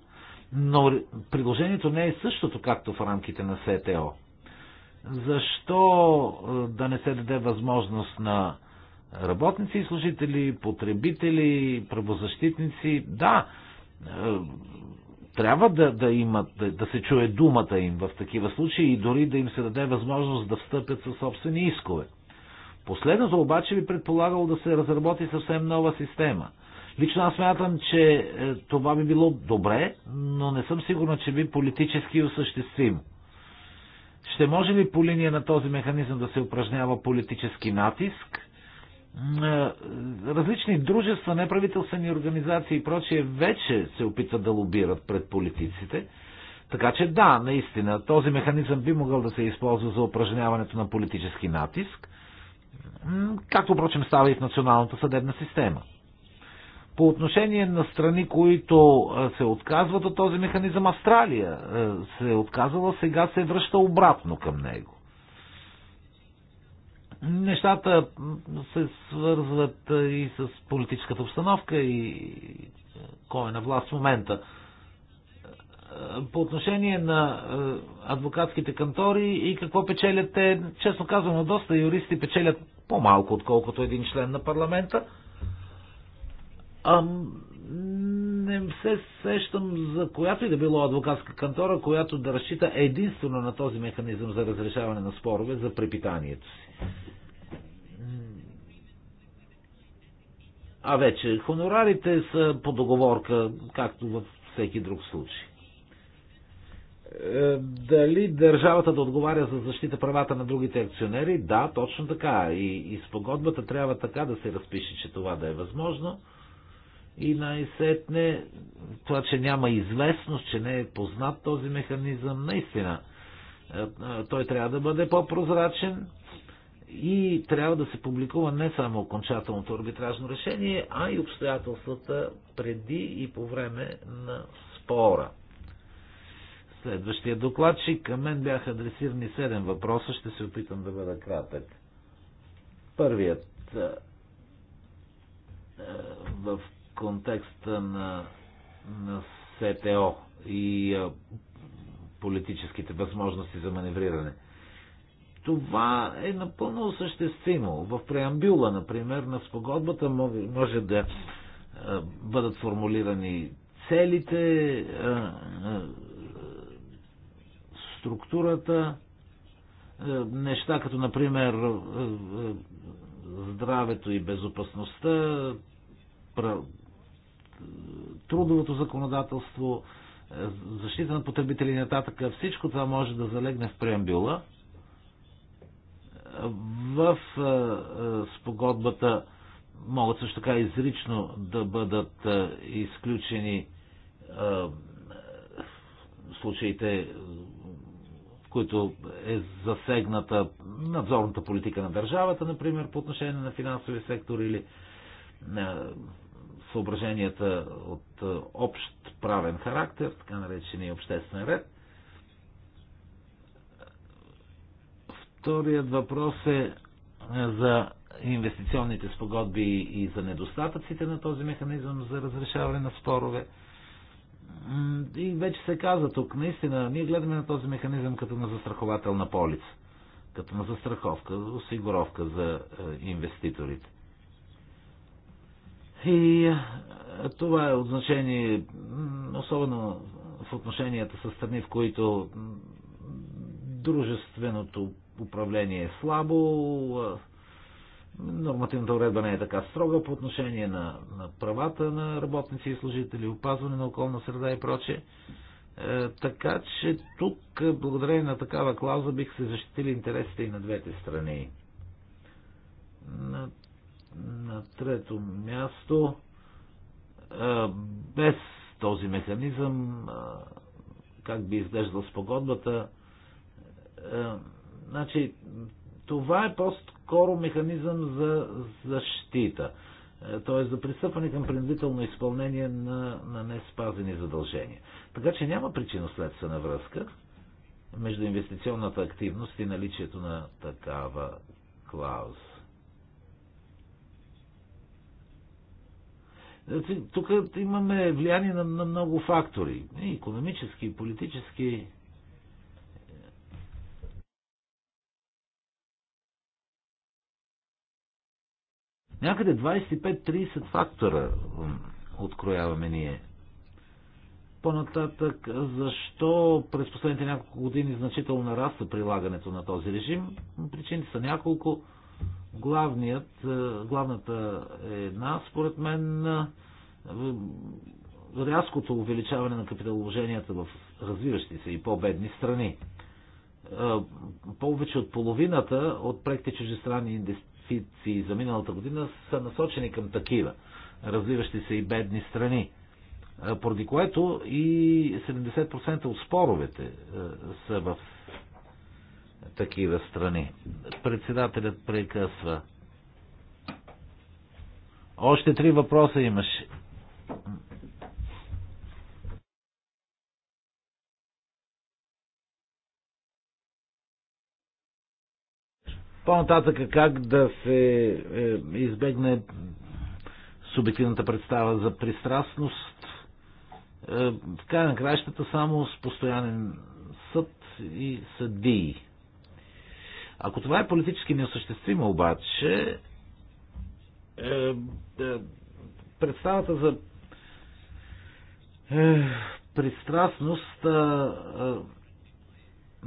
но приложението не е същото, както в рамките на СТО. Защо е, да не се даде възможност на работници и служители, потребители, правозащитници, да, е, трябва да, да имат, да, да се чуе думата им в такива случаи и дори да им се даде възможност да встъпят със собствени искове. Последното обаче би предполагало да се разработи съвсем нова система. Лично аз мятам, че е, това би било добре, но не съм сигурна, че би политически осъществимо. Ще може ли по линия на този механизъм да се упражнява политически натиск? Е, различни дружества, неправителствени организации и прочие вече се опитват да лобират пред политиците. Така че да, наистина, този механизъм би могъл да се използва за упражняването на политически натиск – както впрочем става и в националната съдебна система. По отношение на страни, които се отказват от този механизъм, Австралия се е отказала, сега се връща обратно към него. Нещата се свързват и с политическата обстановка и кой е на власт в момента по отношение на е, адвокатските кантори и какво печелят те. Честно казано, доста юристи печелят по-малко, отколкото един член на парламента. Ам, не се сещам за която и да било адвокатска кантора, която да разчита единствено на този механизъм за разрешаване на спорове за препитанието си. А вече хонорарите са по договорка, както във всеки друг случай. Е, дали държавата да отговаря за защита правата на другите акционери? Да, точно така. И, и спогодбата трябва така да се разпише, че това да е възможно. И най-сетне това, че няма известност, че не е познат този механизъм, наистина е, е, той трябва да бъде по-прозрачен и трябва да се публикува не само окончателното арбитражно решение, а и обстоятелствата преди и по време на спора. Следващия докладчик към мен бяха адресирани 7 въпроса, ще се опитам да бъда кратък. Първият е, е, в контекста на, на СТО и е, политическите възможности за маневриране. Това е напълно осъществимо. В преамбюла, например, на спогодбата може да бъдат формулирани целите, структурата, е, неща като, например, е, е, здравето и безопасността, трудовото законодателство, защита на потребители и нататък, всичко това може да залегне в преамбюла. В спогодбата могат също така изрично да бъдат изключени случаите, които е засегната надзорната политика на държавата, например, по отношение на финансовия сектор или съображенията от общ правен характер, така наречения обществен ред. Вторият въпрос е за инвестиционните спогодби и за недостатъците на този механизъм за разрешаване на спорове. И вече се каза тук, наистина, ние гледаме на този механизъм като на застрахователна полица, като на застраховка, осигуровка за е, инвеститорите. И е, това е от значение, особено в отношенията с страни, в които дружественото управление е слабо, е, Нормативната уредба не е така строга по отношение на, на правата на работници и служители, опазване на околна среда и прочее. Е, така че тук, благодарение на такава клауза, бих се защитили интересите и на двете страни. На, на трето място, е, без този механизъм, е, как би изглеждал спогодбата, значи, това е пост по-скоро механизъм за защита, е, т.е. за пристъпване към принудително изпълнение на, на неспазени задължения. Така че няма причинно-следствена връзка между инвестиционната активност и наличието на такава клауз. Е, тук имаме влияние на, на много фактори. И економически, и политически. Някъде 25-30 фактора открояваме ние. По-нататък, защо през последните няколко години значително нараства прилагането на този режим? Причините са няколко. Главният, е, главната е една, според мен, е, рязкото увеличаване на капиталовложенията в развиващи се и по-бедни страни. Е, повече от половината от преките чужестранни инвестиции за миналата година са насочени към такива, развиващи се и бедни страни. Поради което и 70% от споровете са в такива страни. Председателят прекъсва. Още три въпроса имаше. По-нататък как да се е, избегне субективната представа за пристрастност, е, в края на краищата само с постоянен съд и съдии. Ако това е политически неосъществимо обаче, е, е, представата за е, пристрастност е, е,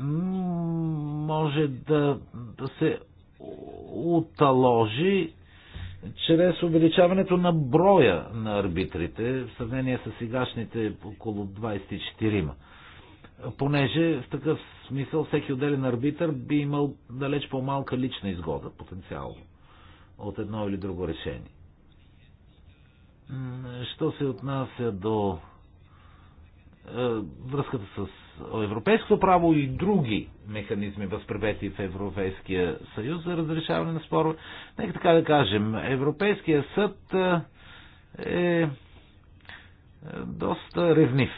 може да, да се оталожи чрез увеличаването на броя на арбитрите в сравнение с сегашните около 24-ма. Понеже в такъв смисъл всеки отделен арбитър би имал далеч по-малка лична изгода потенциално от едно или друго решение. Що се отнася до е, връзката с европейското право и други механизми, възпребети в Европейския съюз за разрешаване на спорове. Нека така да кажем, Европейския съд е, е доста ревнив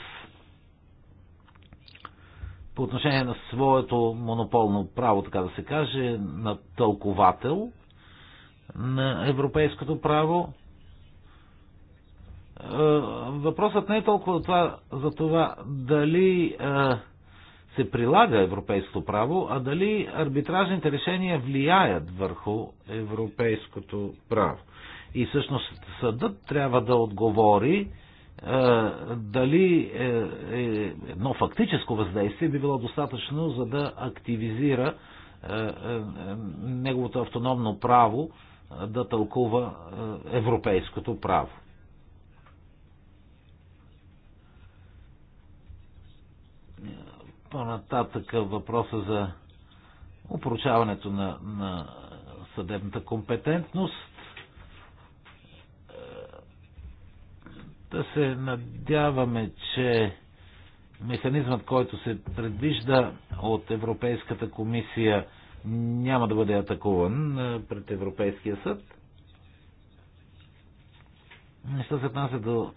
по отношение на своето монополно право, така да се каже, на тълковател на европейското право е, въпросът не е толкова това, за това дали е, се прилага европейското право, а дали арбитражните решения влияят върху европейското право. И всъщност съдът трябва да отговори е, дали е, едно фактическо въздействие би било достатъчно, за да активизира неговото автономно право да тълкува европейското право. По-нататък въпроса за упрочаването на, на съдебната компетентност. Е, да се надяваме, че механизмът, който се предвижда от Европейската комисия, няма да бъде атакуван е, пред Европейския съд. Що се отнася до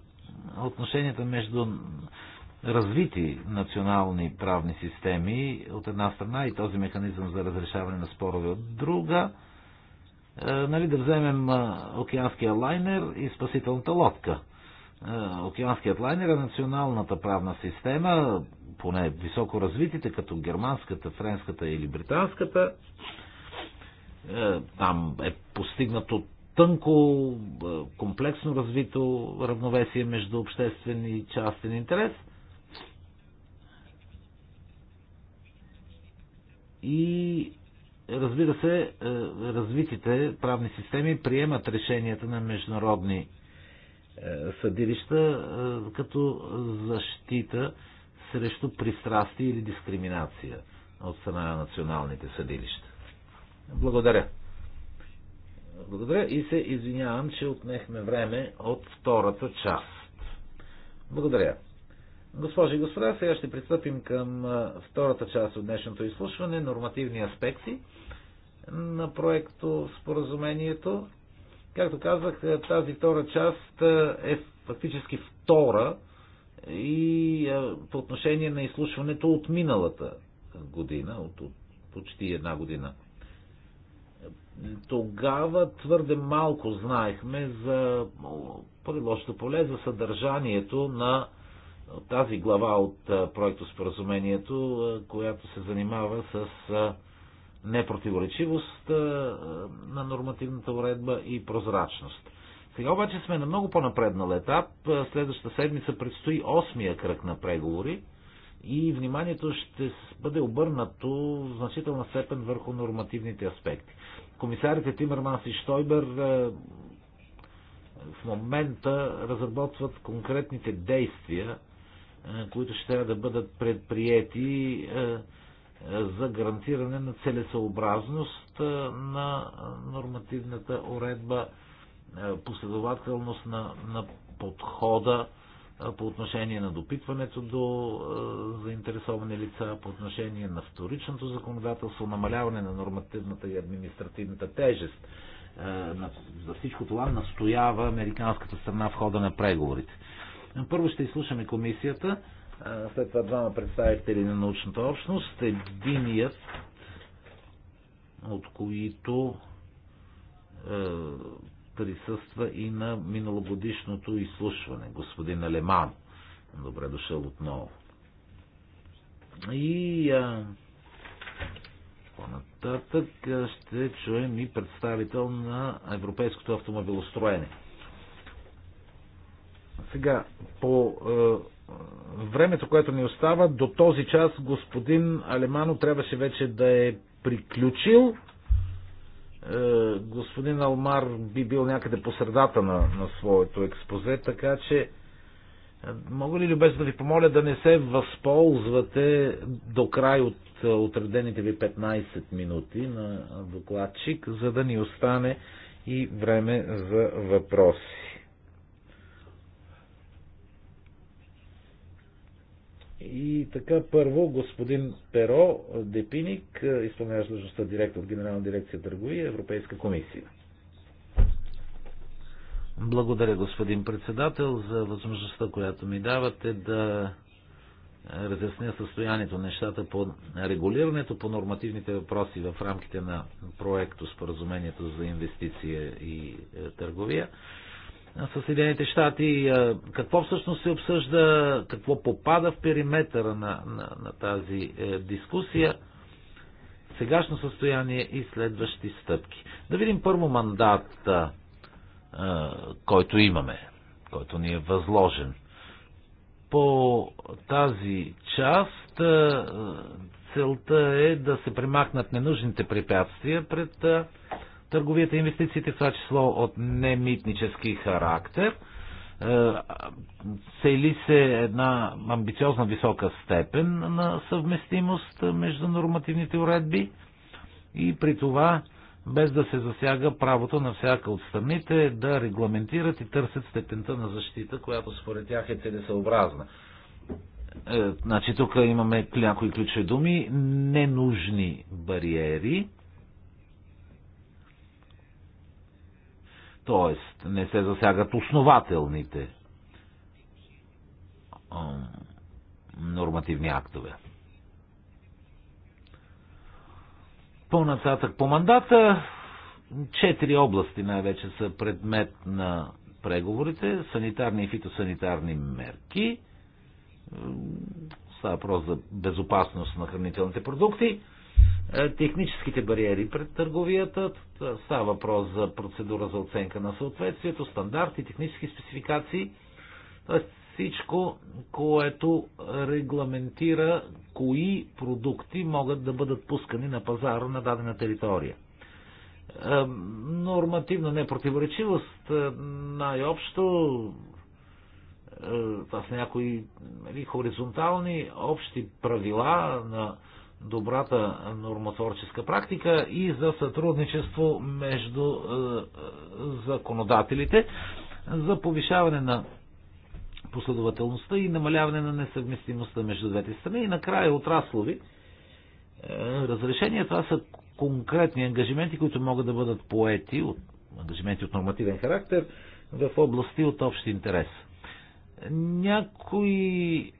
отношенията между развити национални правни системи от една страна и този механизъм за разрешаване на спорове от друга. Е, нали, да вземем е, океанския лайнер и спасителната лодка. Е, океанският лайнер е националната правна система, поне високо развитите, като германската, френската или британската. Там е постигнато тънко, комплексно развито равновесие между обществен и частен интерес – и разбира се, е, развитите правни системи приемат решенията на международни е, съдилища е, като защита срещу пристрасти или дискриминация от страна на националните съдилища. Благодаря. Благодаря и се извинявам, че отнехме време от втората част. Благодаря. Госпожи и господа, сега ще пристъпим към втората част от днешното изслушване нормативни аспекти на проекто споразумението. Както казах, тази втора част е фактически втора и по отношение на изслушването от миналата година, от, почти една година. Тогава твърде малко знаехме за приложното поле, за съдържанието на от тази глава от проекто споразумението, която се занимава с непротиворечивост на нормативната уредба и прозрачност. Сега обаче сме на много по-напреднал етап. Следващата седмица предстои осмия кръг на преговори и вниманието ще бъде обърнато в значителна степен върху нормативните аспекти. Комисарите Тимърманс и Штойбер в момента разработват конкретните действия които ще трябва да бъдат предприяти за гарантиране на целесообразност на нормативната уредба, последователност на, на подхода по отношение на допитването до заинтересовани лица, по отношение на вторичното законодателство, намаляване на нормативната и административната тежест. За всичко това настоява американската страна в хода на преговорите. Първо ще изслушаме комисията, след това двама представители на научната общност, единият от които е, присъства и на миналогодишното изслушване, господин Алеман. Добре дошъл отново. И е, по-нататък ще чуем и представител на европейското автомобилостроение. Сега, по е, времето, което ни остава, до този час господин Алемано трябваше вече да е приключил. Е, господин Алмар би бил някъде по средата на, на своето експозе, така че е, мога ли любезно да ви помоля да не се възползвате до край от отредените ви 15 минути на докладчик, за да ни остане и време за въпроси. И така първо господин Перо Депиник, изпълняващ длъжността директор в Генерална дирекция търговия, Европейска комисия. Благодаря, господин председател, за възможността, която ми давате да е, разясня състоянието нещата по регулирането, по нормативните въпроси в рамките на проекто Споразумението за инвестиция и е, търговия с Съединените щати. Какво всъщност се обсъжда, какво попада в периметъра на, на, на тази е, дискусия, сегашно състояние и следващи стъпки. Да видим първо мандата, който имаме, който ни е възложен. По тази част целта е да се примахнат ненужните препятствия пред търговията и инвестициите, в това число от немитнически характер. Е, цели се една амбициозна висока степен на съвместимост между нормативните уредби и при това без да се засяга правото на всяка от страните да регламентират и търсят степента на защита, която според тях е целесъобразна. Е, значи тук имаме някои ключови думи. Ненужни бариери – Тоест, не се засягат основателните нормативни актове. По-нататък по мандата четири области най-вече са предмет на преговорите. Санитарни и фитосанитарни мерки. Става въпрос за безопасност на хранителните продукти. Е, техническите бариери пред търговията. Става въпрос за процедура за оценка на съответствието, стандарти, технически спецификации. Тоест всичко, което регламентира кои продукти могат да бъдат пускани на пазара на дадена територия. Е, Нормативна непротиворечивост е, най-общо това са някои нали, хоризонтални общи правила на добрата нормотворческа практика и за сътрудничество между е, е, законодателите за повишаване на последователността и намаляване на несъвместимостта между двете страни. И накрая отраслови е, разрешения. Това са конкретни ангажименти, които могат да бъдат поети, от, ангажименти от нормативен характер, в области от общ интерес. Някои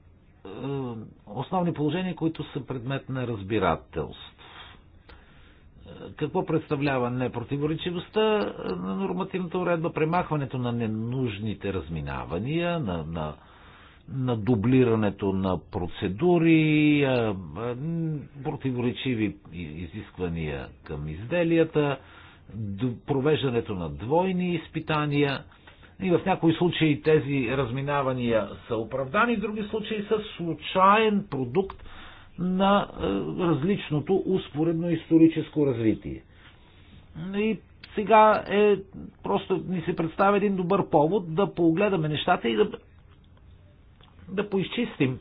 е, основни положения, които са предмет на разбирателство. Е, какво представлява непротиворечивостта на нормативната уредба? Премахването на ненужните разминавания, на, на, на дублирането на процедури, е, противоречиви изисквания към изделията, провеждането на двойни изпитания – и в някои случаи тези разминавания са оправдани, в други случаи са случайен продукт на е, различното успоредно историческо развитие. И сега е, просто ни се представя един добър повод да погледаме нещата и да, да поизчистим,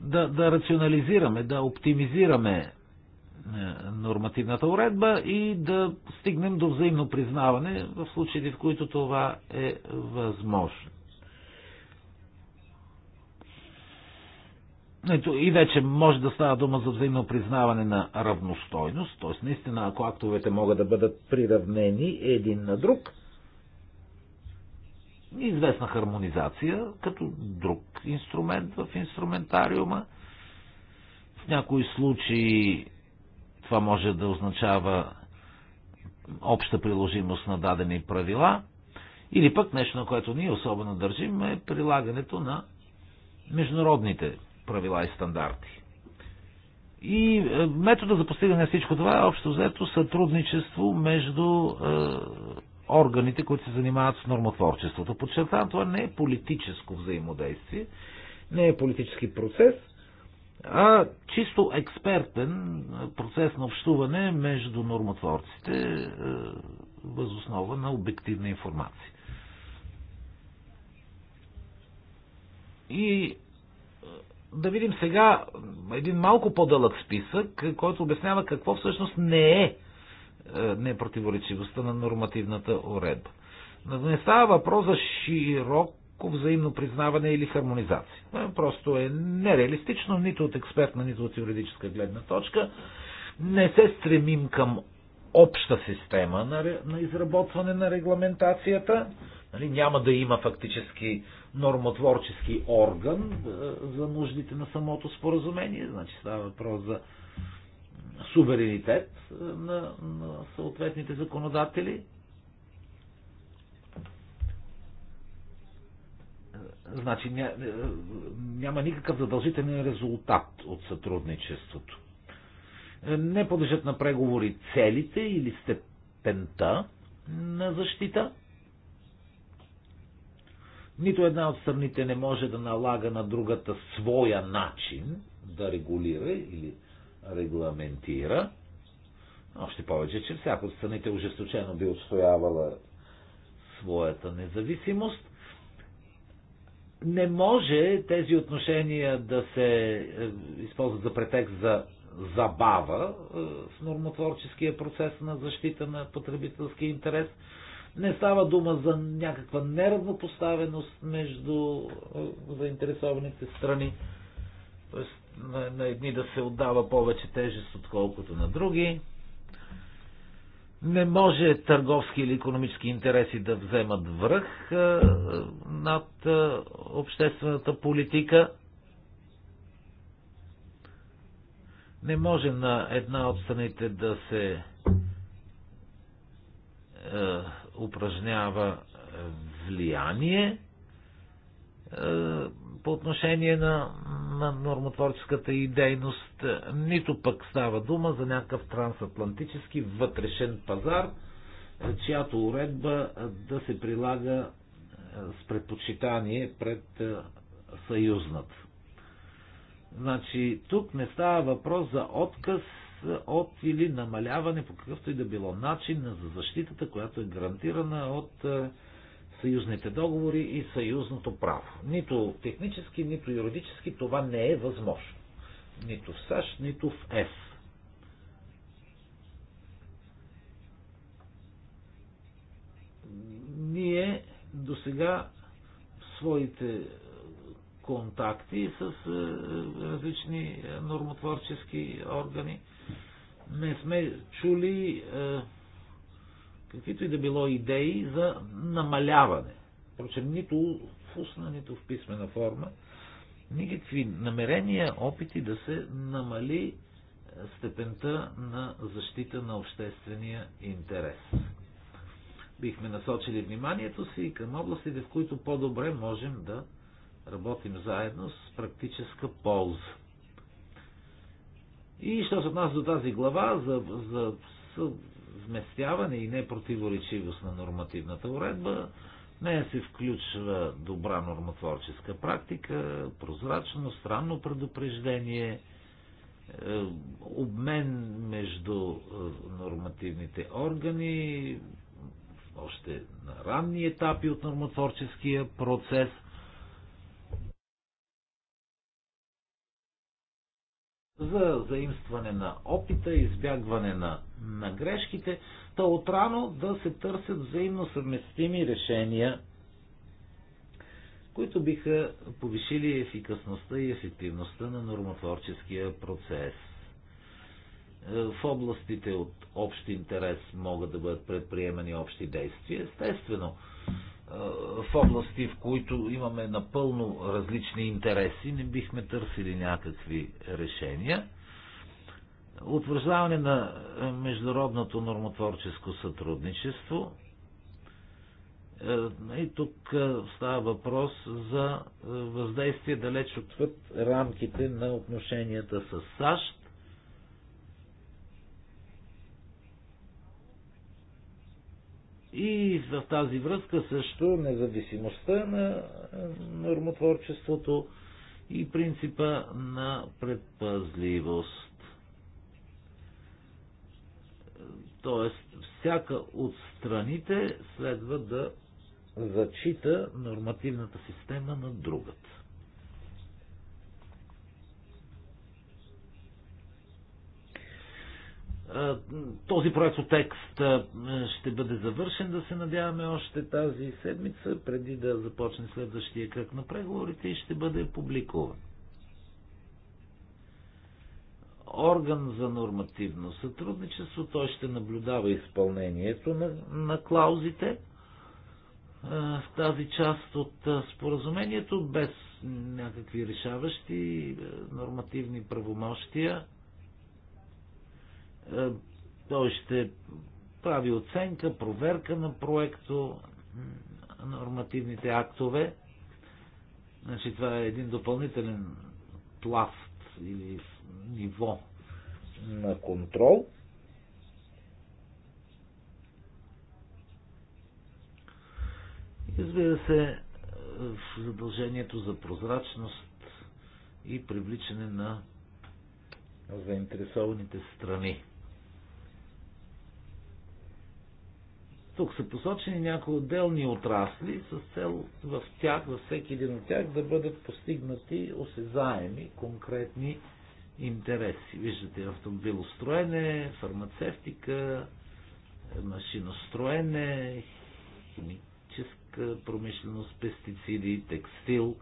да, да рационализираме, да оптимизираме нормативната уредба и да стигнем до взаимно признаване в случаите, в които това е възможно. Ето, и вече може да става дума за взаимно признаване на равностойност, т.е. наистина, ако актовете могат да бъдат приравнени един на друг, известна хармонизация, като друг инструмент в инструментариума. В някои случаи това може да означава обща приложимост на дадени правила. Или пък нещо, на което ние особено държим, е прилагането на международните правила и стандарти. И е, метода за постигане на всичко това е общо взето сътрудничество между е, органите, които се занимават с нормотворчеството. Подчертавам, това не е политическо взаимодействие, не е политически процес, а чисто експертен процес на общуване между нормотворците е, възоснова на обективна информация. И да видим сега един малко по-дълъг списък, който обяснява какво всъщност не е, е непротиворечивостта на нормативната уредба. Не става въпрос за широк взаимно признаване или хармонизация. Просто е нереалистично нито от експертна, нито от юридическа гледна точка. Не се стремим към обща система на, на изработване на регламентацията. Нали, няма да има фактически нормотворчески орган е, за нуждите на самото споразумение. Значи става въпрос за суверенитет е, на, на съответните законодатели, Значи ня, е, няма никакъв задължителен резултат от сътрудничеството. Е, не подлежат на преговори целите или степента на защита. Нито една от страните не може да налага на другата своя начин да регулира или регламентира. Още повече, че всяко от страните ожесточено би отстоявала своята независимост не може тези отношения да се е, използват за претекст за забава е, в нормотворческия процес на защита на потребителския интерес. Не става дума за някаква неравнопоставеност между е, заинтересованите страни, т.е. на едни да се отдава повече тежест, отколкото на други. Не може търговски или економически интереси да вземат връх е, е, над е, обществената политика. Не може на една от страните да се упражнява влияние е, по отношение на, на нормотворческата и дейност, е, нито пък става дума за някакъв трансатлантически вътрешен пазар, е, чиято уредба да се прилага с предпочитание пред съюзната. Значи, тук не става въпрос за отказ от или намаляване по какъвто и да било начин за защитата, която е гарантирана от съюзните договори и съюзното право. Нито технически, нито юридически това не е възможно. Нито в САЩ, нито в ЕС. Ние до сега своите контакти с е, различни е, нормотворчески органи не сме чули е, каквито и да било идеи за намаляване. Впрочем, нито в устна, нито в писмена форма, никакви намерения, опити да се намали е, степента на защита на обществения интерес. Бихме насочили вниманието си към областите, в които по-добре можем да работим заедно с практическа полза. И що се отнася до тази глава за, за вместяване и непротиворечивост на нормативната уредба. нея се включва добра нормотворческа практика, прозрачност, странно предупреждение, е, обмен между е, нормативните органи, още на ранни етапи от нормотворческия процес – за заимстване на опита, избягване на на грешките, та отрано да се търсят взаимно съвместими решения, които биха повишили ефикасността и ефективността на нормотворческия процес. Е, в областите от общ интерес могат да бъдат предприемани общи действия. Естествено, е, в области, в които имаме напълно различни интереси, не бихме търсили някакви решения утвърждаване на е, международното нормотворческо сътрудничество. Е, и тук е, става въпрос за въздействие далеч отвъд рамките на отношенията с САЩ. И в тази връзка също независимостта на нормотворчеството и принципа на предпазливост. Тоест, всяка от страните следва да зачита нормативната система на другата. Този проект от текст ще бъде завършен, да се надяваме, още тази седмица, преди да започне следващия кръг на преговорите и ще бъде публикуван орган за нормативно сътрудничество. Той ще наблюдава изпълнението на, на клаузите е, в тази част от е, споразумението, без някакви решаващи е, нормативни правомощия. Той ще прави оценка, проверка на проекто, нормативните актове. Значи това е един допълнителен пласт или ниво на контрол. Избира се е, в задължението за прозрачност и привличане на заинтересованите страни. Тук са посочени някои отделни отрасли с цел в тях, във всеки един от тях да бъдат постигнати осезаеми, конкретни интереси. Виждате автомобилостроене, фармацевтика, машиностроене, химическа промишленост, пестициди, текстил.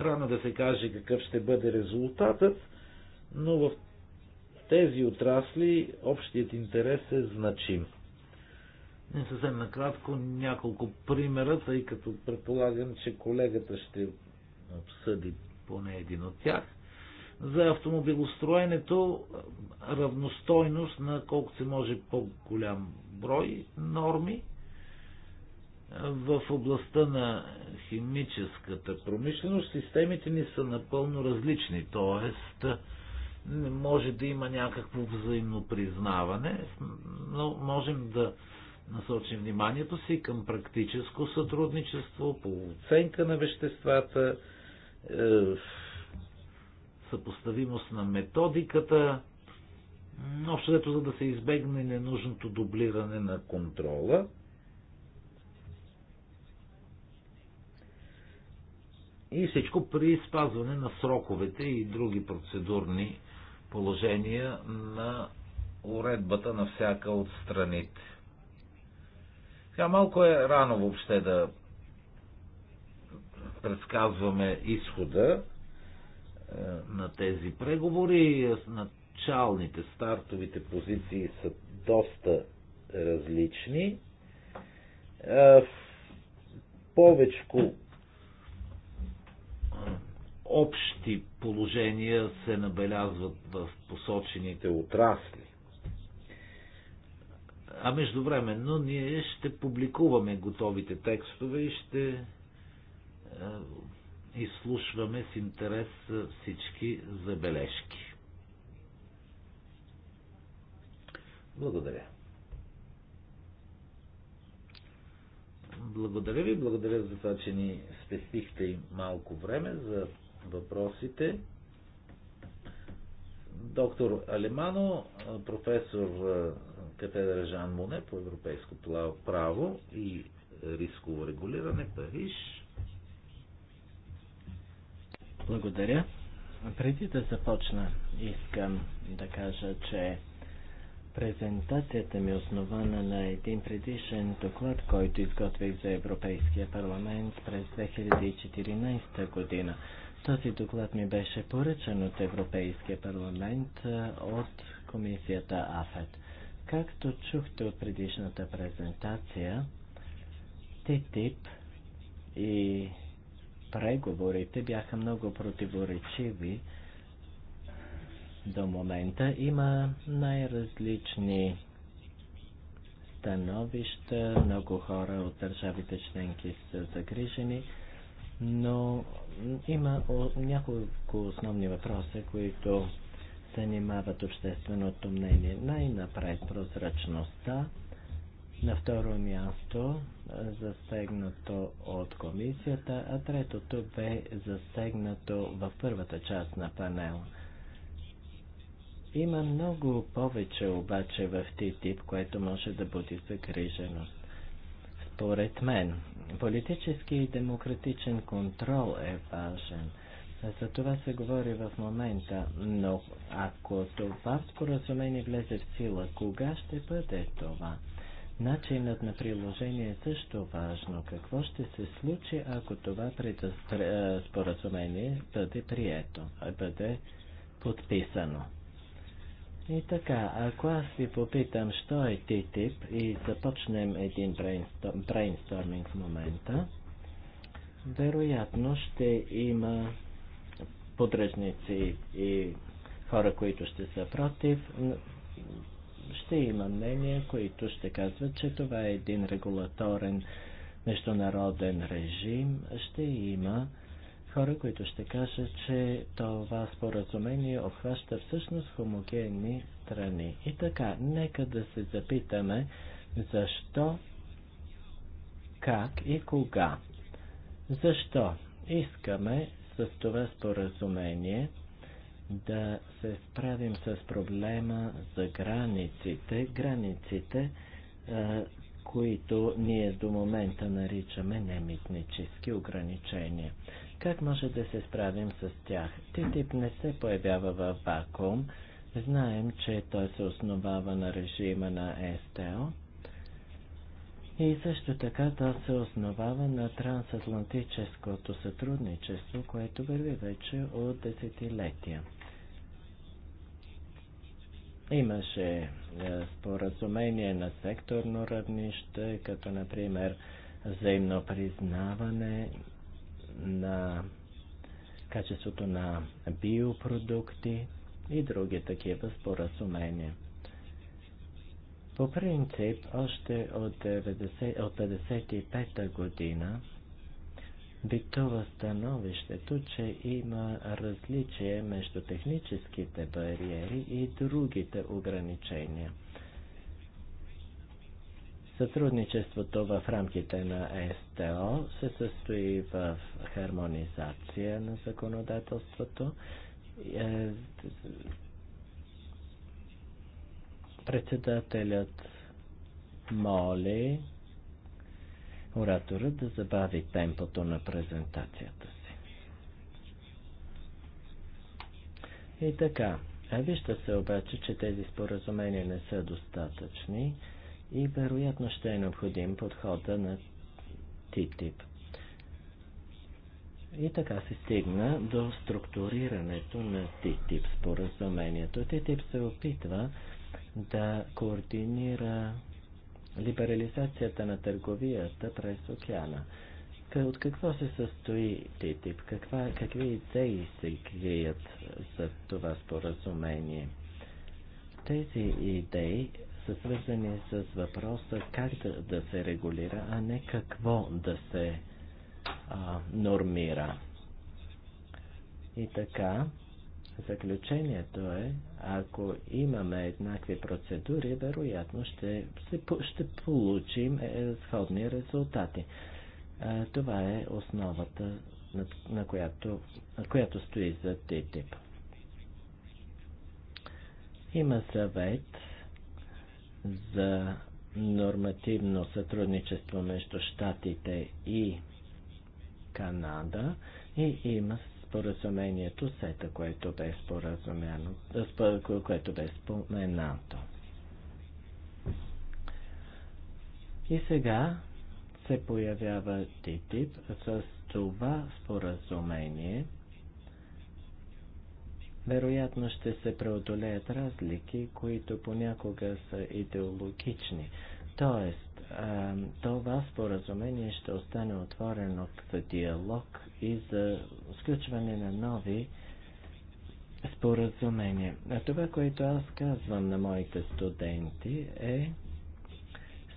Рано да се каже какъв ще бъде резултатът, но в тези отрасли общият интерес е значим. Не съвсем накратко няколко примера, тъй като предполагам, че колегата ще обсъди поне един от тях за автомобилостроенето равностойност на колкото се може по-голям брой норми в областта на химическата промишленост системите ни са напълно различни, т.е. може да има някакво взаимно признаване, но можем да насочим вниманието си към практическо сътрудничество по оценка на веществата, е, съпоставимост на методиката, общо дето за да се избегне ненужното дублиране на контрола. И всичко при спазване на сроковете и други процедурни положения на уредбата на всяка от страните. Сега малко е рано въобще да предсказваме изхода, е, на тези преговори. Началните, стартовите позиции са доста различни. Е, повечко е, общи положения се набелязват в посочените отрасли. А междувременно ние ще публикуваме готовите текстове и ще изслушваме с интерес всички забележки. Благодаря. Благодаря ви, благодаря за това, че ни спестихте и малко време за въпросите. Доктор Алемано, професор катедра Жан Моне по европейско право и рисково регулиране, Париж, благодаря. Преди да започна, искам да кажа, че презентацията ми е основана на един предишен доклад, който изготвих за Европейския парламент през 2014 година. Този доклад ми беше поръчан от Европейския парламент от комисията АФЕД. Както чухте от предишната презентация, ТТИП и преговорите бяха много противоречиви до момента. Има най-различни становища, много хора от държавите членки са загрижени, но има няколко основни въпроса, които занимават общественото мнение. Най-напред прозрачността, на второ място засегнато от комисията, а третото бе засегнато в първата част на панела. Има много повече обаче в ТТИП, което може да бъде загриженост. Според мен, политически и демократичен контрол е важен. За това се говори в момента, но ако това споразумение влезе в сила, кога ще бъде това? Начинът на приложение е също важно. Какво ще се случи, ако това споразумение бъде прието, бъде подписано? И така, ако аз ви попитам, що е ТТИП и започнем един брейнсторминг в момента, вероятно ще има подръжници и хора, които ще са против ще има мнения, които ще казват, че това е един регулаторен международен режим. Ще има хора, които ще кажат, че това споразумение обхваща всъщност хомогенни страни. И така, нека да се запитаме защо, как и кога. Защо искаме с това споразумение да се справим с проблема за границите. Границите, които ние до момента наричаме немитнически ограничения. Как може да се справим с тях? Титип не се появява в вакуум. Знаем, че той се основава на режима на СТО. И също така то се основава на трансатлантическото сътрудничество, което върви вече от десетилетия. Имаше е, споразумение на секторно равнище, като например взаимно признаване на качеството на биопродукти и други такива споразумения. По принцип, още от, 1955 та година битува становището, че има различие между техническите бариери и другите ограничения. Сътрудничеството в рамките на СТО се състои в хармонизация на законодателството. Е, председателят моли оратора да забави темпото на презентацията си. И така, а вижте се обаче, че тези споразумения не са достатъчни и вероятно ще е необходим подхода на ТИТИП. И така се стигна до структурирането на ТИТИП споразумението. ТИТИП се опитва да координира либерализацията на търговията през океана. От какво се състои ТТИП? Каква, какви идеи се крият за това споразумение? Тези идеи са свързани с въпроса как да, да се регулира, а не какво да се а, нормира. И така, заключението е, ако имаме еднакви процедури, вероятно ще, се, ще получим е, сходни резултати. Това е основата, на, на която, на която стои за ТТИП. Има съвет за нормативно сътрудничество между Штатите и Канада и има споразумението СЕТА, което бе, което бе споменато. И сега се появява ТИТИП с това споразумение. Вероятно ще се преодолеят разлики, които понякога са идеологични. Тоест, това споразумение ще остане отворено за диалог и за сключване на нови споразумения. А това, което аз казвам на моите студенти е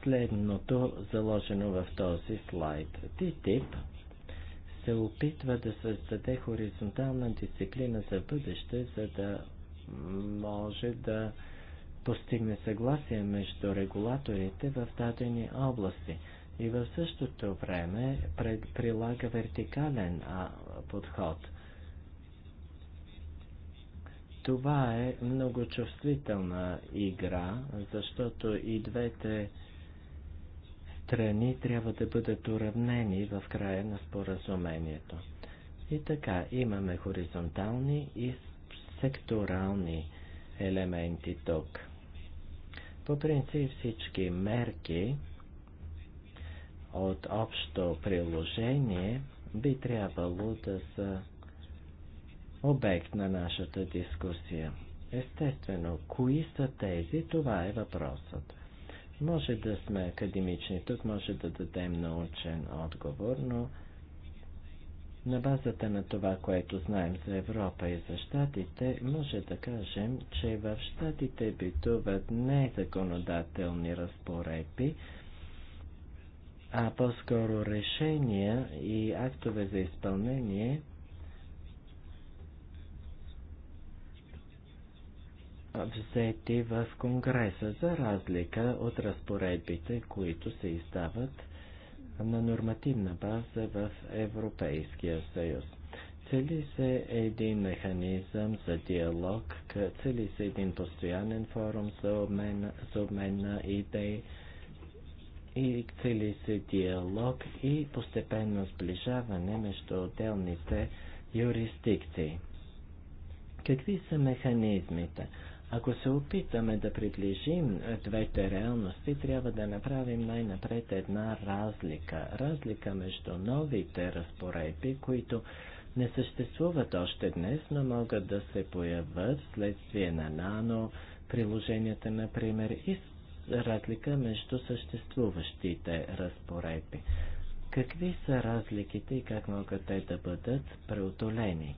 следното заложено в този слайд. тип се опитва да създаде хоризонтална дисциплина за бъдеще, за да може да постигне съгласие между регулаторите в дадени области и в същото време пред, прилага вертикален а, подход. Това е много чувствителна игра, защото и двете страни трябва да бъдат уравнени в края на споразумението. И така, имаме хоризонтални и секторални елементи тук. По принцип всички мерки от общо приложение би трябвало да са обект на нашата дискусия. Естествено, кои са тези, това е въпросът. Може да сме академични, тук може да дадем научен отговор, но на базата на това, което знаем за Европа и за щатите, може да кажем, че в щатите битуват не законодателни разпоредби, а по-скоро решения и актове за изпълнение, взети в Конгреса, за разлика от разпоредбите, които се издават на нормативна база в Европейския съюз. Цели се един механизъм за диалог, цели се един постоянен форум за обмен, за обмен на идеи и цели се диалог и постепенно сближаване между отделните юрисдикции. Какви са механизмите? Ако се опитаме да приближим е, двете реалности, трябва да направим най-напред една разлика. Разлика между новите разпоредби, които не съществуват още днес, но могат да се появят вследствие на нано приложенията, например, и разлика между съществуващите разпоредби. Какви са разликите и как могат те да бъдат преодолени?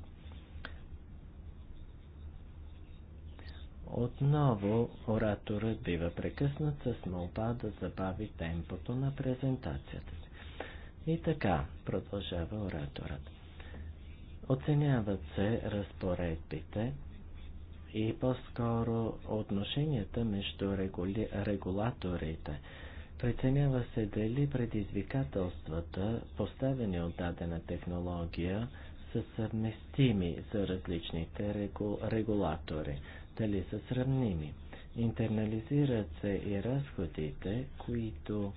Отново ораторът бива прекъснат с молба да забави темпото на презентацията си. И така, продължава ораторът. Оценяват се разпоредбите и по-скоро отношенията между регули... регулаторите. Преценява се дали предизвикателствата, поставени от дадена технология, са съвместими за различните регу... регулатори дали са сравними. Интернализират се и разходите, които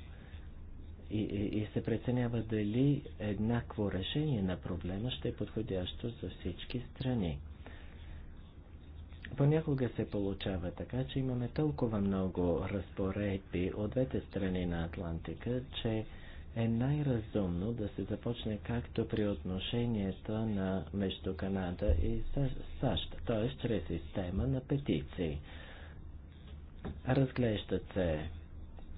и, и, и се преценява дали еднакво решение на проблема ще е подходящо за всички страни. Понякога се получава така, че имаме толкова много разпоредби от двете страни на Атлантика, че е най-разумно да се започне както при отношението на между Канада и САЩ, т.е. чрез система на петиции. Разглеждат се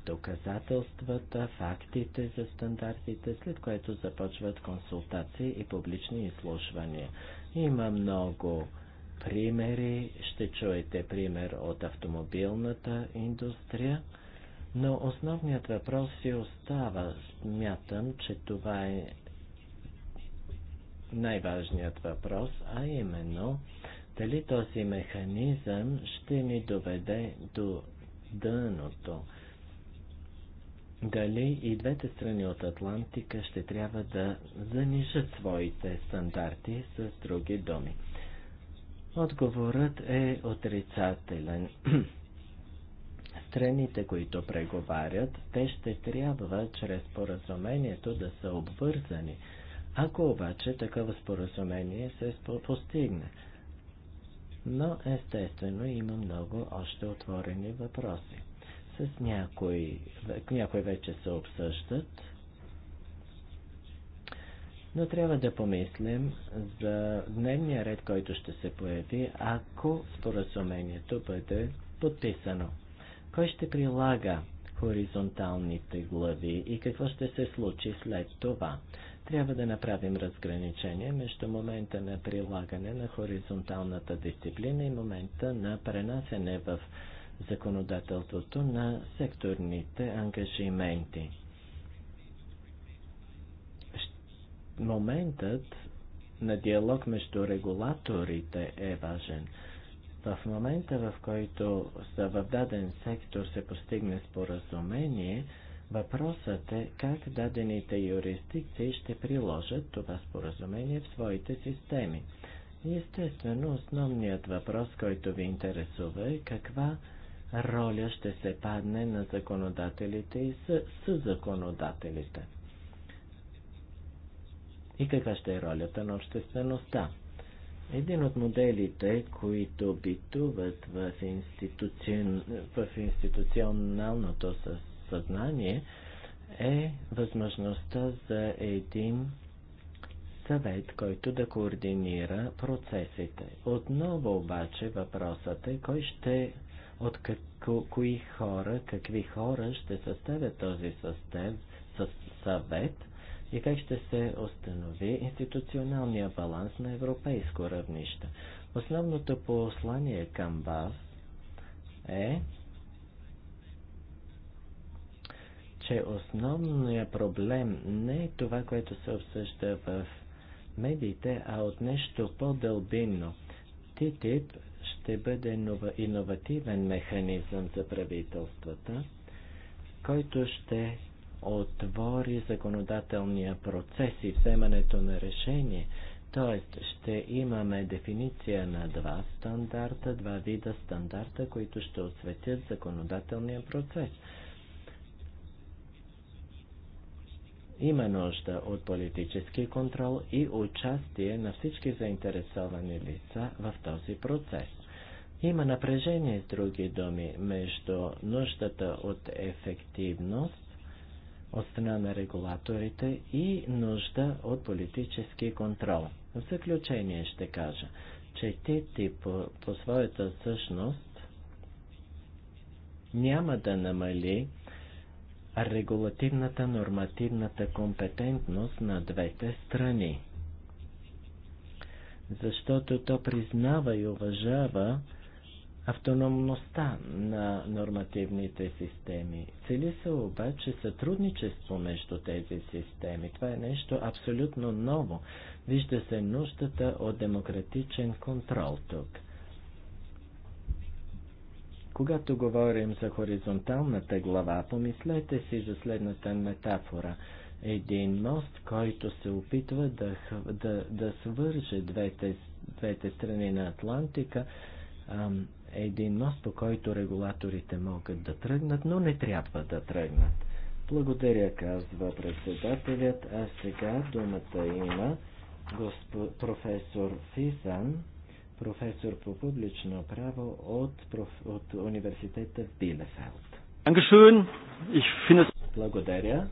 доказателствата, фактите за стандартите, след което започват консултации и публични изслушвания. Има много примери, ще чуете пример от автомобилната индустрия – но основният въпрос си остава. Смятам, че това е най-важният въпрос, а именно дали този механизъм ще ни доведе до дъното. Дали и двете страни от Атлантика ще трябва да занижат своите стандарти с други думи. Отговорът е отрицателен. страните, които преговарят, те ще трябва чрез споразумението да са обвързани. Ако обаче такова споразумение се постигне. Но естествено има много още отворени въпроси. С някои, някои вече се обсъждат, но трябва да помислим за дневния ред, който ще се появи, ако споразумението бъде подписано. Кой ще прилага хоризонталните глави и какво ще се случи след това? Трябва да направим разграничение между момента на прилагане на хоризонталната дисциплина и момента на пренасене в законодателството на секторните ангажименти. Моментът на диалог между регулаторите е важен – в момента, в който в даден сектор се постигне споразумение, въпросът е как дадените юрисдикции ще приложат това споразумение в своите системи. естествено, основният въпрос, който ви интересува е каква роля ще се падне на законодателите и съзаконодателите. И каква ще е ролята на обществеността? Един от моделите, които битуват в, институци... в институционалното съзнание, е възможността за един съвет, който да координира процесите. Отново обаче въпросът е кой ще, от како, кои хора, какви хора ще съставят този съвет и как ще се установи институционалния баланс на европейско равнище. Основното послание към вас е, че основният проблем не е това, което се обсъжда в медиите, а от нещо по-дълбинно. ТИТИП ще бъде иновативен механизъм за правителствата, който ще отвори законодателния процес и вземането на решение. т.е. ще имаме дефиниция на два стандарта, два вида стандарта, които ще осветят законодателния процес. Има нужда от политически контрол и участие на всички заинтересовани лица в този процес. Има напрежение, с други думи, между нуждата от ефективност от страна на регулаторите и нужда от политически контрол. В заключение ще кажа, че ТТИП по, по своята същност няма да намали регулативната нормативната компетентност на двете страни, защото то признава и уважава автономността на нормативните системи. Цели се обаче сътрудничество между тези системи. Това е нещо абсолютно ново. Вижда се нуждата от демократичен контрол тук. Когато говорим за хоризонталната глава, помислете си за следната метафора. Един мост, който се опитва да, да, да свърже двете, двете страни на Атлантика, ам, един мост, по който регулаторите могат да тръгнат, но не трябва да тръгнат. Благодаря, казва председателят, а сега думата има госпо... професор Фисан, професор по публично право от, проф... от университета в Билефелд. Благодаря.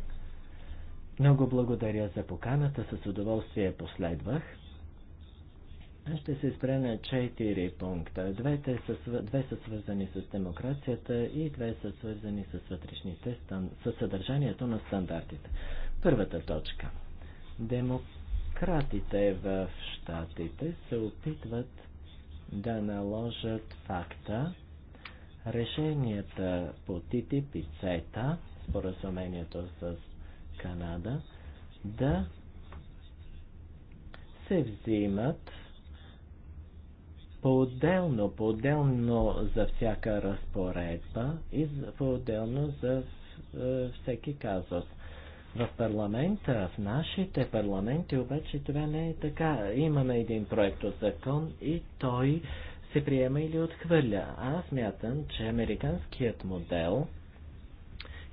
Много благодаря за поканата, с удоволствие последвах. Аз ще се спра на четири пункта. Двете са, две са свързани с демокрацията и две са свързани с вътрешните, с съдържанието на стандартите. Първата точка. Демократите в щатите се опитват да наложат факта, решенията по ТТИП и ЦЕТА, споразумението с Канада, да се взимат по-отделно, по-отделно за всяка разпоредба и по-отделно за е, всеки казус. В парламента, в нашите парламенти обаче това не е така. Имаме един проект от закон и той се приема или отхвърля. Аз мятам, че американският модел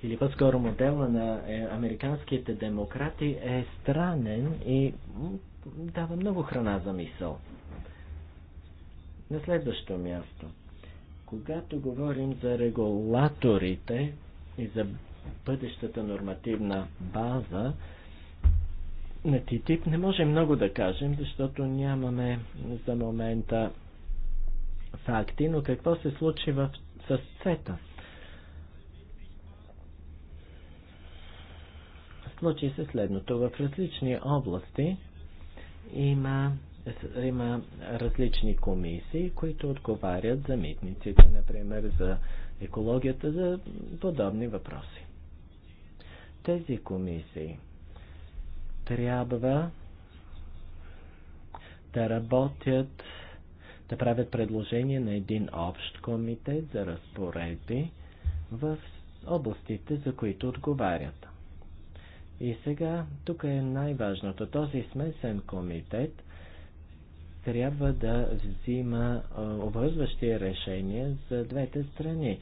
или по-скоро модела на е, американските демократи е странен и дава много храна за мисъл. На следващо място, когато говорим за регулаторите и за бъдещата нормативна база, на ТИТИП не можем много да кажем, защото нямаме за момента факти, но какво се случи в, с цвета? Случи се следното. В различни области има е, има различни комисии, които отговарят за митниците, например за екологията, за подобни въпроси. Тези комисии трябва да работят, да правят предложение на един общ комитет за разпореди в областите, за които отговарят. И сега, тук е най-важното. Този смесен комитет – трябва да взима обвързващи решения за двете страни.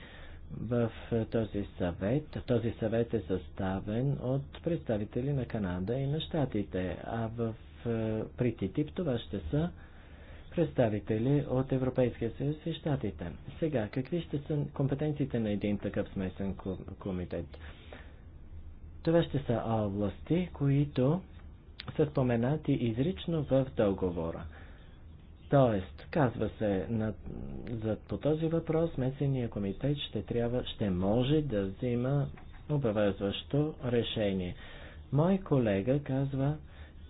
В този съвет, този съвет е съставен от представители на Канада и на Штатите, а в при ТИТИП това ще са представители от Европейския съюз и Штатите. Сега, какви ще са компетенциите на един такъв смесен комитет? Това ще са области, които са споменати изрично в договора. Тоест, казва се, на, за, по този въпрос Месения комитет ще, трябва, ще може да взима обвързващо решение. Мой колега казва,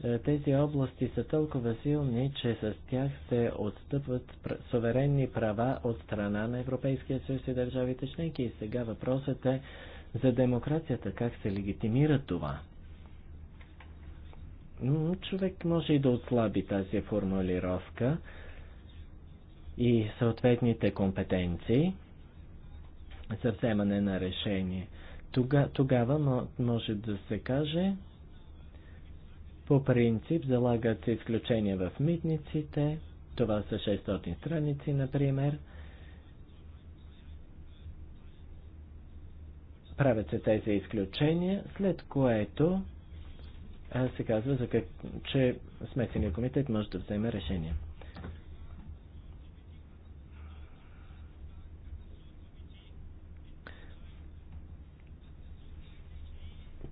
е, тези области са толкова силни, че с тях се отстъпват суверенни права от страна на Европейския съюз и държавите членки. И сега въпросът е за демокрацията, как се легитимира това човек може и да отслаби тази формулировка и съответните компетенции за вземане на решение. тогава може да се каже, по принцип залагат се изключения в митниците, това са 600 страници, например. Правят се тези изключения, след което се казва, за как, че сметения комитет може да вземе решение.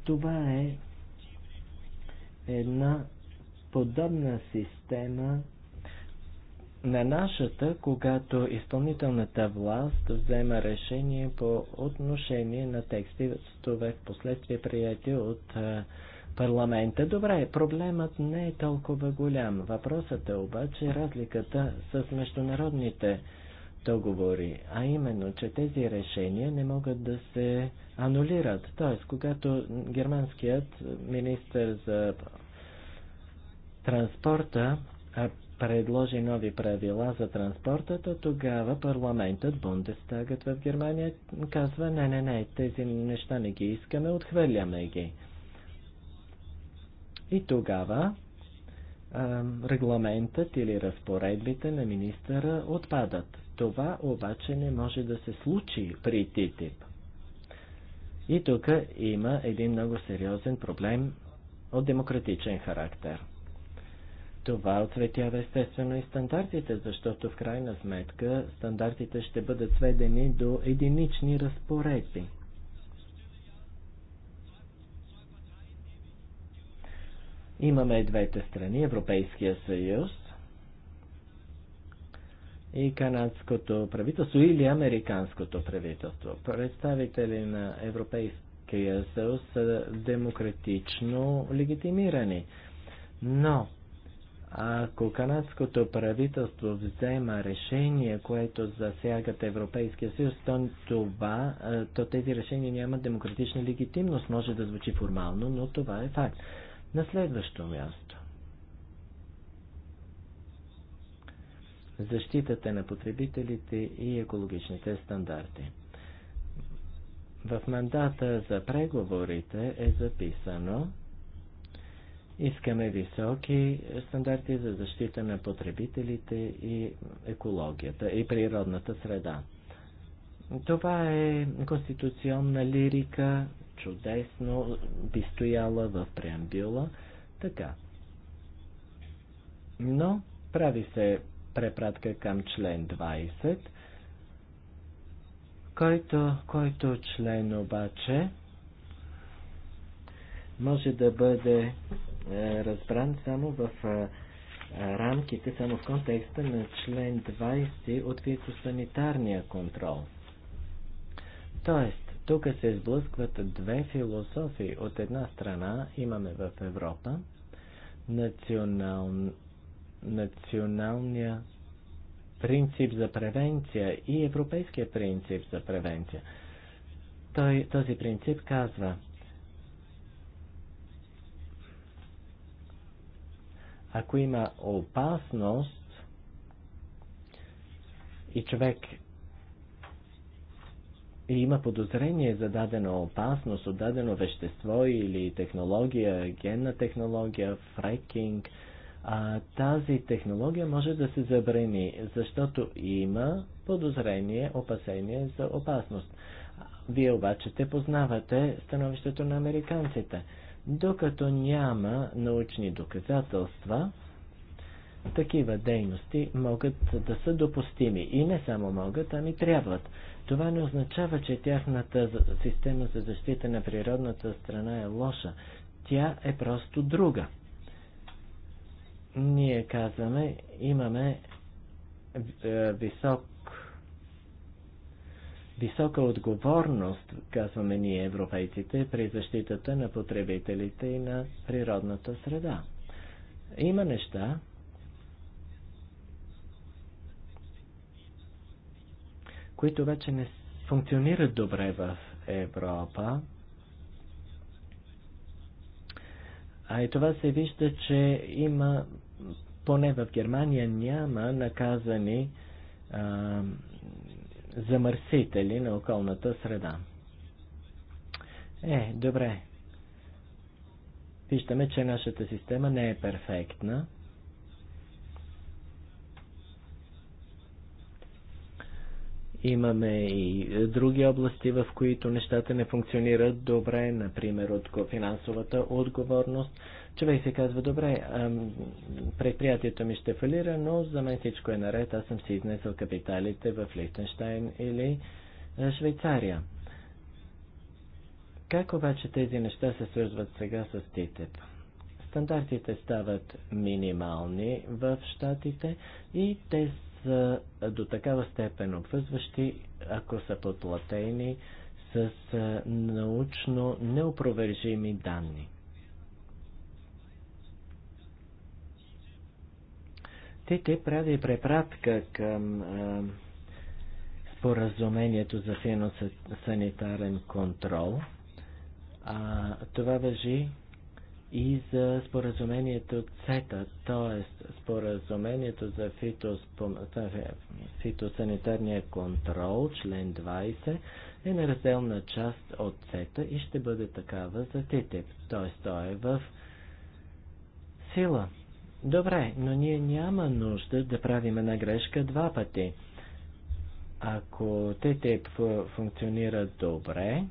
Това е една подобна система на нашата, когато изпълнителната власт взема решение по отношение на текстове в последствие прияти от парламента. Добре, проблемът не е толкова голям. Въпросът е обаче разликата с международните договори, а именно, че тези решения не могат да се анулират. Т.е. когато германският министр за транспорта предложи нови правила за транспорта, то тогава парламентът, Бундестагът в Германия казва, не, не, не, тези неща не ги искаме, отхвърляме ги. И тогава а, регламентът или разпоредбите на министъра отпадат. Това обаче не може да се случи при ТИТИП. И тук има един много сериозен проблем от демократичен характер. Това отсветява естествено и стандартите, защото в крайна сметка стандартите ще бъдат сведени до единични разпоредби. Имаме двете страни, Европейския съюз и канадското правителство или американското правителство. Представители на Европейския съюз са демократично легитимирани. Но ако канадското правителство взема решение, което засягат Европейския съюз, то, това, е, то тези решения нямат демократична легитимност. Може да звучи формално, но това е факт. На следващо място. Защитата на потребителите и екологичните стандарти. В мандата за преговорите е записано Искаме високи стандарти за защита на потребителите и екологията и природната среда. Това е конституционна лирика, чудесно, би стояла в преамбюла, така. Но прави се препратка към член 20, който, който член обаче може да бъде е, разбран само в е, е рамките, само в контекста на член 20 от фитосанитарния контрол. Тоест, тук се сблъскват две философии. От една страна имаме в Европа национал... националния принцип за превенция и европейския принцип за превенция. Той, този принцип казва, ако има опасност и човек има подозрение за дадена опасност от дадено вещество или технология, генна технология, фрекинг, а, тази технология може да се забрани, защото има подозрение, опасение за опасност. Вие обаче те познавате становището на американците. Докато няма научни доказателства, такива дейности могат да са допустими и не само могат, ами трябват. Това не означава, че тяхната система за защита на природната страна е лоша. Тя е просто друга. Ние казваме, имаме е, висок, висока отговорност, казваме ние европейците, при защитата на потребителите и на природната среда. Има неща, които вече не функционират добре в Европа. А и това се вижда, че има, поне в Германия няма наказани а, замърсители на околната среда. Е, добре. Виждаме, че нашата система не е перфектна. Имаме и е, други области, в които нещата не функционират добре, например от финансовата отговорност. Човек се казва, добре, предприятието ми ще фалира, но за мен всичко е наред, аз съм си изнесъл капиталите в Лихтенштайн или е, Швейцария. Как обаче тези неща се свързват сега с ТИТЕП? Стандартите стават минимални в щатите и те са до такава степен обвързващи, ако са подплатени с научно неопровержими данни. те прави препратка към а, споразумението за финансанитарен контрол. А, това въжи и за споразумението ЦЕТА, т.е. споразумението за фитосанитарния контрол, член 20, е неразделна част от ЦЕТА и ще бъде такава за ТИТИП, т.е. той е в сила. Добре, но ние няма нужда да правим една грешка два пъти. Ако ТТП функционира добре,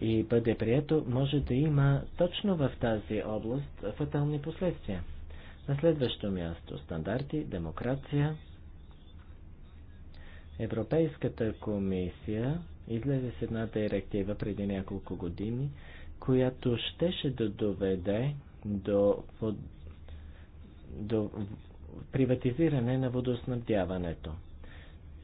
и бъде прието, може да има точно в тази област фатални последствия. На следващо място стандарти, демокрация. Европейската комисия излезе с една директива преди няколко години, която щеше да доведе до, до приватизиране на водоснабдяването.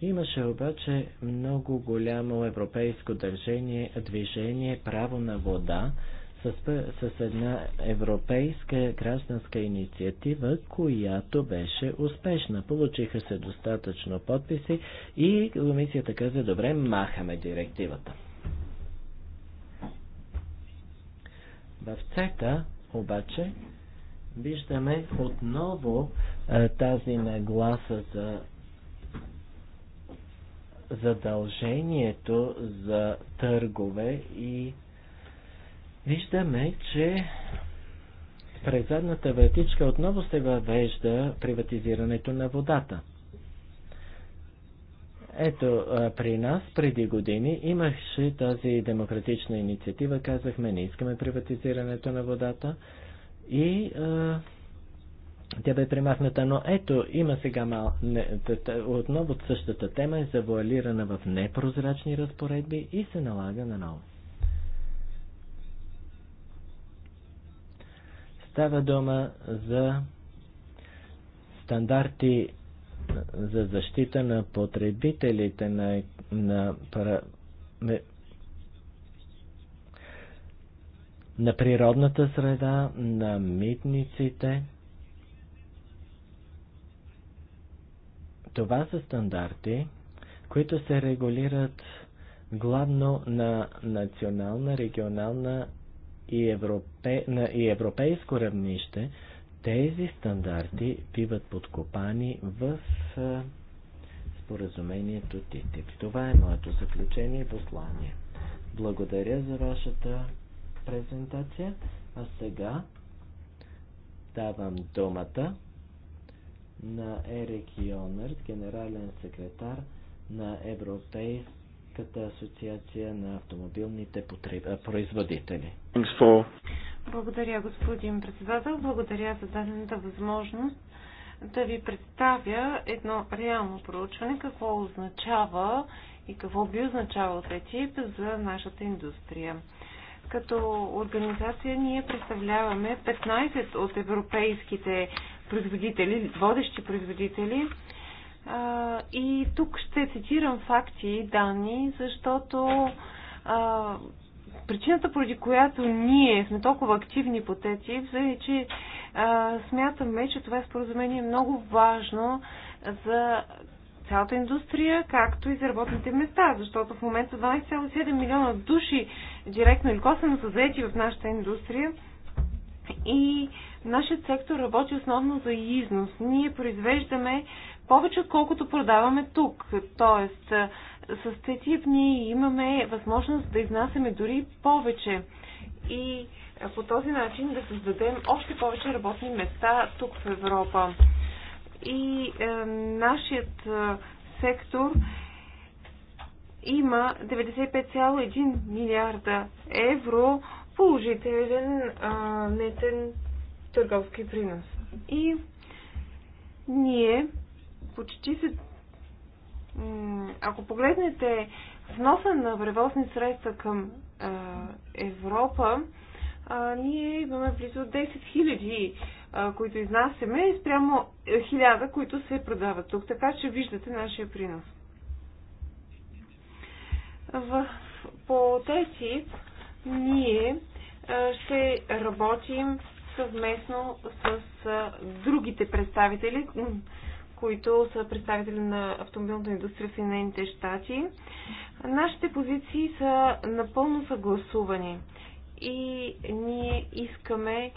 Имаше обаче много голямо европейско държение, движение право на вода с, с една европейска гражданска инициатива, която беше успешна. Получиха се достатъчно подписи и комисията каза, добре, махаме директивата. В ЦЕТА обаче виждаме отново тази нагласа за задължението за търгове и виждаме, че през задната вратичка отново се въвежда приватизирането на водата. Ето, при нас преди години имаше тази демократична инициатива, казахме, не искаме приватизирането на водата и а, тя бе премахната, но ето, има сега мал... Не, отново същата тема е завуалирана в непрозрачни разпоредби и се налага на ново. Става дума за стандарти за защита на потребителите на, на, на природната среда, на митниците – Това са стандарти, които се регулират главно на национална, регионална и, европе, на, и европейско равнище. Тези стандарти биват подкопани в е, споразумението ТИТИП. Това е моето заключение и послание. Благодаря за вашата презентация. А сега давам думата на Ерик Йонерт, генерален секретар на Европейската асоциация на автомобилните производители. Благодаря, господин председател. Благодаря за дадената възможност да ви представя едно реално проучване, какво означава и какво би означавал ТТИП за нашата индустрия. Като организация ние представляваме 15 от европейските производители, водещи производители. И тук ще цитирам факти и данни, защото причината, поради която ние сме толкова активни по ТЕТИП, е, че а, смятаме, че това споразумение е много важно за цялата индустрия, както и за работните места, защото в момента 12,7 милиона души директно или косвено са заети в нашата индустрия и Нашият сектор работи основно за износ. Ние произвеждаме повече, отколкото продаваме тук. Тоест, с тези дни имаме възможност да изнасяме дори повече. И по този начин да създадем още повече работни места тук в Европа. И е, нашият е, сектор има 95,1 милиарда евро положителен е, нетен търговски принос. И ние почти се. Ако погледнете вноса на превозни средства към а, Европа, а, ние имаме близо 10 000, които изнасяме, спрямо 1000, е, които се продават тук. Така че виждате нашия принос. В, по тези ние ще работим съвместно с другите представители, които са представители на автомобилната индустрия в Съединените щати. Нашите позиции са напълно съгласувани и ние искаме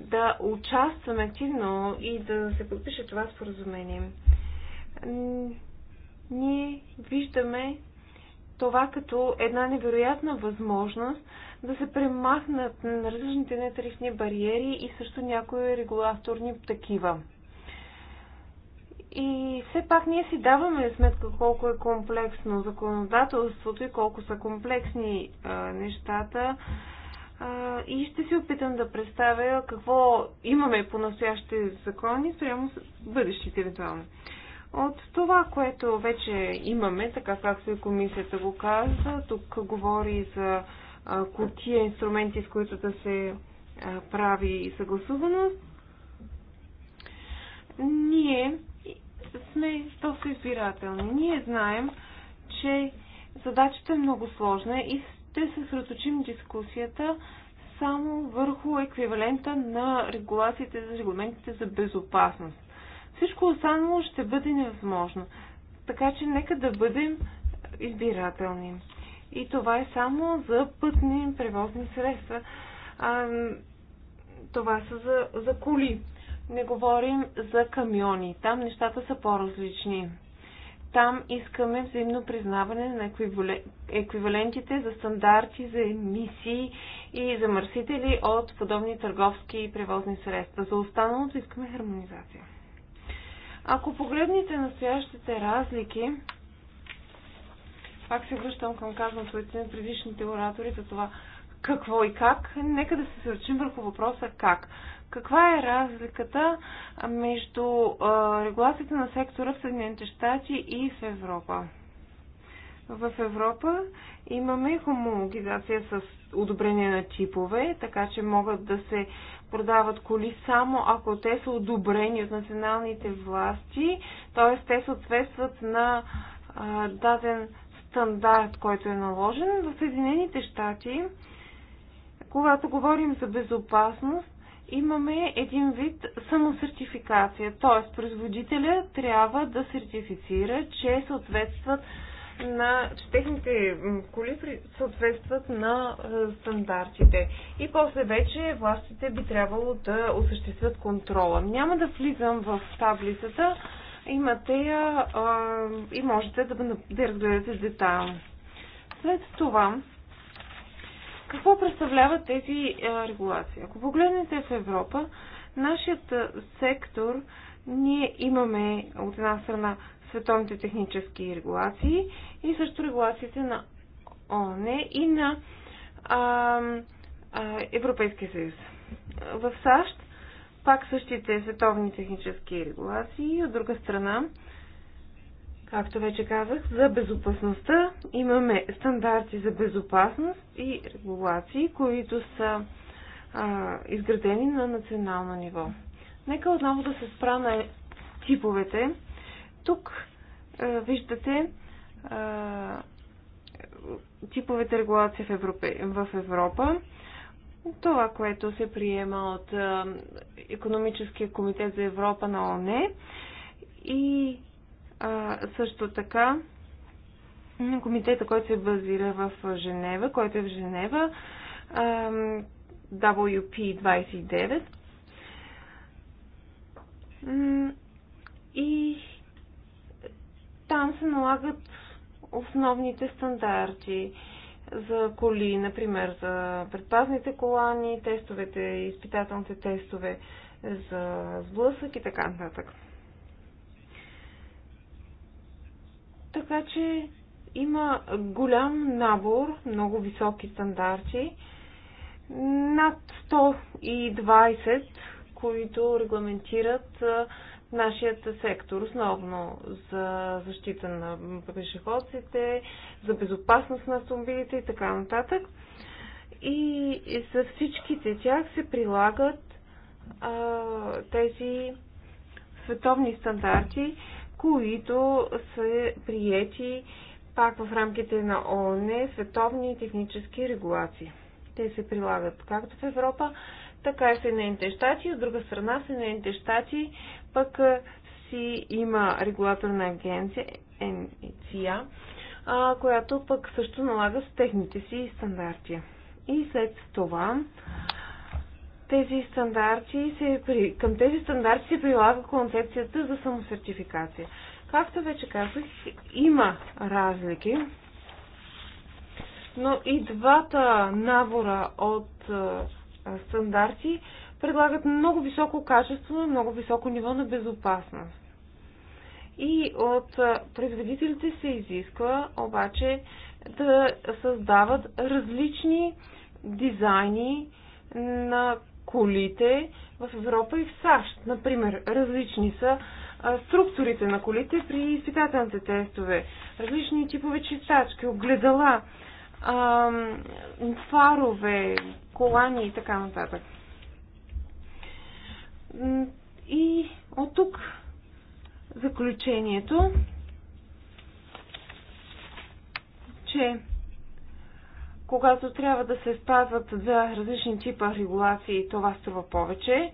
да участваме активно и да се подпише това споразумение. Ние виждаме това като една невероятна възможност да се премахнат на различните нетарифни бариери и също някои регулаторни такива. И все пак ние си даваме сметка колко е комплексно законодателството и колко са комплексни а, нещата. А, и ще се опитам да представя какво имаме по настоящите закони спрямо с бъдещите евентуално от това, което вече имаме, така както и комисията го каза. Тук говори за кутия инструменти, с които да се прави съгласуваност. Ние сме доста избирателни. Ние знаем, че задачата е много сложна и ще съсредоточим дискусията само върху еквивалента на регулациите за регламентите за безопасност. Всичко останало ще бъде невъзможно. Така че нека да бъдем избирателни. И това е само за пътни превозни средства. А, това са за, за коли. Не говорим за камиони. Там нещата са по-различни. Там искаме взаимно признаване на еквивалентите за стандарти за емисии и замърсители от подобни търговски и превозни средства. За останалото искаме хармонизация. Ако погледнете настоящите разлики, пак се връщам към казвам от предишните оратори за това какво и как, нека да се сърчим върху въпроса как. Каква е разликата между регулацията на сектора в Съединените щати и в Европа? В Европа имаме хомологизация с одобрение на типове, така че могат да се продават коли само ако те са одобрени от националните власти, т.е. те съответстват на а, даден стандарт, който е наложен. В Съединените щати, когато говорим за безопасност, имаме един вид самосертификация, т.е. производителя трябва да сертифицира, че съответстват на, че техните коли съответстват на стандартите. И после вече властите би трябвало да осъществят контрола. Няма да влизам в таблицата, имате я и можете да, да разгледате детайлно. След това, какво представляват тези регулации? Ако погледнете в Европа, нашият сектор ние имаме от една страна световните технически регулации и също регулациите на ООН и на а, а, Европейския съюз. В САЩ пак същите световни технически регулации. От друга страна, както вече казах, за безопасността имаме стандарти за безопасност и регулации, които са а, изградени на национално ниво. Нека отново да се спра на типовете тук виждате типовете регулации в, Европе, в Европа. Това, което се приема от Економическия комитет за Европа на ОНЕ и а, също така комитета, който се базира в Женева, който е в Женева, а, WP29. И там се налагат основните стандарти за коли, например за предпазните колани, тестовете, изпитателните тестове за сблъсък и така нататък. Така че има голям набор, много високи стандарти, над 120, които регламентират нашият сектор, основно за защита на пешеходците, за безопасност на автомобилите и така нататък. И за всичките тях се прилагат а, тези световни стандарти, които са приети пак в рамките на ООН световни технически регулации. Те се прилагат както в Европа, така и в Съединените щати. От друга страна, в Съединените щати пък си има регулаторна агенция, NCA, която пък също налага с техните си стандарти. И след това тези стандарти се, към тези стандарти се прилага концепцията за самосертификация. Както вече казах, има разлики, но и двата набора от стандарти предлагат много високо качество и много високо ниво на безопасност. И от производителите се изисква обаче да създават различни дизайни на колите в Европа и в САЩ. Например, различни са структурите на колите при изпитателните тестове, различни типове чистачки, огледала, фарове, колани и така нататък. И от тук заключението, че когато трябва да се спазват за различни типа регулации, това струва повече.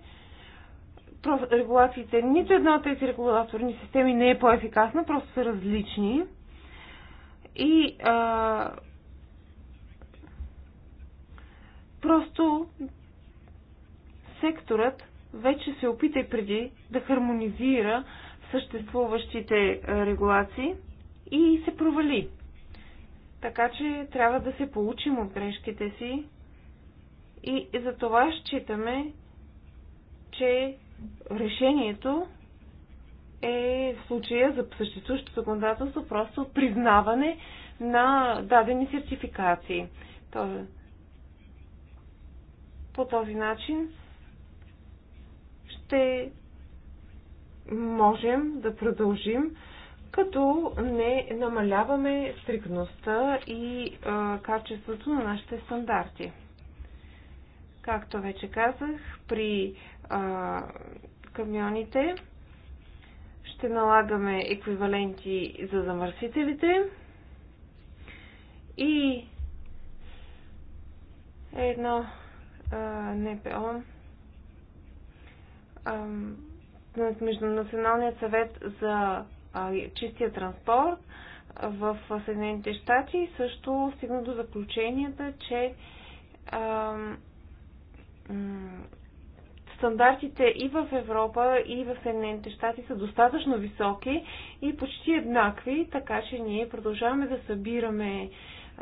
регулациите, нито една от тези регулаторни системи не е по-ефикасна, просто са различни. И а, просто секторът вече се опита и преди да хармонизира съществуващите е, регулации и се провали. Така че трябва да се получим от грешките си и за това считаме, че решението е в случая за съществуващото законодателство просто признаване на дадени сертификации. Тоест, по този начин ще можем да продължим, като не намаляваме стрикността и е, качеството на нашите стандарти. Както вече казах, при е, камионите ще налагаме еквиваленти за замърсителите и едно е, НПО Междунационалният съвет за чистия транспорт в Съединените щати също стигна до заключенията, че стандартите и в Европа, и в Съединените щати са достатъчно високи и почти еднакви, така че ние продължаваме да събираме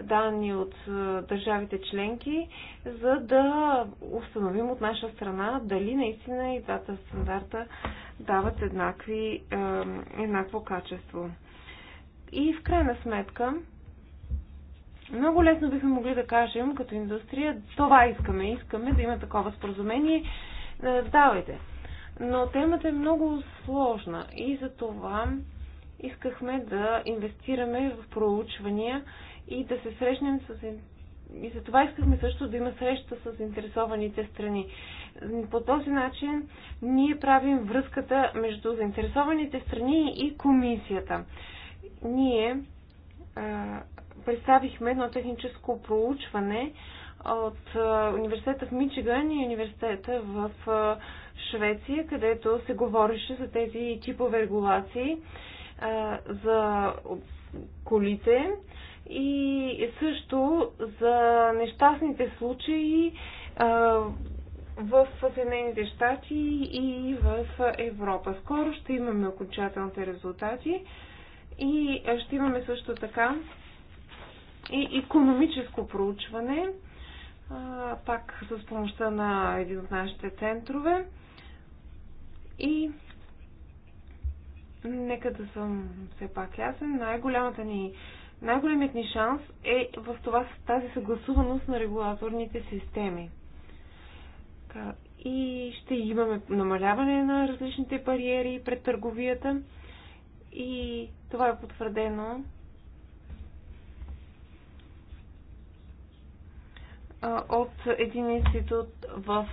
данни от е, държавите членки, за да установим от наша страна дали наистина и двата стандарта дават еднакви, е, еднакво качество. И в крайна сметка, много лесно бихме могли да кажем като индустрия, това искаме, искаме да има такова споразумение, е, давайте. Но темата е много сложна и за това искахме да инвестираме в проучвания, и да се срещнем с. И за това искахме също да има среща с заинтересованите страни. По този начин ние правим връзката между заинтересованите страни и комисията. Ние а, представихме едно техническо проучване от а, университета в Мичиган и университета в а, Швеция, където се говореше за тези типове регулации а, за колите и също за нещастните случаи в Съединените щати и в Европа. Скоро ще имаме окончателните резултати и ще имаме също така и економическо проучване, пак с помощта на един от нашите центрове. И нека да съм все пак ясен, най-голямата ни най-големият ни шанс е в това, тази съгласуваност на регулаторните системи. И ще имаме намаляване на различните бариери пред търговията. И това е потвърдено от един институт в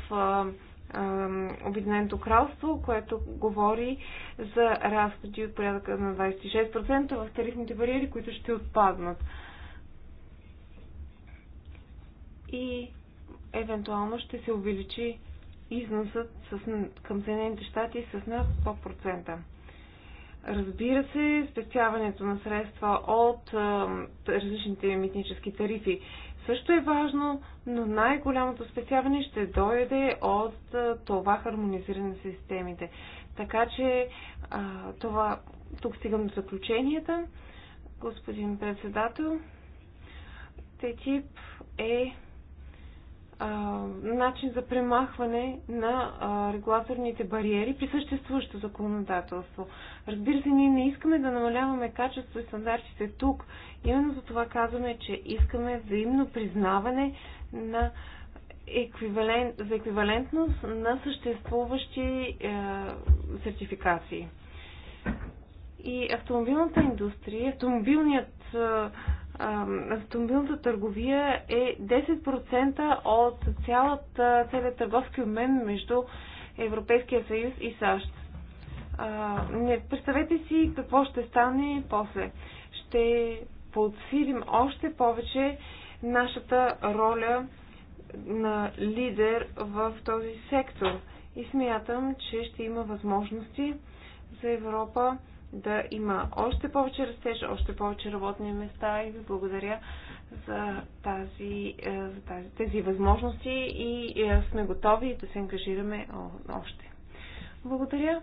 Обединеното кралство, което говори за разходи от порядъка на 26% в тарифните бариери, които ще отпаднат. И евентуално ще се увеличи износът с, към Съединените щати с над 100%. Разбира се, спестяването на средства от а, различните митнически тарифи също е важно, но най-голямото спесяване ще дойде от това хармонизиране на системите. Така че а, това, тук стигам до заключенията. Господин председател, ТТИП е начин за премахване на регулаторните бариери при съществуващо законодателство. Разбира се, ние не искаме да намаляваме качество и стандартите тук. Именно за това казваме, че искаме взаимно признаване на еквивалент, за еквивалентност на съществуващи е, сертификации. И автомобилната индустрия, автомобилният е, автомобилната търговия е 10% от цялата, целият търговски обмен между Европейския съюз и САЩ. А, не, представете си какво ще стане после. Ще подсилим още повече нашата роля на лидер в този сектор. И смятам, че ще има възможности за Европа да има още повече растеж, още повече работни места и ви благодаря за, тази, е, за тази, тези възможности и е, сме готови да се ангажираме още. Благодаря.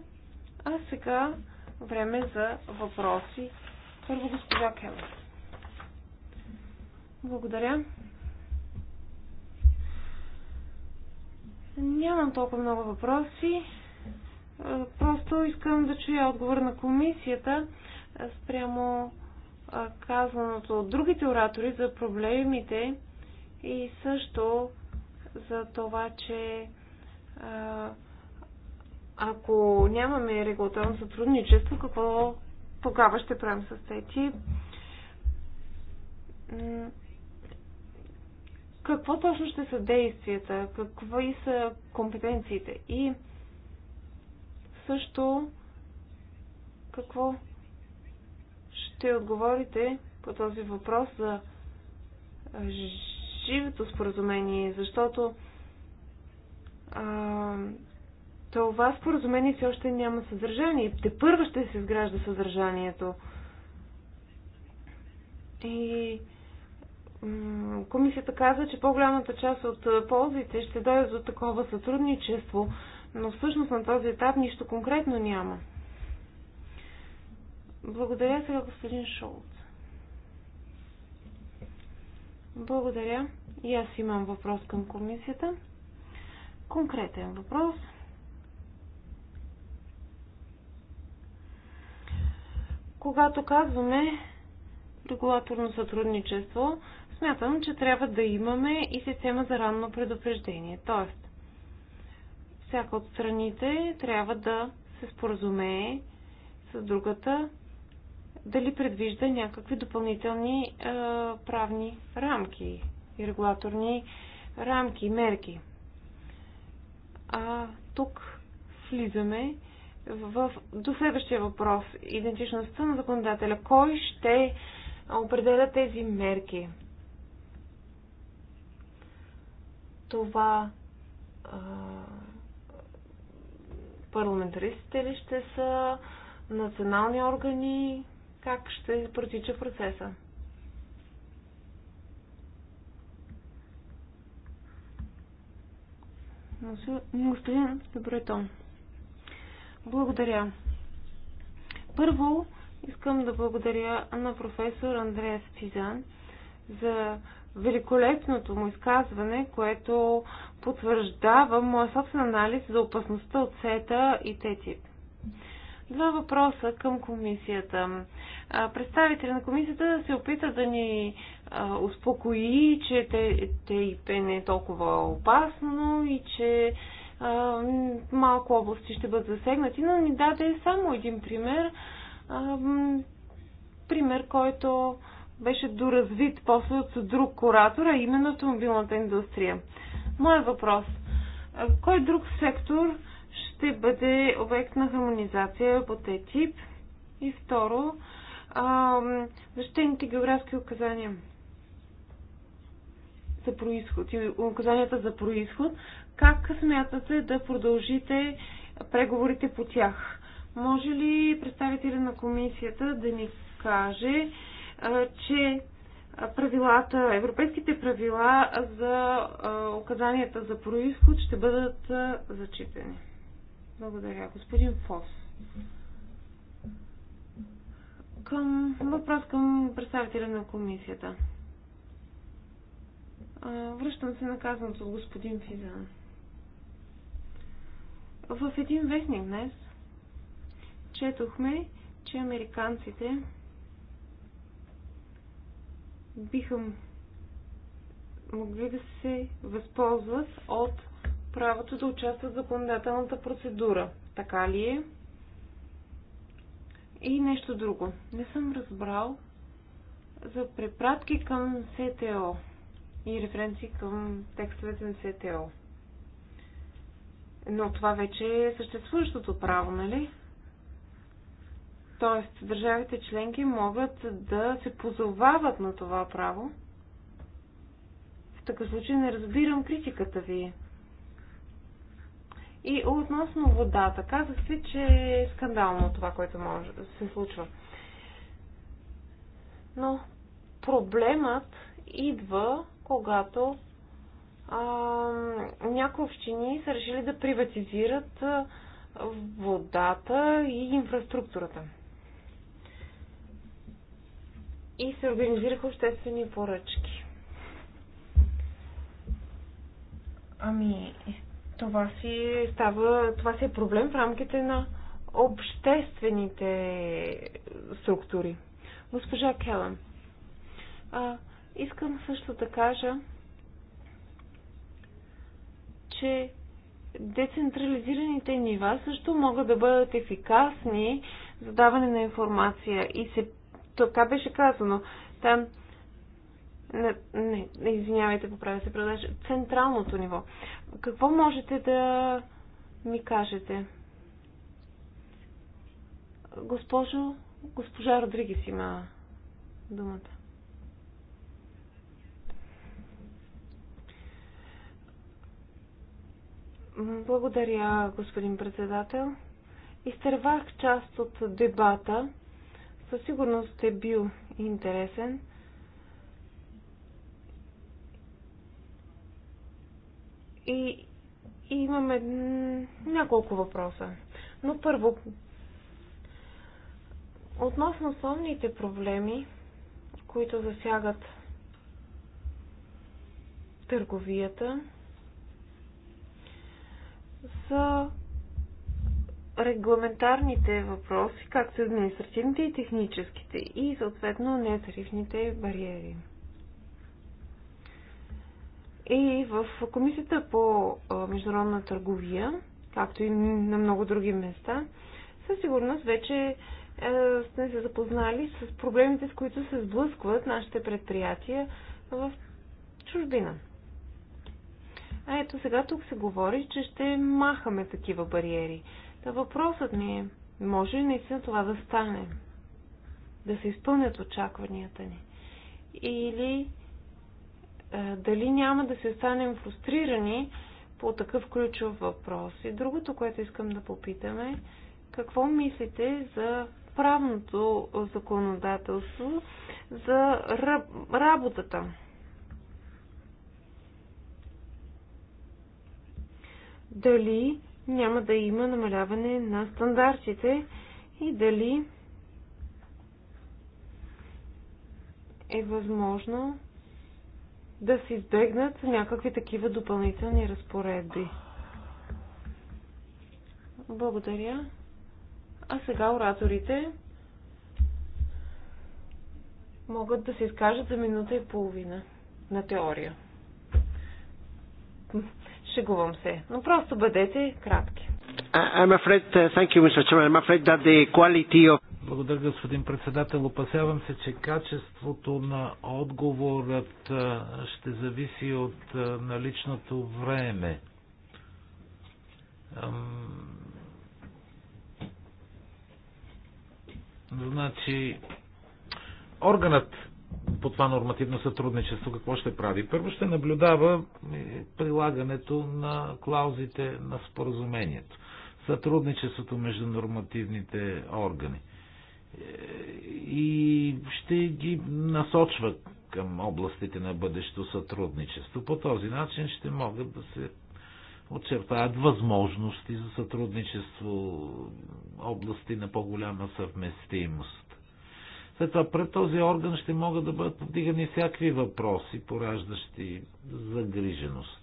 А сега време за въпроси. Първо госпожа Келър. Благодаря. Нямам толкова много въпроси. Просто искам да чуя отговор на комисията спрямо казаното от другите оратори за проблемите и също за това, че ако нямаме регулаторно сътрудничество, какво тогава ще правим с тези? Какво точно ще са действията? Какви са компетенциите? И също какво ще отговорите по този въпрос за живото споразумение, защото а, това споразумение все още няма съдържание. Те първо ще се изгражда съдържанието. И комисията каза, че по-голямата част от ползите ще дойдат за такова сътрудничество но всъщност на този етап нищо конкретно няма. Благодаря сега, господин Шолц. Благодаря. И аз имам въпрос към комисията. Конкретен въпрос. Когато казваме регулаторно сътрудничество, смятам, че трябва да имаме и система за ранно предупреждение. Тоест, всяка от страните трябва да се споразумее с другата дали предвижда някакви допълнителни е, правни рамки и регулаторни рамки, мерки. А тук влизаме в, до следващия въпрос. Идентичността на законодателя. Кой ще определя тези мерки? Това е, Парламентаристите ли ще са национални органи? Как ще протича процеса? Господин Добретон, благодаря. Първо, искам да благодаря на професор Андрея Пизан за великолепното му изказване, което потвърждава моя собствен анализ за опасността от СЕТА и ТЕТИП. Два въпроса към комисията. Представители на комисията да се опита да ни успокои, че ТИП не е толкова опасно и че малко области ще бъдат засегнати, но ни даде само един пример. Пример, който беше доразвит после от друг куратор, а именно автомобилната индустрия. Моя въпрос. Кой друг сектор ще бъде обект на хармонизация по те тип? И второ, защитените географски указания за происход и указанията за происход, как смятате да продължите преговорите по тях? Може ли представителя на комисията да ни каже, че правилата, европейските правила за указанията за происход ще бъдат зачитани. Благодаря. Господин Фос. Към въпрос към представителя на комисията. Връщам се на казаното от господин Физан. В един вестник днес четохме, че американците биха могли да се възползват от правото да участват в законодателната процедура. Така ли е? И нещо друго. Не съм разбрал за препратки към СТО и референции към текстовете на СТО. Но това вече е съществуващото право, нали? Тоест, държавите членки могат да се позовават на това право. В такъв случай не разбирам критиката ви. И относно водата, казах казахте, че е скандално това, което може да се случва. Но проблемът идва, когато а, някои общини са решили да приватизират водата и инфраструктурата и се организираха обществени поръчки. Ами, това си става, това си е проблем в рамките на обществените структури. Госпожа Келан, а, искам също да кажа, че децентрализираните нива също могат да бъдат ефикасни за даване на информация и се така беше казано. Там не, не, извинявайте, поправя се продаж. Централното ниво. Какво можете да ми кажете? Госпожо, госпожа Родригес има думата. Благодаря, господин председател. Изтървах част от дебата със сигурност е бил интересен. И, и имаме няколко въпроса. Но първо, относно основните проблеми, които засягат търговията, са регламентарните въпроси, както и административните и техническите и съответно нетарифните бариери. И в Комисията по международна търговия, както и на много други места, със сигурност вече сме се запознали с проблемите, с които се сблъскват нашите предприятия в чужбина. А ето сега тук се говори, че ще махаме такива бариери. Та въпросът ми е, може ли наистина това да стане? Да се изпълнят очакванията ни? Или а, е, дали няма да се останем фрустрирани по такъв ключов въпрос? И другото, което искам да попитаме, какво мислите за правното законодателство за работата. Дали няма да има намаляване на стандартите и дали е възможно да се избегнат някакви такива допълнителни разпоредби. Благодаря. А сега ораторите могат да се изкажат за минута и половина на теория. Шегувам се. Но просто бъдете кратки. I'm afraid, uh, thank you, Mr. Chairman. I'm afraid that the quality of... Благодаря, господин председател. Опасявам се, че качеството на отговорът ще зависи от наличното време. Значи, органът по това нормативно сътрудничество какво ще прави? Първо ще наблюдава е, прилагането на клаузите на споразумението, сътрудничеството между нормативните органи е, и ще ги насочва към областите на бъдещо сътрудничество. По този начин ще могат да се очертаят възможности за сътрудничество, области на по-голяма съвместимост. След това пред този орган ще могат да бъдат повдигани всякакви въпроси, пораждащи загриженост.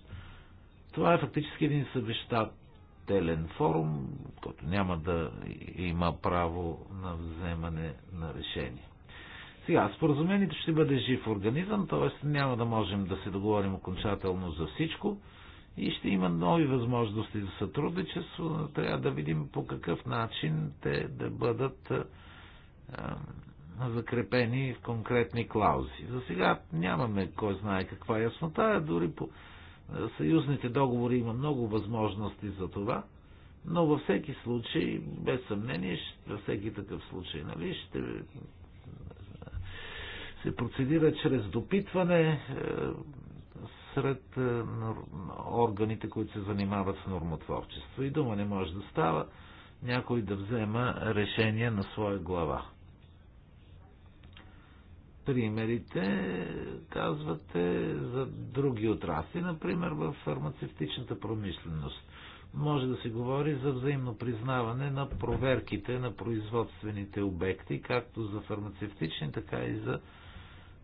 Това е фактически един съвещателен форум, който няма да има право на вземане на решение. Сега, споразумението ще бъде жив организъм, т.е. няма да можем да се договорим окончателно за всичко и ще има нови възможности за сътрудничество. Трябва да видим по какъв начин те да бъдат закрепени в конкретни клаузи. За сега нямаме кой знае каква яснота, дори по е, съюзните договори има много възможности за това, но във всеки случай, без съмнение, във всеки такъв случай, нали, ще е, се процедира чрез допитване е, сред органите, които се занимават с нормотворчество. И дума не може да става някой да взема решение на своя глава примерите казвате за други отрасли, например в фармацевтичната промишленост. Може да се говори за взаимно признаване на проверките на производствените обекти, както за фармацевтични, така и за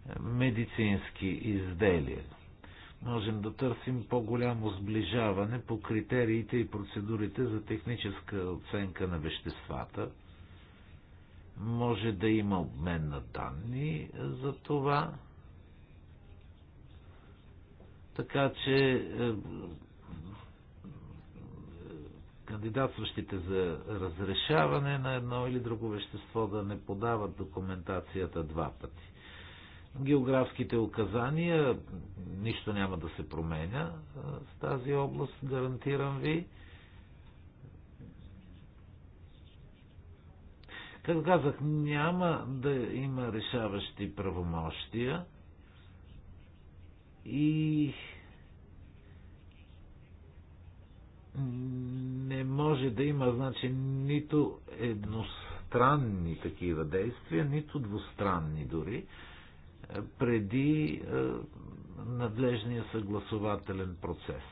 е, медицински изделия. Можем да търсим по-голямо сближаване по критериите и процедурите за техническа оценка на веществата – може да има обмен на данни за това. Така че е, кандидатстващите за разрешаване на едно или друго вещество да не подават документацията два пъти. Географските указания, нищо няма да се променя в е, тази област, гарантирам ви. Както казах, няма да има решаващи правомощия и не може да има, значи, нито едностранни такива действия, нито двустранни дори, преди е, надлежния съгласователен процес.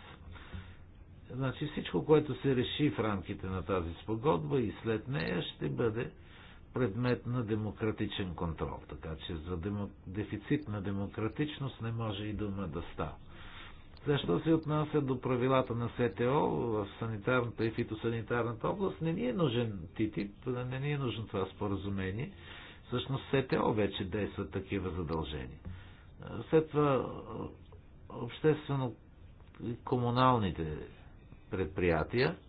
Значи всичко, което се реши в рамките на тази спогодба и след нея ще бъде предмет на демократичен контрол. Така че за демо... дефицит на демократичност не може и дума да става. Защо се отнася до правилата на СТО в санитарната и фитосанитарната област? Не ни е нужен ТИТИП, не ни е нужно това споразумение. Всъщност СТО вече действат такива задължения. След това обществено-комуналните предприятия –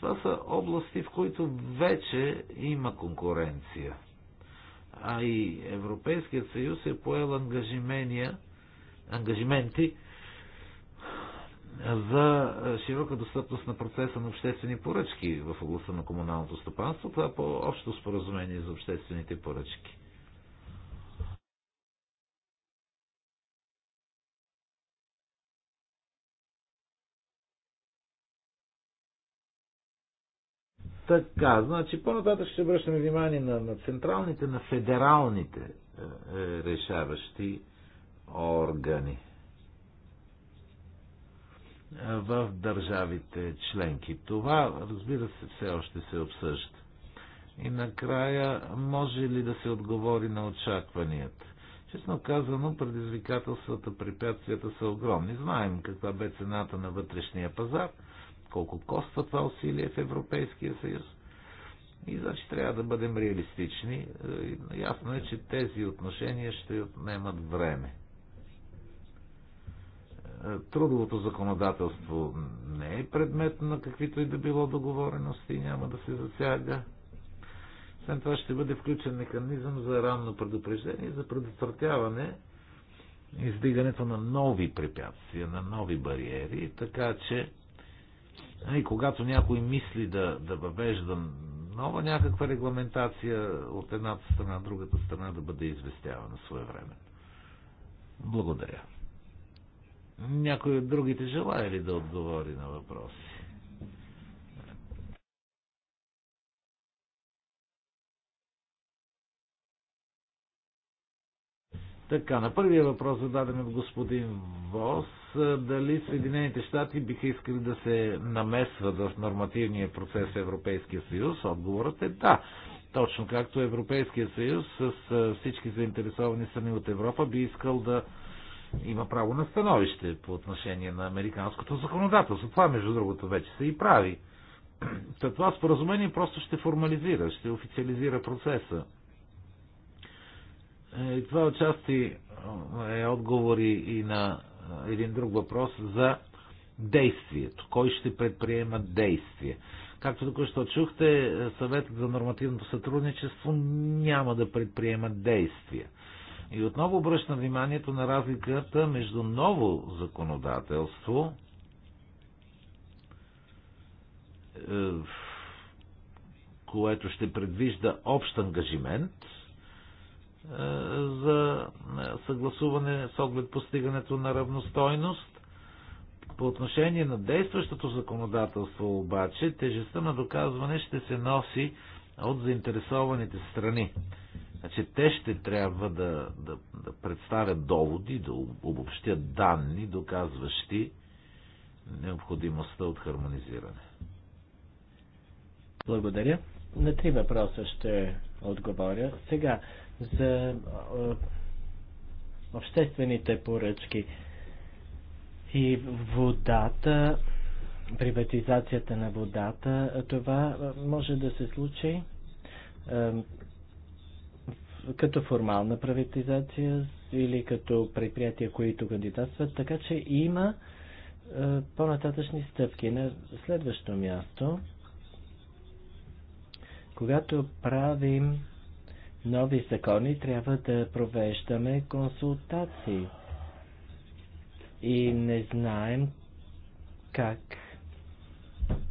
Това са области, в които вече има конкуренция. А и Европейският съюз е поел ангажименти за широка достъпност на процеса на обществени поръчки в областта на комуналното стопанство. Това е по-общо споразумение за обществените поръчки. Така, значи по-нататък ще обръщаме внимание на, на централните, на федералните е, е, решаващи органи в държавите членки. Това, разбира се, все още се обсъжда. И накрая, може ли да се отговори на очакванията? Честно казано, предизвикателствата, препятствията са огромни. Знаем каква бе цената на вътрешния пазар – колко коства това усилие в Европейския съюз. И значи трябва да бъдем реалистични. Е, ясно е, че тези отношения ще отнемат време. Е, трудовото законодателство не е предмет на каквито и да било договорености и няма да се засяга. След това ще бъде включен механизъм за ранно предупреждение за предотвратяване издигането на нови препятствия, на нови бариери, така че и когато някой мисли да, да въвежда нова някаква регламентация от едната страна, другата страна да бъде известявана своевременно. Благодаря. Някой от другите желая ли да отговори на въпроси? Така, на първия въпрос зададен от господин Вос, дали Съединените щати биха искали да се намесват в нормативния процес в Европейския съюз, отговорът е да. Точно както Европейския съюз с всички заинтересовани страни от Европа би искал да има право на становище по отношение на американското законодателство. Това, между другото, вече се и прави. Та това споразумение просто ще формализира, ще официализира процеса. Е, това отчасти е, е отговор и на е, един друг въпрос за действието. Кой ще предприема действие? Както току-що чухте, съветът за нормативното сътрудничество няма да предприема действия. И отново обръщам вниманието на разликата между ново законодателство, което ще предвижда общ ангажимент – за съгласуване с оглед постигането на равностойност. По отношение на действащото законодателство обаче, тежестта на доказване ще се носи от заинтересованите страни. Значи, те ще трябва да, да, да представят доводи, да обобщят данни, доказващи необходимостта от хармонизиране. Благодаря. На три въпроса ще отговоря. Сега, за обществените поръчки и водата, приватизацията на водата, това може да се случи като формална приватизация или като предприятия, които кандидатстват, така че има по-нататъчни стъпки. На следващо място, когато правим нови закони трябва да провеждаме консултации. И не знаем как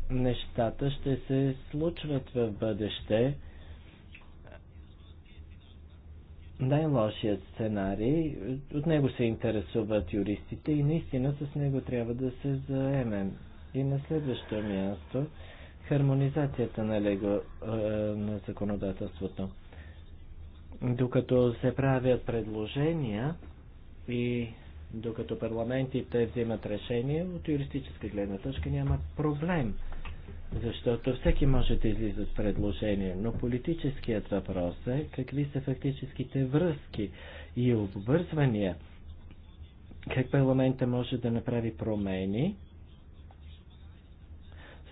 нещата ще се случват в бъдеще. Най-лошият сценарий, от него се интересуват юристите и наистина с него трябва да се заемем. И на следващо място, хармонизацията на, лего, е, на законодателството докато се правят предложения и докато парламентите взимат решение, от юристическа гледна точка няма проблем. Защото всеки може да излиза с предложение, но политическият въпрос е какви са фактическите връзки и обвързвания. Как парламента може да направи промени,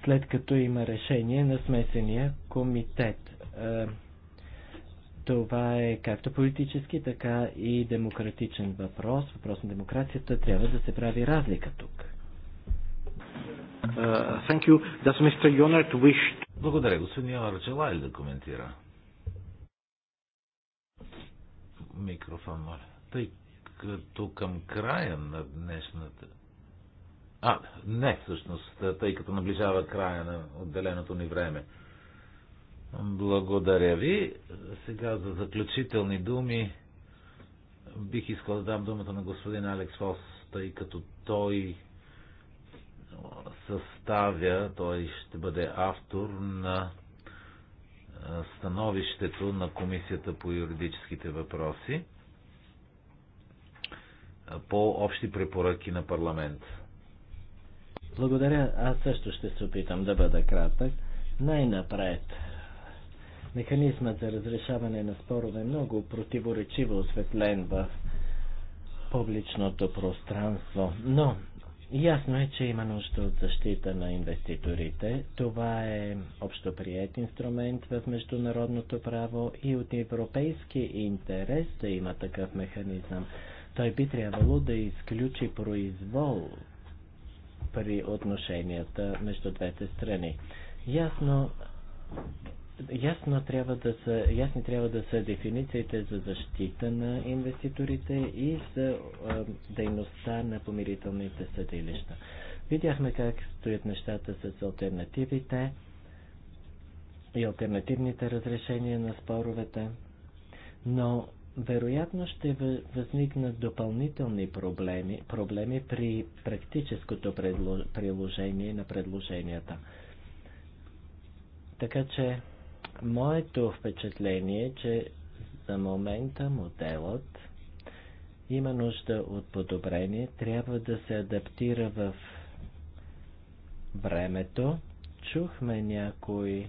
след като има решение на смесения комитет. Е, това е както политически, така и демократичен въпрос. Въпрос на демокрацията трябва да се прави разлика тук. Uh, thank you. Does Mr. Yonert wish... Благодаря, господин Йонард. Желая ли да коментира? Микрофон, моля. Тъй като към края на днешната... А, не, всъщност, тъй като наближава края на отделеното ни време. Благодаря ви. Сега за заключителни думи бих искал да дам думата на господин Алекс Фос, тъй като той съставя, той ще бъде автор на становището на Комисията по юридическите въпроси по общи препоръки на парламент. Благодаря. Аз също ще се опитам да бъда кратък. Най-напред Механизмът за разрешаване на спорове е много противоречиво осветлен в публичното пространство. Но ясно е, че има нужда от защита на инвеститорите. Това е общоприет инструмент в международното право и от европейски интерес да има такъв механизъм. Той би трябвало да изключи произвол при отношенията между двете страни. Ясно Ясно трябва да са, ясни трябва да са дефинициите за защита на инвеститорите и за а, дейността на помирителните съдилища. Видяхме как стоят нещата с альтернативите и альтернативните разрешения на споровете, но вероятно ще възникнат допълнителни проблеми, проблеми при практическото приложение на предложенията. Така че Моето впечатление е, че за момента моделът има нужда от подобрение, трябва да се адаптира в времето. Чухме някои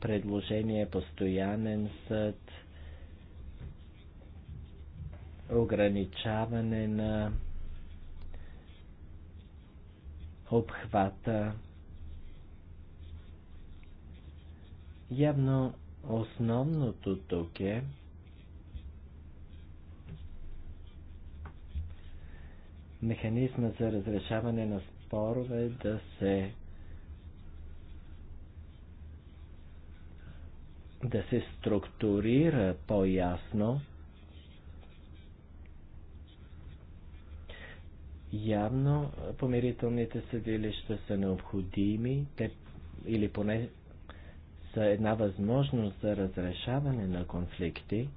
предложения, постоянен съд, ограничаване на обхвата Явно основното тук е, механизма за разрешаване на спорове да се да се структурира по-ясно. Явно помирителните съдилища са необходими, те или поне са една възможност за разрешаване на конфликти,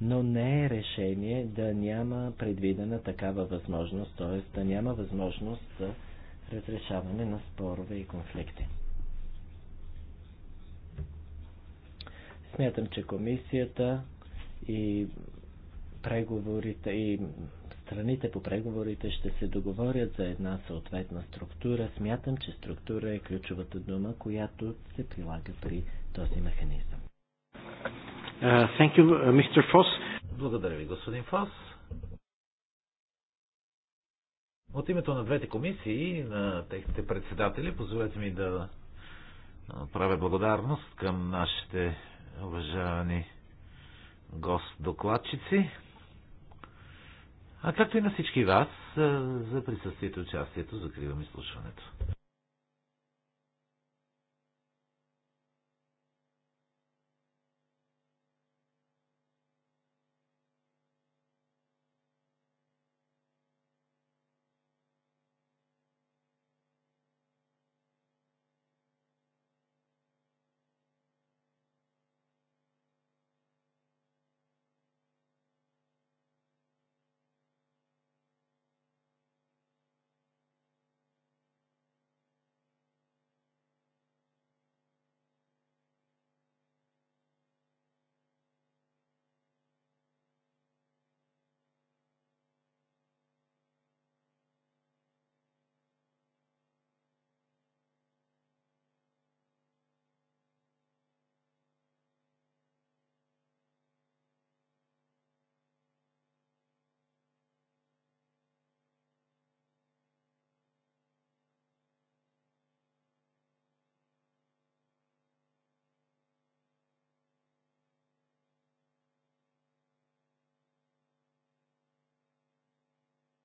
но не е решение да няма предвидена такава възможност, т.е. да няма възможност за разрешаване на спорове и конфликти. Смятам, че комисията и преговорите и страните по преговорите ще се договорят за една съответна структура. Смятам, че структура е ключовата дума, която се прилага при този механизъм. Uh, thank you, uh, Mr. Foss. Благодаря ви, господин Фос. От името на двете комисии и на техните председатели, позволете ми да правя благодарност към нашите уважавани гост-докладчици а както и на всички вас за присъствието и участието. Закривам изслушването.